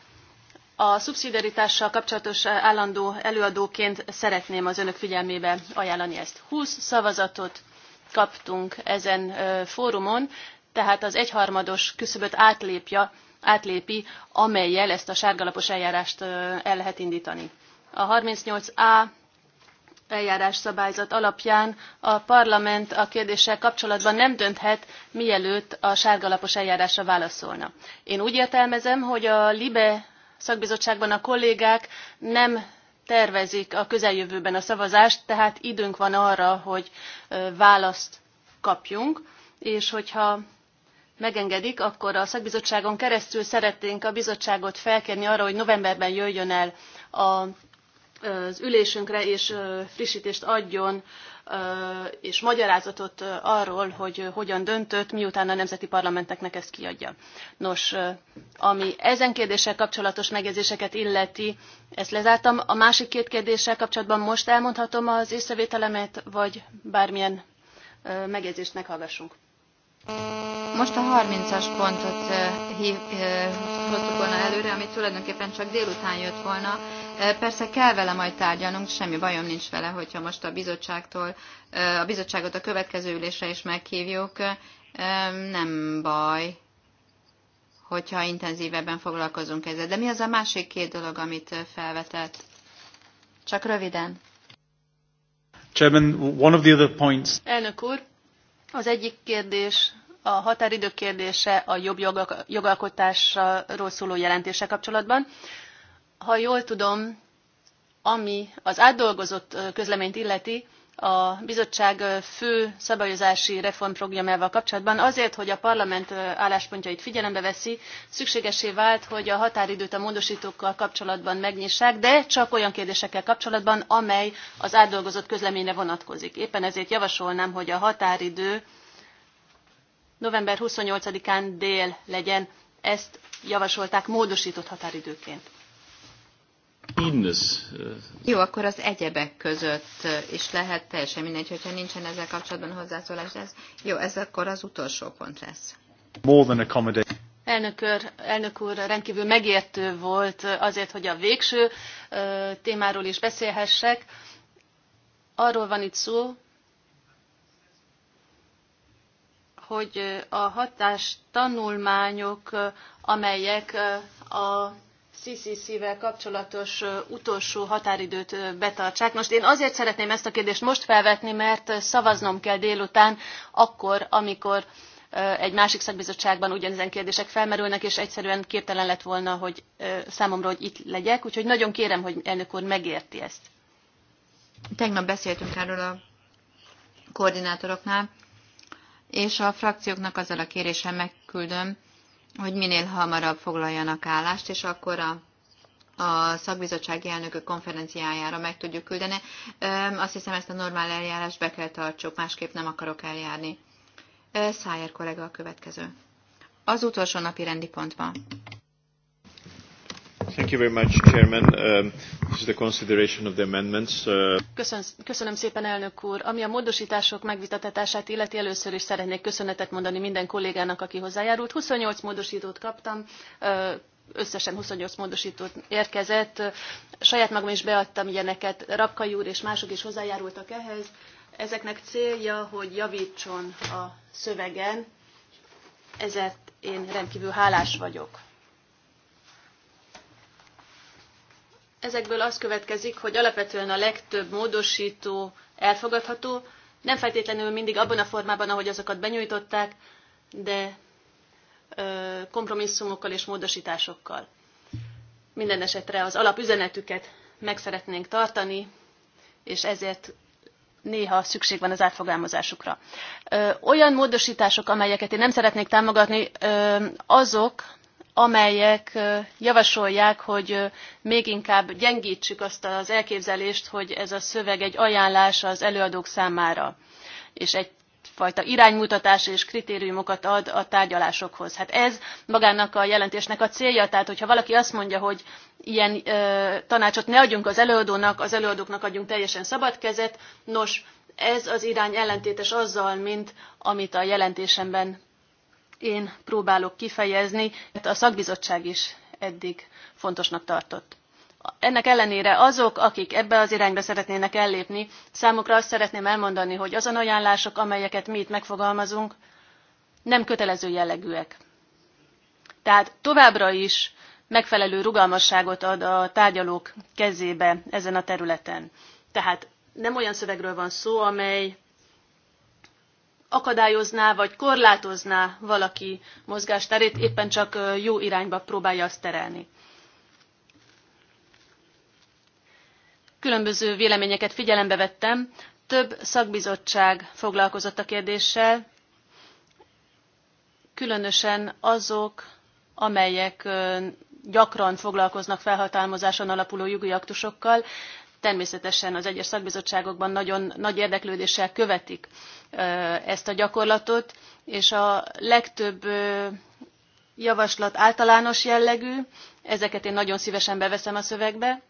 Speaker 4: A szubszidiaritással kapcsolatos állandó előadóként szeretném az önök figyelmébe ajánlani ezt. 20 szavazatot kaptunk ezen fórumon, tehát az egyharmados küszöböt átlépja, átlépi, amellyel ezt a sárgalapos eljárást el lehet indítani. A 38A eljárásszabályzat alapján a parlament a kérdéssel kapcsolatban nem dönthet, mielőtt a sárgalapos eljárásra válaszolna. Én úgy értelmezem, hogy a LIBE szakbizottságban a kollégák nem tervezik a közeljövőben a szavazást, tehát időnk van arra, hogy választ kapjunk, és hogyha megengedik, akkor a szakbizottságon keresztül szeretnénk a bizottságot felkérni arra, hogy novemberben jöjjön el a az ülésünkre, és frissítést adjon, és magyarázatot arról, hogy hogyan döntött, miután a nemzeti parlamenteknek ezt kiadja. Nos, ami ezen kérdéssel kapcsolatos megjegyzéseket illeti, ezt lezártam. A másik két kérdéssel kapcsolatban most elmondhatom az észrevételemet, vagy bármilyen
Speaker 1: megjegyzést meghallgassunk. Most a 30-as pontot hoztuk volna előre, ami tulajdonképpen csak délután jött volna. Persze kell vele majd tárgyalnunk, semmi bajom nincs vele, hogyha most a bizottságtól, a bizottságot a következő ülésre is meghívjuk. Nem baj, hogyha intenzívebben foglalkozunk ezzel. De mi az a másik két dolog, amit felvetett? Csak röviden.
Speaker 2: Chairman, one of the other points.
Speaker 4: Elnök úr, az egyik kérdés a határidő kérdése a jobb jogalkotásról szóló jelentése kapcsolatban. Ha jól tudom, ami az átdolgozott közleményt illeti, a bizottság fő szabályozási reformprogramjával kapcsolatban azért, hogy a parlament álláspontjait figyelembe veszi, szükségessé vált, hogy a határidőt a módostókkal kapcsolatban megnyissák, de csak olyan kérdésekkel kapcsolatban, amely az átdolgozott közleményre vonatkozik. Éppen ezért javasolnám, hogy a határidő november 28-án dél legyen,
Speaker 1: ezt javasolták módostott határidőként. Eh, jó, akkor az egyebek között eh, is lehet teljesen mindegy, hogyha nincsen ezzel kapcsolatban hozzászólás. Ez, jó, ez akkor az utolsó pont lesz.
Speaker 2: More than accommodation.
Speaker 4: Elnök úr, elnök úr rendkívül megértő volt eh, azért, hogy a végső témáról is beszélhessek. Arról van itt szó, hogy a hatás tanulmányok, amelyek a CCC-vel kapcsolatos utolsó határidőt betartsák. Most én azért szeretném ezt a kérdést most felvetni, mert szavaznom kell délután, akkor, amikor egy másik szakbizottságban ugyanezen kérdések felmerülnek, és egyszerűen képtelen lett volna, hogy számomra, hogy itt legyek. Úgyhogy nagyon kérem, hogy elnök úr
Speaker 1: megérti ezt. Tegnap beszéltünk erről a koordinátoroknál, és a frakcióknak azzal a kérésem megküldöm, hogy minél hamarabb foglaljanak állást, és akkor a a szakbizottsági elnökök konferenciájára meg tudjuk küldeni. Azt hiszem, ezt a normál eljárást be kell tartsuk, másképp nem akarok eljárni. Szájer kollega a következő. Az utolsó napi rendi pontban.
Speaker 2: Thank you very much, Chairman. Um, this is the consideration of the amendments. Uh...
Speaker 4: Köszön, köszönöm szépen, elnök úr. Ami a módosítások megvitatását illeti, először is szeretnék köszönetet mondani minden kollégának, aki hozzájárult. 28 módosítót kaptam. Uh, összesen 28 módosítót érkezett. Saját magam is beadtam ilyeneket, Rapkai úr és mások is hozzájárultak ehhez. Ezeknek célja, hogy javítson a szövegen, ezért én rendkívül hálás vagyok. ezekből az következik, hogy alapvetően a legtöbb módosító elfogadható, nem feltétlenül mindig abban a formában, ahogy azokat benyújtották, de kompromisszumokkal és módosításokkal. Minden esetre az alapüzenetüket meg szeretnénk tartani, és ezért néha szükség van az átfogalmazásukra. Olyan módosítások, amelyeket én nem szeretnék támogatni, azok, amelyek javasolják, hogy még inkább gyengítsük azt az elképzelést, hogy ez a szöveg egy ajánlás az előadók számára, és egy fajta iránymutatás és kritériumokat ad a tárgyalásokhoz. Hát ez magának a jelentésnek a célja, tehát hogyha valaki azt mondja, hogy ilyen ö, tanácsot ne adjunk az előadónak, az előadóknak adjunk teljesen szabad kezet, nos, ez az irány ellentétes azzal, mint amit a jelentésemben én próbálok kifejezni, a szakbizottság is eddig fontosnak tartott. Ennek ellenére azok, akik ebbe az irányba szeretnének ellépni, számukra azt szeretném elmondani, hogy azon ajánlások, amelyeket mi itt megfogalmazunk, nem kötelező jellegűek. Tehát továbbra is megfelelő rugalmasságot ad a tárgyalók kezébe ezen a területen. Tehát nem olyan szövegről van szó, amely akadályozná vagy korlátozná valaki mozgásterét, éppen csak jó irányba próbálja azt terelni. Különböző véleményeket figyelembe vettem, több szakbizottság foglalkozott a kérdéssel, különösen azok, amelyek gyakran foglalkoznak felhatalmazáson alapuló jogi aktusokkal, természetesen az egyes szakbizottságokban nagyon nagy érdeklődéssel követik ezt a gyakorlatot, és a legtöbb javaslat általános jellegű, ezeket én nagyon szívesen beveszem a szövegbe,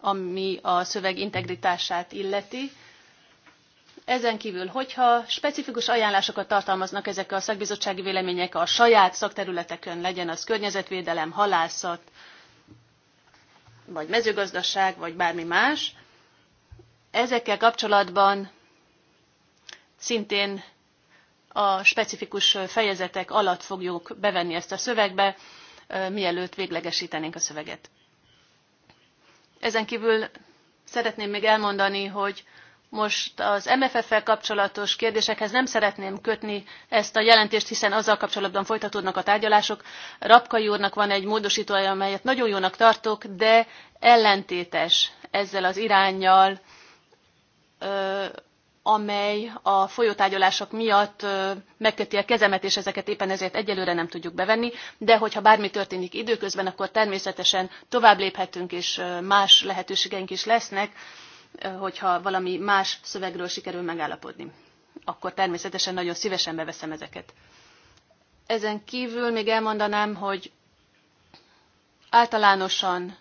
Speaker 4: ami a szöveg integritását illeti. Ezen kívül, hogyha specifikus ajánlásokat tartalmaznak ezek a szakbizottsági vélemények a saját szakterületekön, legyen az környezetvédelem, halászat, vagy mezőgazdaság, vagy bármi más. Ezekkel kapcsolatban szintén a specifikus fejezetek alatt fogjuk bevenni ezt a szövegbe, mielőtt véglegesítenénk a szöveget. Ezen kívül szeretném még elmondani, hogy most az MFF-fel kapcsolatos kérdésekhez nem szeretném kötni ezt a jelentést, hiszen azzal kapcsolatban folytatódnak a tárgyalások. Rapkai úrnak van egy módosítója, amelyet nagyon jónak tartok, de ellentétes ezzel az irányjal, amely a folyótárgyalások miatt megköti a kezemet, és ezeket éppen ezért egyelőre nem tudjuk bevenni, de hogyha bármi történik időközben, akkor természetesen tovább léphetünk, és más lehetőségeink is lesznek hogyha valami más szövegről sikerül megállapodni. Akkor természetesen nagyon szívesen beveszem ezeket. Ezen kívül még elmondanám, hogy általánosan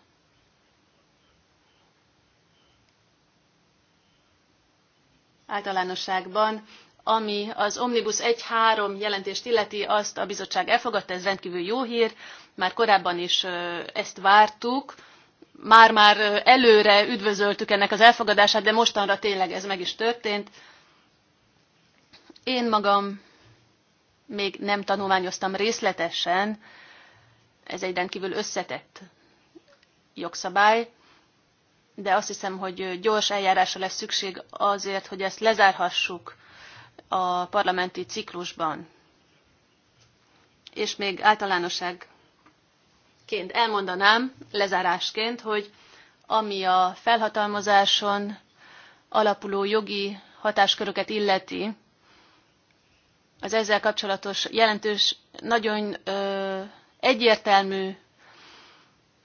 Speaker 4: általánosságban, ami az Omnibus 1.3 jelentést illeti, azt a bizottság elfogadta, ez rendkívül jó hír, már korábban is ezt vártuk, már-már előre üdvözöltük ennek az elfogadását, de mostanra tényleg ez meg is történt. Én magam még nem tanulmányoztam részletesen, ez egy rendkívül összetett jogszabály, de azt hiszem, hogy gyors eljárásra lesz szükség azért, hogy ezt lezárhassuk a parlamenti ciklusban. És még általánosság ként elmondanám lezárásként, hogy ami a felhatalmazáson alapuló jogi hatásköröket illeti, az ezzel kapcsolatos jelentős, nagyon ö, egyértelmű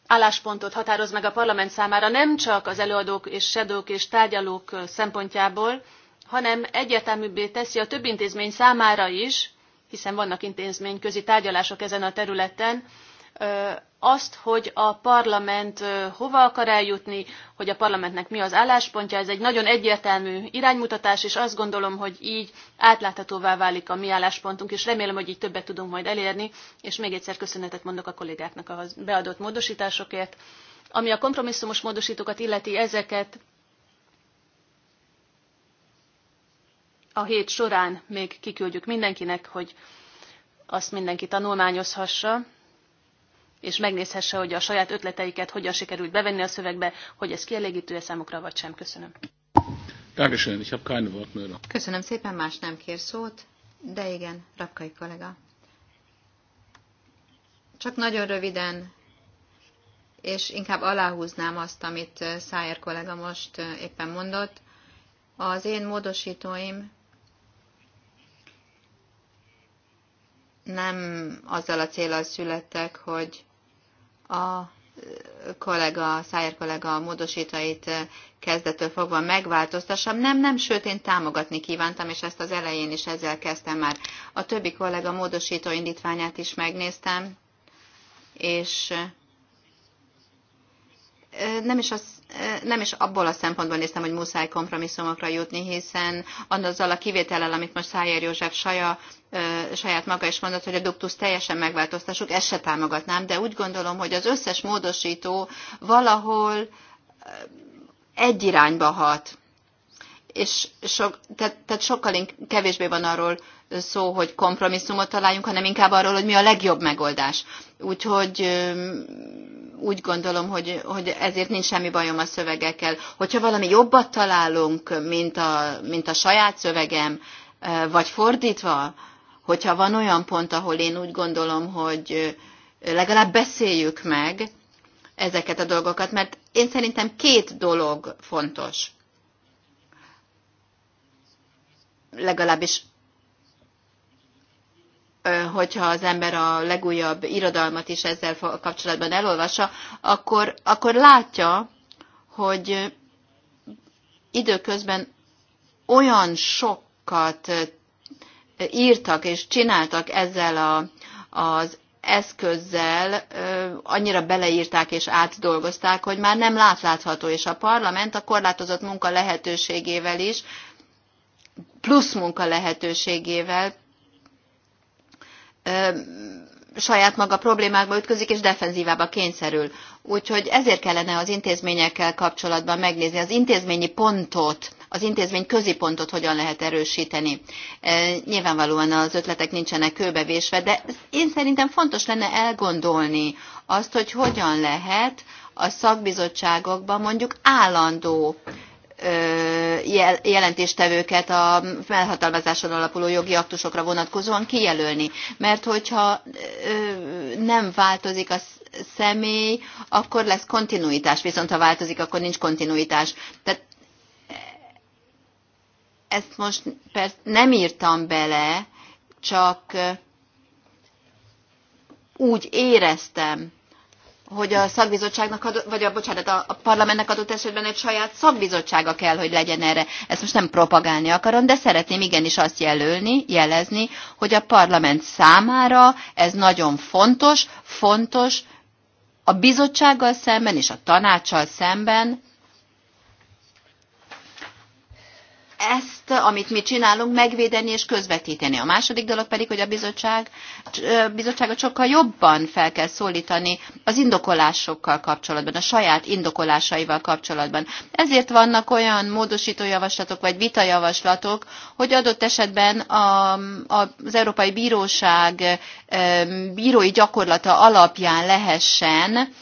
Speaker 4: álláspontot határoz meg a parlament számára nem csak az előadók és sedók és tárgyalók szempontjából, hanem egyértelműbbé teszi a több intézmény számára is, hiszen vannak intézményközi tárgyalások ezen a területen, azt, hogy a parlament hova akar eljutni, hogy a parlamentnek mi az álláspontja. Ez egy nagyon egyértelmű iránymutatás, és azt gondolom, hogy így átláthatóvá válik a mi álláspontunk, és remélem, hogy így többet tudunk majd elérni, és még egyszer köszönetet mondok a kollégáknak a beadott módosításokért. Ami a kompromisszumos módosítókat illeti ezeket, a hét során még kiküldjük mindenkinek, hogy azt mindenki tanulmányozhassa, és megnézhesse, hogy a saját ötleteiket hogyan sikerült
Speaker 1: bevenni a szövegbe, hogy ez kielégítő-e számukra, vagy sem. Köszönöm.
Speaker 2: Dankeschön, ich habe keine Wortmeldung.
Speaker 1: Köszönöm szépen, más nem kér szót, de igen, Rapkai kollega. Csak nagyon röviden, és inkább aláhúznám azt, amit eh, Szájer kollega most eh, éppen mondott. Az én módosítóim nem azzal a célral születtek, hogy a kollega, Szájer kollega a módosítóit kezdettől fogva megváltoztassam. Nem, nem, sőt én támogatni kívántam, és ezt az elején is ezzel kezdtem már. A többi kollega módosító indítványát is megnéztem, és nem is az nem is abból a szempontból néztem, hogy muszáj kompromisszumokra jutni, hiszen azzal a kivétellel, amit most Szájer József saja, saját maga is mondott, hogy a duktus teljesen megváltoztassuk, ezt se támogatnám, de úgy gondolom, hogy az összes módosító valahol egy irányba hat. És sok, tehát, tehát sokkal kevésbé van arról szó, hogy kompromisszumot találjunk, hanem inkább arról, hogy mi a legjobb megoldás. Úgyhogy úgy gondolom, hogy, hogy ezért nincs semmi bajom a szövegekkel. Hogyha valami jobbat találunk, mint a, mint a saját szövegem, vagy fordítva, hogyha van olyan pont, ahol én úgy gondolom, hogy legalább beszéljük meg ezeket a dolgokat, mert én szerintem két dolog fontos. Legalábbis hogyha az ember a legújabb irodalmat is ezzel kapcsolatban elolvassa, akkor, akkor látja, hogy időközben olyan sokat írtak és csináltak ezzel a, az eszközzel annyira beleírták és átdolgozták, hogy már nem látlátható, és a parlament a korlátozott munka lehetőségével is, plusz munka lehetőségével saját maga problémákba ütközik, és defenzívába kényszerül. Úgyhogy ezért kellene az intézményekkel kapcsolatban megnézni az intézményi pontot, az intézmény középontot, hogyan lehet erősíteni. Nyilvánvalóan az ötletek nincsenek kőbevésve, de én szerintem fontos lenne elgondolni azt, hogy hogyan lehet a szakbizottságokban mondjuk állandó jelentéstevőket a felhatalmazáson alapuló jogi aktusokra vonatkozóan kijelölni. Mert hogyha nem változik a személy, akkor lesz kontinuitás, viszont ha változik, akkor nincs kontinuitás. Tehát ezt most persze nem írtam bele, csak úgy éreztem, hogy a szakbizottságnak, adott, vagy a, bocsánat, a parlamentnek adott esetben egy saját szakbizottsága kell, hogy legyen erre. Ezt most nem propagálni akarom, de szeretném igenis azt jelölni, jelezni, hogy a parlament számára ez nagyon fontos, fontos a bizottsággal szemben és a tanácssal szemben, ezt, amit mi csinálunk, megvédeni és közvetíteni. A második dolog pedig, hogy a bizottság, bizottságot sokkal jobban fel kell szólítani az indokolásokkal kapcsolatban, a saját indokolásaival kapcsolatban. Ezért vannak olyan módosító javaslatok vagy vitajavaslatok, hogy adott esetben a, a, az Európai Bíróság bírói gyakorlata alapján lehessen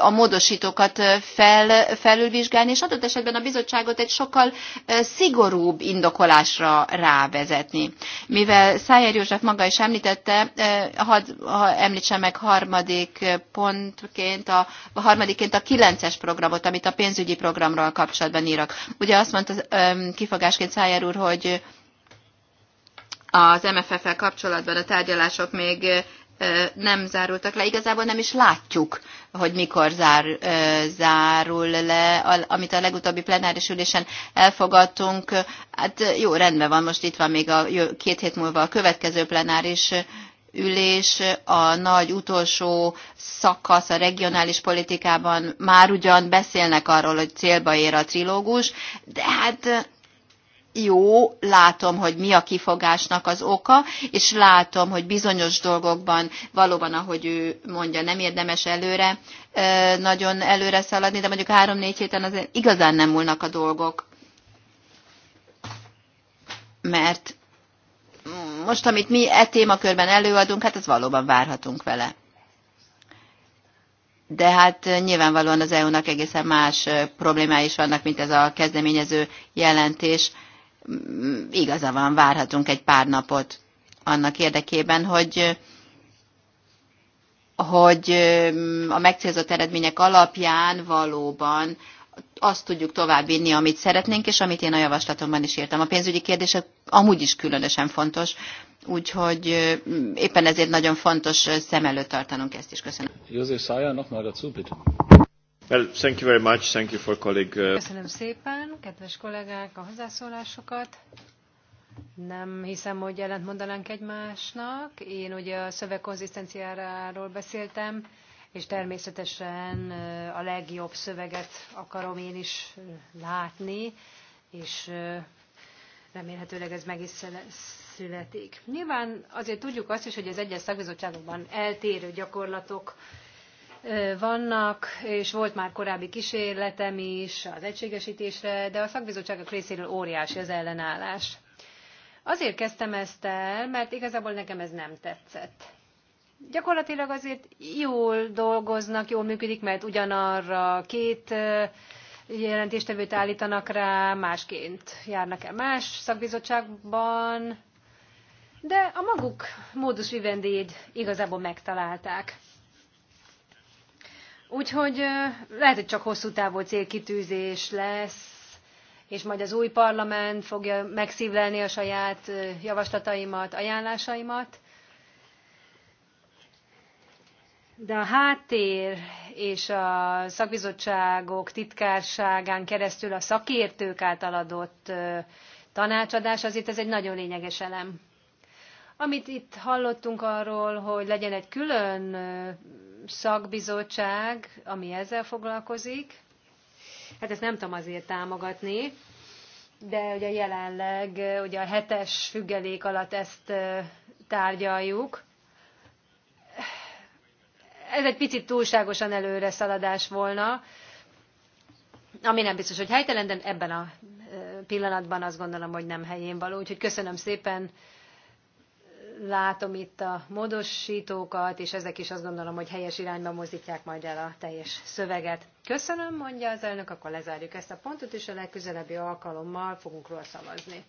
Speaker 1: a módosítókat fel, felülvizsgálni, és adott esetben a bizottságot egy sokkal szigorúbb indokolásra rávezetni. Mivel Szájer József maga is említette, hadd ha említsem meg harmadik pontként, a, a harmadiként a kilences programot, amit a pénzügyi programról kapcsolatban írok. Ugye azt mondta kifogásként Szájer úr, hogy az mff el kapcsolatban a tárgyalások még nem zárultak le. Igazából nem is látjuk, hogy mikor zár, zárul le, amit a legutóbbi plenáris ülésen elfogadtunk. Hát jó, rendben van, most itt van még a két hét múlva a következő plenáris ülés, a nagy utolsó szakasz a regionális politikában már ugyan beszélnek arról, hogy célba ér a trilógus, de hát jó, látom, hogy mi a kifogásnak az oka, és látom, hogy bizonyos dolgokban valóban, ahogy ő mondja, nem érdemes előre nagyon előre szaladni, de mondjuk három-négy héten azért igazán nem múlnak a dolgok. Mert most, amit mi e témakörben előadunk, hát ez valóban várhatunk vele. De hát nyilvánvalóan az EU-nak egészen más problémái is vannak, mint ez a kezdeményező jelentés. Mm, igaza van, várhatunk egy pár napot annak érdekében, hogy hogy mm, a megcélzott eredmények alapján valóban azt tudjuk továbbvinni, amit szeretnénk, és amit én a javaslatomban is írtam. A pénzügyi kérdések amúgy is különösen fontos, úgyhogy mm, éppen ezért nagyon fontos szem előtt tartanunk ezt is. Köszönöm. József Uh, Köszönöm
Speaker 3: szépen, kedves kollégák, a hozzászólásokat. Nem hiszem, hogy ellent mondanánk egymásnak. Én ugye a szöveg konzisztenciáról beszéltem, és természetesen uh, a legjobb szöveget akarom én is uh, látni, és remélhetőleg ez meg is születik. Nyilván azért tudjuk azt is, hogy az egyes szakbizottságokban eltérő gyakorlatok vannak, és volt már korábbi kísérletem is az egységesítésre, de a szakbizottságok részéről óriási az ellenállás. Azért kezdtem ezt el, mert igazából nekem ez nem tetszett. Gyakorlatilag azért jól dolgoznak, jól működik, mert ugyanarra két jelentéstevőt állítanak rá, másként járnak el más szakbizottságban, de a maguk módus vivendéjét igazából megtalálták. Úgyhogy lehet, hogy csak hosszú távú célkitűzés lesz, és majd az új parlament fogja megszívlelni a saját javaslataimat, ajánlásaimat. De a háttér és a szakbizottságok titkárságán keresztül a szakértők által adott tanácsadás, azért ez egy nagyon lényeges elem. Amit itt hallottunk arról, hogy legyen egy külön szakbizottság, ami ezzel foglalkozik, hát ezt nem tudom azért támogatni, de ugye jelenleg ugye a hetes függelék alatt ezt tárgyaljuk. Ez egy picit túlságosan előre szaladás volna, ami nem biztos, hogy helytelen, de ebben a pillanatban azt gondolom, hogy nem helyén való. Úgyhogy köszönöm szépen látom itt a módosítókat, és ezek is azt gondolom, hogy helyes irányba mozdítják majd el a teljes szöveget. Köszönöm, mondja az elnök, akkor lezárjuk ezt a pontot, és a legközelebbi alkalommal fogunk róla szavazni.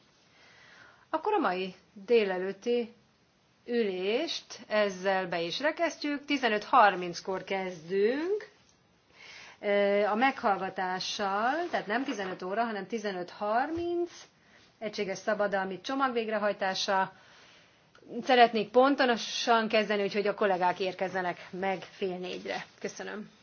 Speaker 3: Akkor a mai délelőtti ülést ezzel be is rekesztjük. 15.30-kor kezdünk a meghallgatással, tehát nem 15 óra, hanem 15.30, egységes szabadalmi csomag végrehajtása, szeretnék pontosan kezdeni, úgyhogy a kollégák érkezzenek meg fél négyre. Köszönöm.